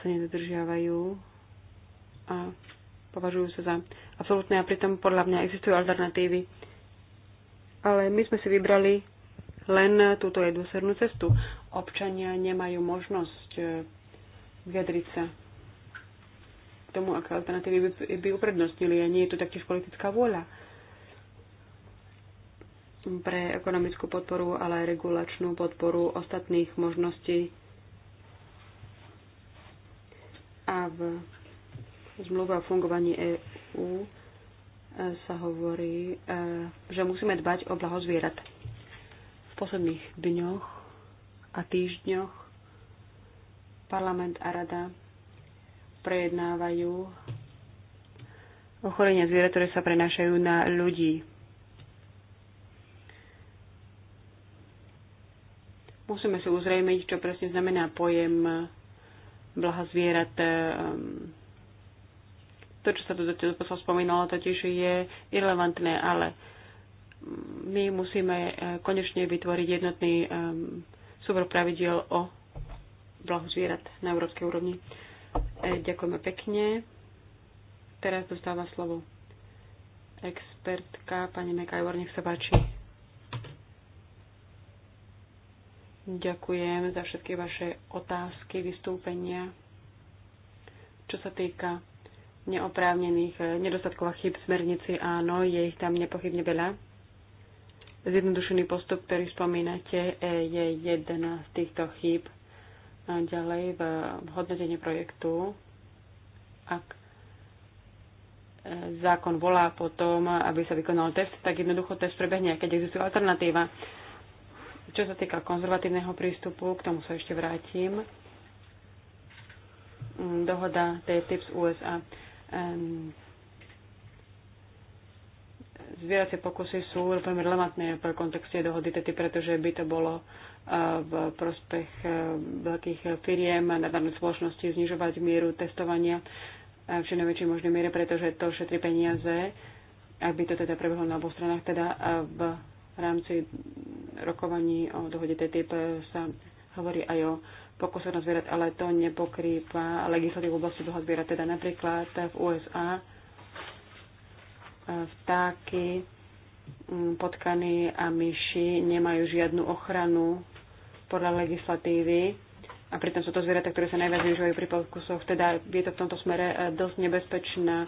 sa nedodržiavajú a považujú sa za absolútne a pritom podľa mňa existujú alternatívy. Ale my sme si vybrali len túto jednosernú cestu. Občania nemajú možnosť e, vyjadriť sa k tomu, aké alternatívy by, by uprednostnili a nie je to taktiež politická vôľa pre ekonomickú podporu, ale aj regulačnú podporu ostatných možností a v zmluve o fungovaní EÚ e, sa hovorí, e, že musíme dbať o blaho zvierat. V posledných dňoch a týždňoch parlament a rada prejednávajú ochorenia zvierat, ktoré sa prenášajú na ľudí. Musíme si uzrejmiť, čo presne znamená pojem blaha zvierat. Ehm, to, čo sa tu doposiaľ spomínalo, totiž je irrelevantné, ale my musíme eh, konečne vytvoriť jednotný ehm, súbor pravidiel o blahu zvierat na európskej úrovni. Eh, ďakujeme pekne. Teraz dostáva slovo expertka pani Mekajvor, nech sa páči. Ďakujem za všetky vaše otázky, vystúpenia. Čo sa týka neoprávnených eh, nedostatkov a chyb smernici, áno, je ich tam nepochybne veľa. Zjednodušený postup, ktorý spomínate, eh, je jedna z týchto chyb. Ďalej v hodnotení projektu, ak eh, zákon volá potom, aby sa vykonal test, tak jednoducho test prebehne, keď existuje alternatíva čo sa týka konzervatívneho prístupu, k tomu sa ešte vrátim. Mm, dohoda TTIP z USA. Zvieracie pokusy sú veľmi relevantné v kontexte dohody TTIP, pretože by to bolo eh, v prospech eh, veľkých firiem a nadnárodných spoločnosti znižovať mieru testovania eh, v čo najväčšej možnej miere, pretože to šetri peniaze, ak by to teda prebehlo na oboch stranách, teda v v rámci rokovaní o dohode TTIP sa hovorí aj o pokusu na zvierat, ale to nepokrýva legislatívu v oblasti dlho zvierat. Teda napríklad v USA e, vtáky, potkany a myši nemajú žiadnu ochranu podľa legislatívy a pritom sú to zvieratá, ktoré sa najviac využívajú pri pokusoch. Teda je to v tomto smere e, dosť nebezpečná e,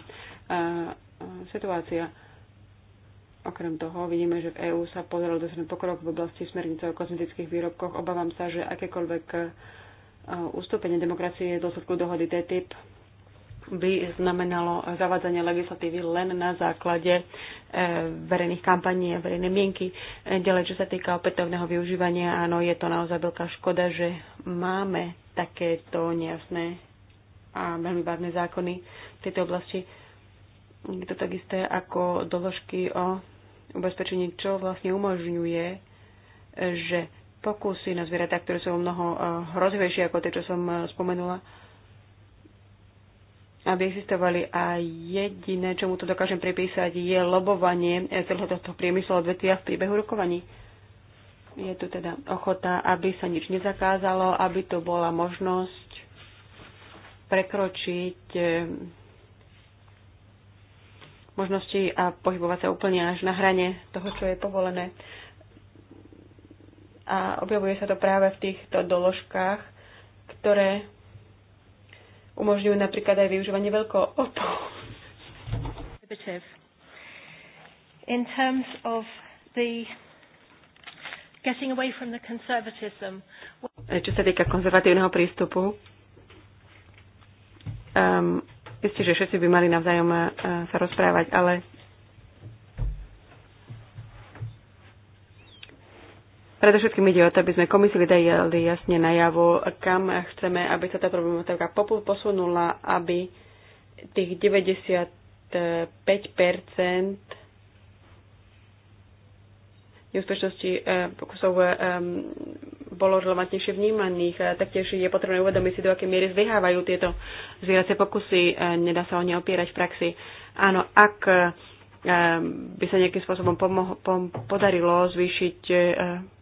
situácia. Okrem toho vidíme, že v EÚ sa podaril dosiahnuť pokrok v oblasti smernice o kozmetických výrobkoch. Obávam sa, že akékoľvek e, ustúpenie demokracie v dôsledku dohody TTIP by znamenalo zavádzanie legislatívy len na základe e, verejných kampaní a verejnej mienky. E, ďalej, čo sa týka opätovného využívania, áno, je to naozaj veľká škoda, že máme takéto nejasné a veľmi vážne zákony v tejto oblasti. Je to tak isté ako doložky o Ubezpečenie, čo vlastne umožňuje, e, že pokusy na zvieratá, ktoré sú mnoho e, hrozivejšie ako tie, čo som e, spomenula, aby existovali. A jediné, čomu to dokážem pripísať, je lobovanie celého tohto priemyslu odvetvia v priebehu rokovaní. Je tu teda ochota, aby sa nič nezakázalo, aby to bola možnosť prekročiť Možnosti a pohybovať sa úplne až na hrane toho, čo je povolené. A objavuje sa to práve v týchto doložkách, ktoré umožňujú napríklad aj využívanie opu. In terms of the getting away from the conservatism. Čo sa týka konzervatívneho prístupu, um, Isté, že všetci by mali navzájom e, sa rozprávať, ale všetkým ide o to, aby sme komisii dali jasne najavo, kam chceme, aby sa tá problematika posunula, aby tých 95% neúspešnosti e, pokusov e, bolo relevantnejšie vnímaných. Taktiež je potrebné uvedomiť si, do akej miery zlyhávajú tieto zvieracie pokusy. E, nedá sa o ne opierať v praxi. Áno, ak e, by sa nejakým spôsobom pomoh- pom- podarilo zvýšiť e,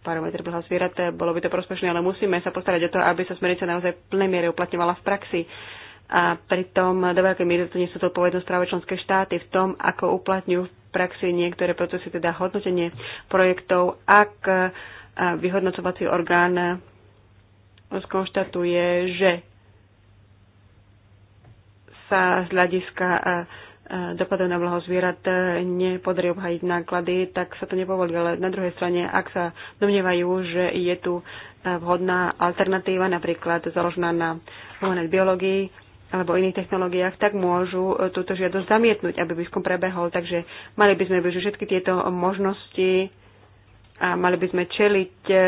parametre blaha zvierat, e, bolo by to prospešné, ale musíme sa postarať o to, aby sa smernica naozaj v plnej miere uplatňovala v praxi. A pritom do veľkej miery to nie sú to odpovednosť práve členské štáty v tom, ako uplatňujú v praxi niektoré procesy, teda hodnotenie projektov, ak a vyhodnocovací orgán skonštatuje, že sa z hľadiska dopadov na blaho zvierat nepodarí obhajiť náklady, tak sa to nepovolí. Ale na druhej strane, ak sa domnievajú, že je tu vhodná alternatíva, napríklad založená na humanej biológii alebo iných technológiách, tak môžu e, túto žiadosť zamietnúť, aby výskum prebehol. Takže mali by sme využiť všetky tieto možnosti a mali by sme čeliť e, e,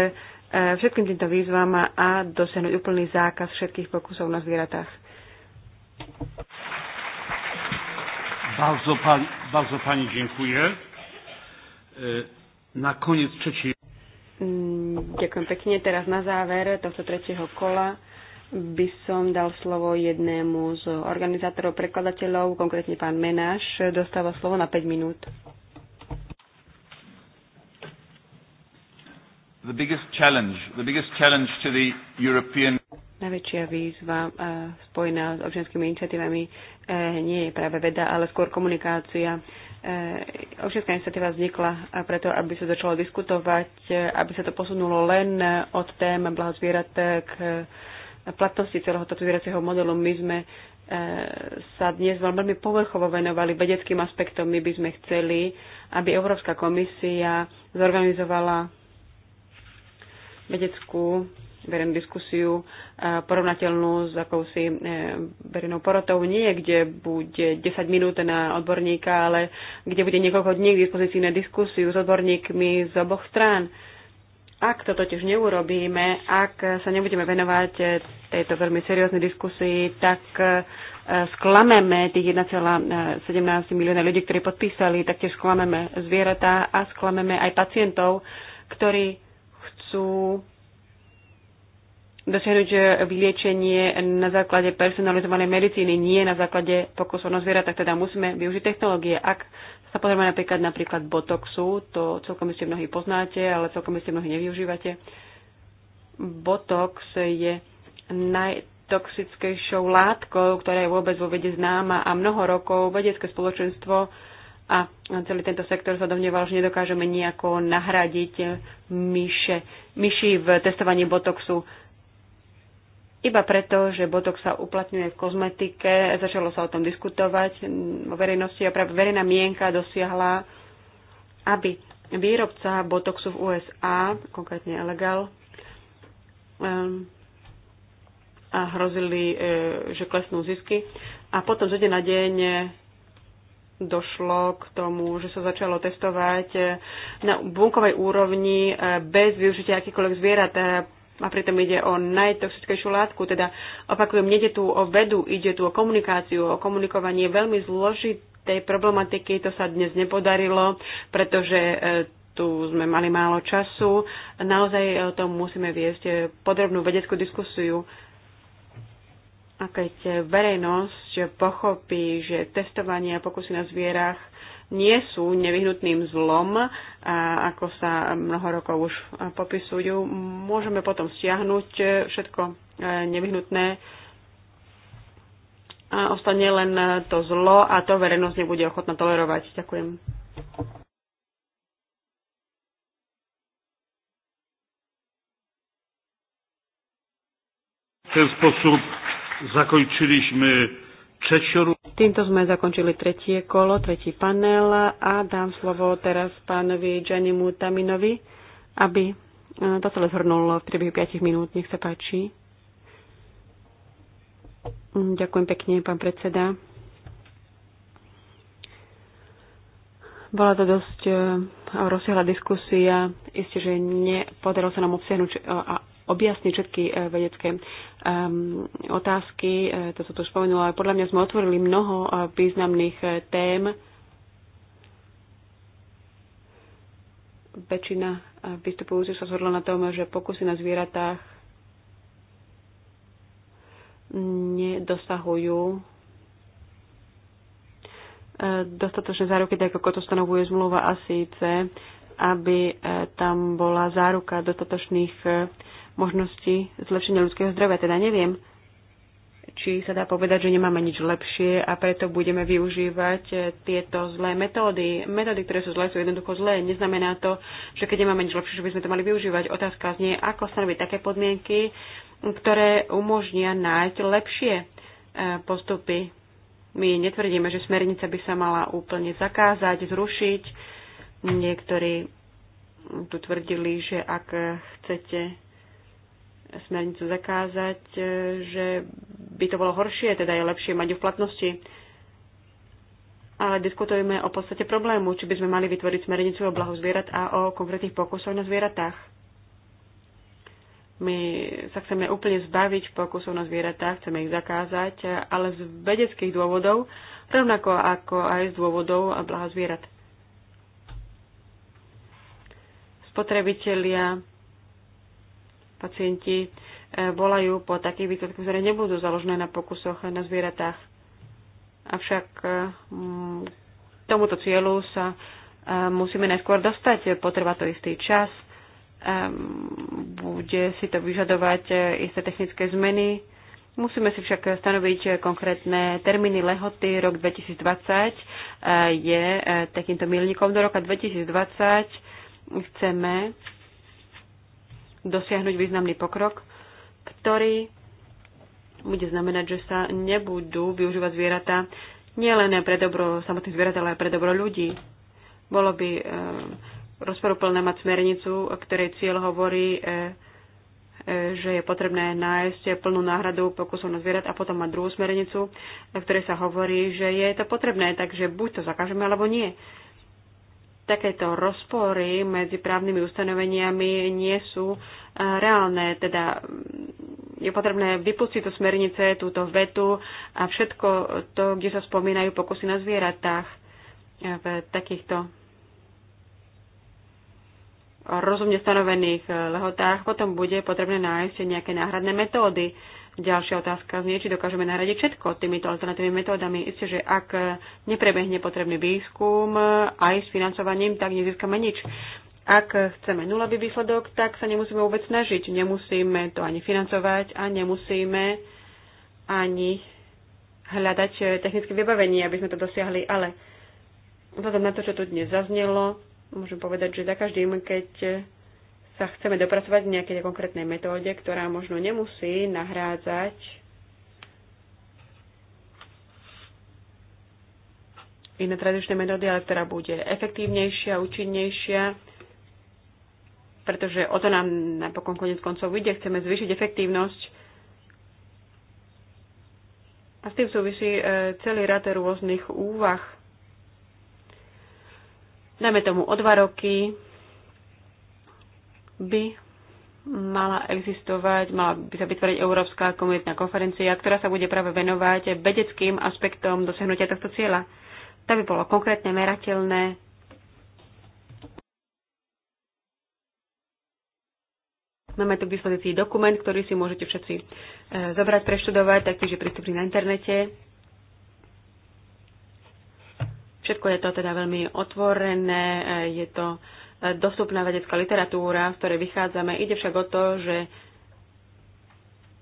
všetkým týmto výzvam a dosiahnuť úplný zákaz všetkých pokusov na zvieratách. Bardzo, Pani dziękuję. E, na koniec trzeci. Mm, ďakujem pekne. Teraz na záver tohto tretieho kola by som dal slovo jednému z organizátorov, prekladateľov, konkrétne pán Menáš. Dostáva slovo na 5 minút. the biggest challenge, the biggest challenge to the European Najväčšia výzva eh, spojená s občianskými iniciatívami eh, nie je práve veda, ale skôr komunikácia. Eh, občianská iniciatíva vznikla preto, aby sa začalo diskutovať, aby sa to posunulo len od tém blaho zvierat k platnosti celého toto zvieracieho modelu. My sme sa dnes veľmi povrchovo venovali vedeckým aspektom. My by sme chceli, aby Európska komisia zorganizovala vedeckú verejnú diskusiu e, porovnateľnú s akousi e, verejnou porotou. Nie, kde bude 10 minút na odborníka, ale kde bude niekoľko dní k dispozícii na diskusiu s odborníkmi z oboch strán. Ak to totiž neurobíme, ak sa nebudeme venovať tejto veľmi serióznej diskusii, tak e, sklameme tých 1,17 milióna ľudí, ktorí podpísali, taktiež sklameme zvieratá a sklameme aj pacientov, ktorí sú dosiahnuť vyliečenie na základe personalizovanej medicíny, nie na základe pokusov na tak Teda musíme využiť technológie. Ak sa pozrieme napríklad napríklad botoxu, to celkom ste mnohí poznáte, ale celkom ste mnohí nevyužívate. Botox je najtoxickejšou látkou, ktorá je vôbec vo vede známa a mnoho rokov vedecké spoločenstvo a celý tento sektor sa domnieval, že nedokážeme nejako nahradiť myše, myši v testovaní botoxu. Iba preto, že botox sa uplatňuje v kozmetike, začalo sa o tom diskutovať o verejnosti a práve verejná mienka dosiahla, aby výrobca botoxu v USA, konkrétne Elegal, um, a hrozili, e, že klesnú zisky. A potom zo dňa na deň došlo k tomu, že sa začalo testovať eh, na bunkovej úrovni eh, bez využitia akýkoľvek zvierat eh, a pritom ide o najtoxickejšiu látku. Teda opakujem, nejde tu o vedu, ide tu o komunikáciu, o komunikovanie veľmi zložitej problematiky. To sa dnes nepodarilo, pretože tu sme mali málo času. Naozaj o tom musíme viesť podrobnú vedeckú diskusiu. A keď verejnosť pochopí, že testovanie a pokusy na zvierach nie sú nevyhnutným zlom, a ako sa mnoho rokov už popisujú, môžeme potom stiahnuť všetko e, nevyhnutné a ostane len to zlo a to verejnosť nebude ochotná tolerovať. Ďakujem. ten sposób zakončili sme Čečoru. Týmto sme zakončili tretie kolo, tretí panel a dám slovo teraz pánovi Janimu Taminovi, aby e, to celé zhrnul v priebehu 5 minút. Nech sa páči. Ďakujem pekne, pán predseda. Bola to dosť e, rozsiahla diskusia. Isté, že nepodarilo sa nám obsiahnuť e, objasniť všetky e, vedecké um, otázky, e, to sa tu už spomenulo, ale podľa mňa sme otvorili mnoho e, významných tém. Väčšina vystupujúcich sa zhodla na tom, že pokusy na zvieratách nedosahujú dostatočné záruky, tak ako to stanovuje zmluva a síce, aby tam bola záruka dostatočných možnosti zlepšenia ľudského zdravia. Teda neviem, či sa dá povedať, že nemáme nič lepšie a preto budeme využívať eh, tieto zlé metódy. Metódy, ktoré sú zlé, sú jednoducho zlé. Neznamená to, že keď nemáme nič lepšie, že by sme to mali využívať. Otázka znie, ako stanoviť také podmienky, ktoré umožnia nájsť lepšie eh, postupy. My netvrdíme, že smernica by sa mala úplne zakázať, zrušiť. Niektorí tu tvrdili, že ak chcete smernicu zakázať, e, že by to bolo horšie, teda je lepšie mať ju v platnosti. Ale diskutujeme o podstate problému, či by sme mali vytvoriť smernicu o blahu zvierat a o konkrétnych pokusoch na zvieratách. My sa chceme úplne zbaviť pokusov na zvieratá, chceme ich zakázať, ale z vedeckých dôvodov, rovnako ako aj z dôvodov a blaha zvierat. Spotrebitelia Pacienti e, volajú po takých výsledkoch, ktoré nebudú založené na pokusoch na zvieratách. Avšak e, k tomuto cieľu sa e, musíme najskôr dostať. Potrvá to istý čas, bude si to vyžadovať isté technické zmeny. Musíme si však stanoviť konkrétne termíny lehoty. Rok 2020 je takýmto milníkom. Do roka 2020 chceme dosiahnuť významný pokrok, ktorý bude znamenať, že sa nebudú využívať zvieratá nielen pre dobro samotných zvierat, ale aj pre dobro ľudí. Bolo by e, eh, rozporuplné mať smernicu, o ktorej cieľ hovorí, e, e, že je potrebné nájsť plnú náhradu pokusov na zvierat a potom mať druhú smernicu, o ktorej sa hovorí, že je to potrebné, takže buď to zakažeme, alebo nie. E, takéto rozpory medzi právnymi ustanoveniami nie sú e, reálne. Teda mm, je potrebné vypustiť do smernice túto vetu a všetko to, kde sa spomínajú pokusy na zvieratách e, v takýchto rozumne stanovených e, lehotách, potom bude potrebné nájsť nejaké náhradné metódy. Ďalšia otázka znie, či dokážeme nahradiť všetko týmito alternatívnymi metódami. Isté, že ak neprebehne potrebný výskum aj s financovaním, tak nezískame nič. Ak chceme nulový výsledok, tak sa nemusíme vôbec snažiť. Nemusíme to ani financovať a nemusíme ani hľadať technické vybavenie, aby sme to dosiahli. Ale vzhľadom na to, čo tu dnes zaznelo, môžem povedať, že za každým, keď sa chceme dopracovať v nejakej konkrétnej metóde, ktorá možno nemusí nahrádzať iné tradičné metódy, ale ktorá bude efektívnejšia, účinnejšia, pretože o to nám napokon konec koncov vyjde, Chceme zvýšiť efektívnosť a s tým súvisí e, celý rad rôznych úvah. Dajme tomu o dva roky, by mala existovať, mala by sa vytvoriť Európska komunitná konferencia, ktorá sa bude práve venovať vedeckým aspektom dosiahnutia tohto cieľa. To by bolo konkrétne merateľné. Máme tu k dispozícii dokument, ktorý si môžete všetci e, zobrať, preštudovať, taktiež je prístupný na internete. Všetko je to teda veľmi otvorené, e, je to dostupná vedecká literatúra, v ktorej vychádzame. Ide však o to, že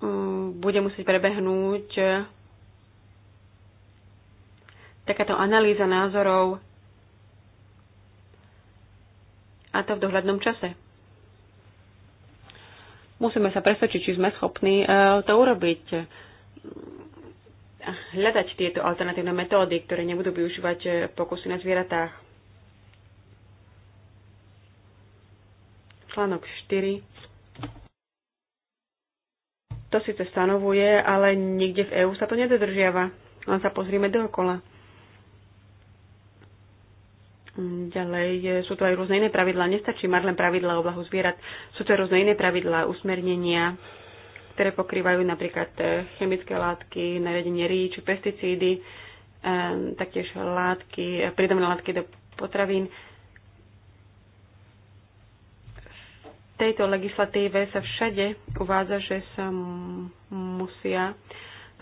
mm, bude musieť prebehnúť e, takáto analýza názorov a to v dohľadnom čase. Musíme sa presvedčiť, či sme schopní e, to urobiť. Hľadať tieto alternatívne metódy, ktoré nebudú využívať e, pokusy na zvieratách. Článok 4. To síce stanovuje, ale nikde v EÚ sa to nedodržiava. Len sa pozrieme dookola. Ďalej sú tu aj rôzne iné pravidlá. Nestačí mať len pravidlá o blahu zvierat. Sú tu aj rôzne iné pravidlá, usmernenia, ktoré pokrývajú napríklad eh, chemické látky, nariadenie ríč, pesticídy, eh, taktiež látky, eh, prídomné látky do potravín. tejto legislatíve sa všade uvádza, že sa musia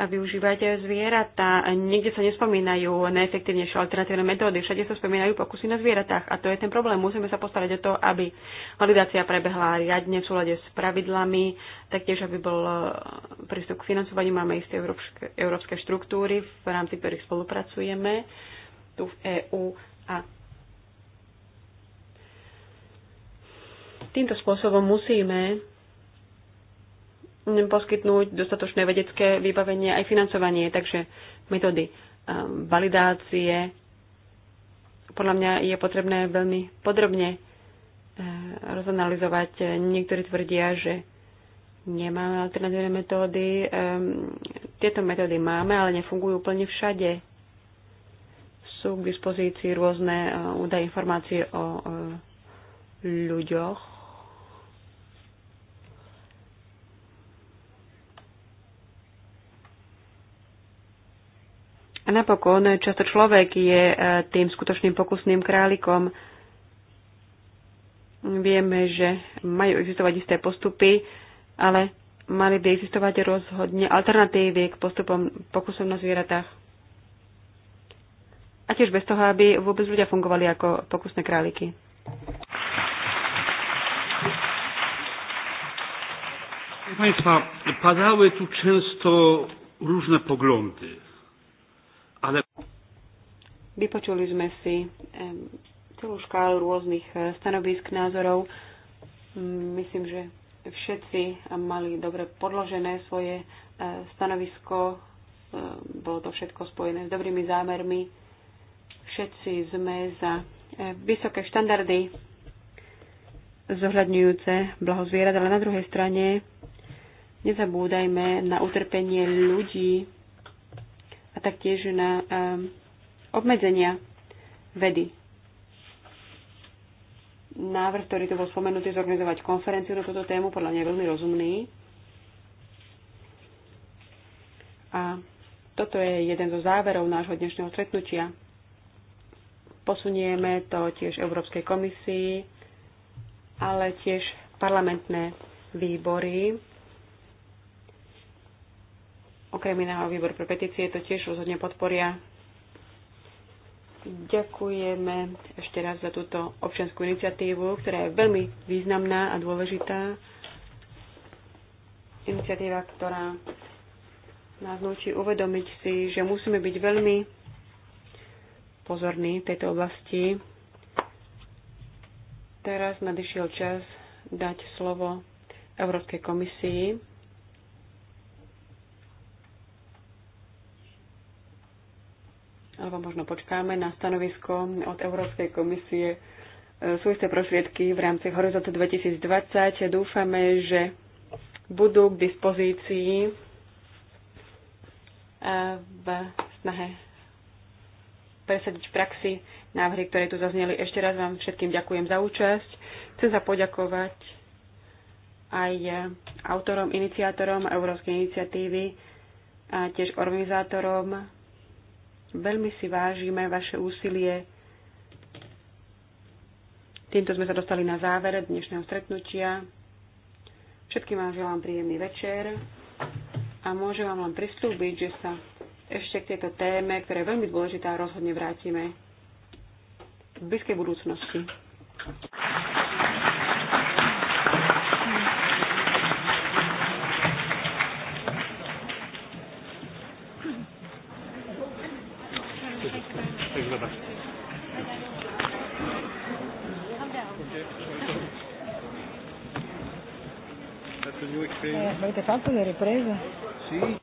využívať zvieratá. Nikde sa nespomínajú najefektívnejšie alternatívne metódy, všade sa spomínajú pokusy na zvieratách. A to je ten problém. Musíme sa postarať o to, aby validácia prebehla riadne v súlade s pravidlami, taktiež, aby bol eh, prístup k financovaniu. Máme isté európske, európske štruktúry, v rámci ktorých spolupracujeme tu v EÚ a Týmto spôsobom musíme poskytnúť dostatočné vedecké vybavenie aj financovanie, takže metódy validácie. Podľa mňa je potrebné veľmi podrobne e, rozanalizovať. Niektorí tvrdia, že nemáme alternatívne metódy. E, tieto metódy máme, ale nefungujú úplne všade. Sú k dispozícii rôzne e, údaje, informácie o ľuďoch, A napokon často človek je e, tým skutočným pokusným králikom. Vieme, že majú existovať isté postupy, ale mali by existovať rozhodne alternatívy k postupom pokusom na zvieratách. A tiež bez toho, aby vôbec ľudia fungovali ako pokusné králiky. Państwa, padały tu często różne poglądy ale... Vypočuli sme si celú škálu rôznych eh, stanovisk, názorov. Mm, myslím, že všetci mali dobre podložené svoje eh, stanovisko. Eh, bolo to všetko spojené s dobrými zámermi. Všetci sme za vysoké štandardy zohľadňujúce blaho zvierat, ale na druhej strane nezabúdajme na utrpenie ľudí, taktiež na ehm, obmedzenia vedy. Návrh, ktorý tu bol spomenutý, zorganizovať konferenciu na túto tému, podľa mňa je veľmi rozumný. A toto je jeden zo záverov nášho dnešného stretnutia. Posunieme to tiež Európskej komisii, ale tiež parlamentné výbory Okrem iného výbor pre petície to tiež rozhodne podporia. Ďakujeme ešte raz za túto občianskú iniciatívu, ktorá je veľmi významná a dôležitá. Iniciatíva, ktorá nás naučí uvedomiť si, že musíme byť veľmi pozorní v tejto oblasti. Teraz nadišiel čas dať slovo Európskej komisii. alebo možno počkáme na stanovisko od Európskej komisie. E, sú isté prostriedky v rámci Horizontu 2020. Dúfame, že budú k dispozícii e, v snahe presadiť v praxi návrhy, ktoré tu zazneli. Ešte raz vám všetkým ďakujem za účasť. Chcem sa poďakovať aj autorom, iniciátorom Európskej iniciatívy a tiež organizátorom Veľmi si vážime vaše úsilie. Týmto sme sa dostali na záver dnešného stretnutia. Všetkým vám želám príjemný večer a môžem vám len pristúbiť, že sa ešte k tejto téme, ktorá je veľmi dôležitá, rozhodne vrátime v blízkej budúcnosti. Avete fatto le riprese? Sì.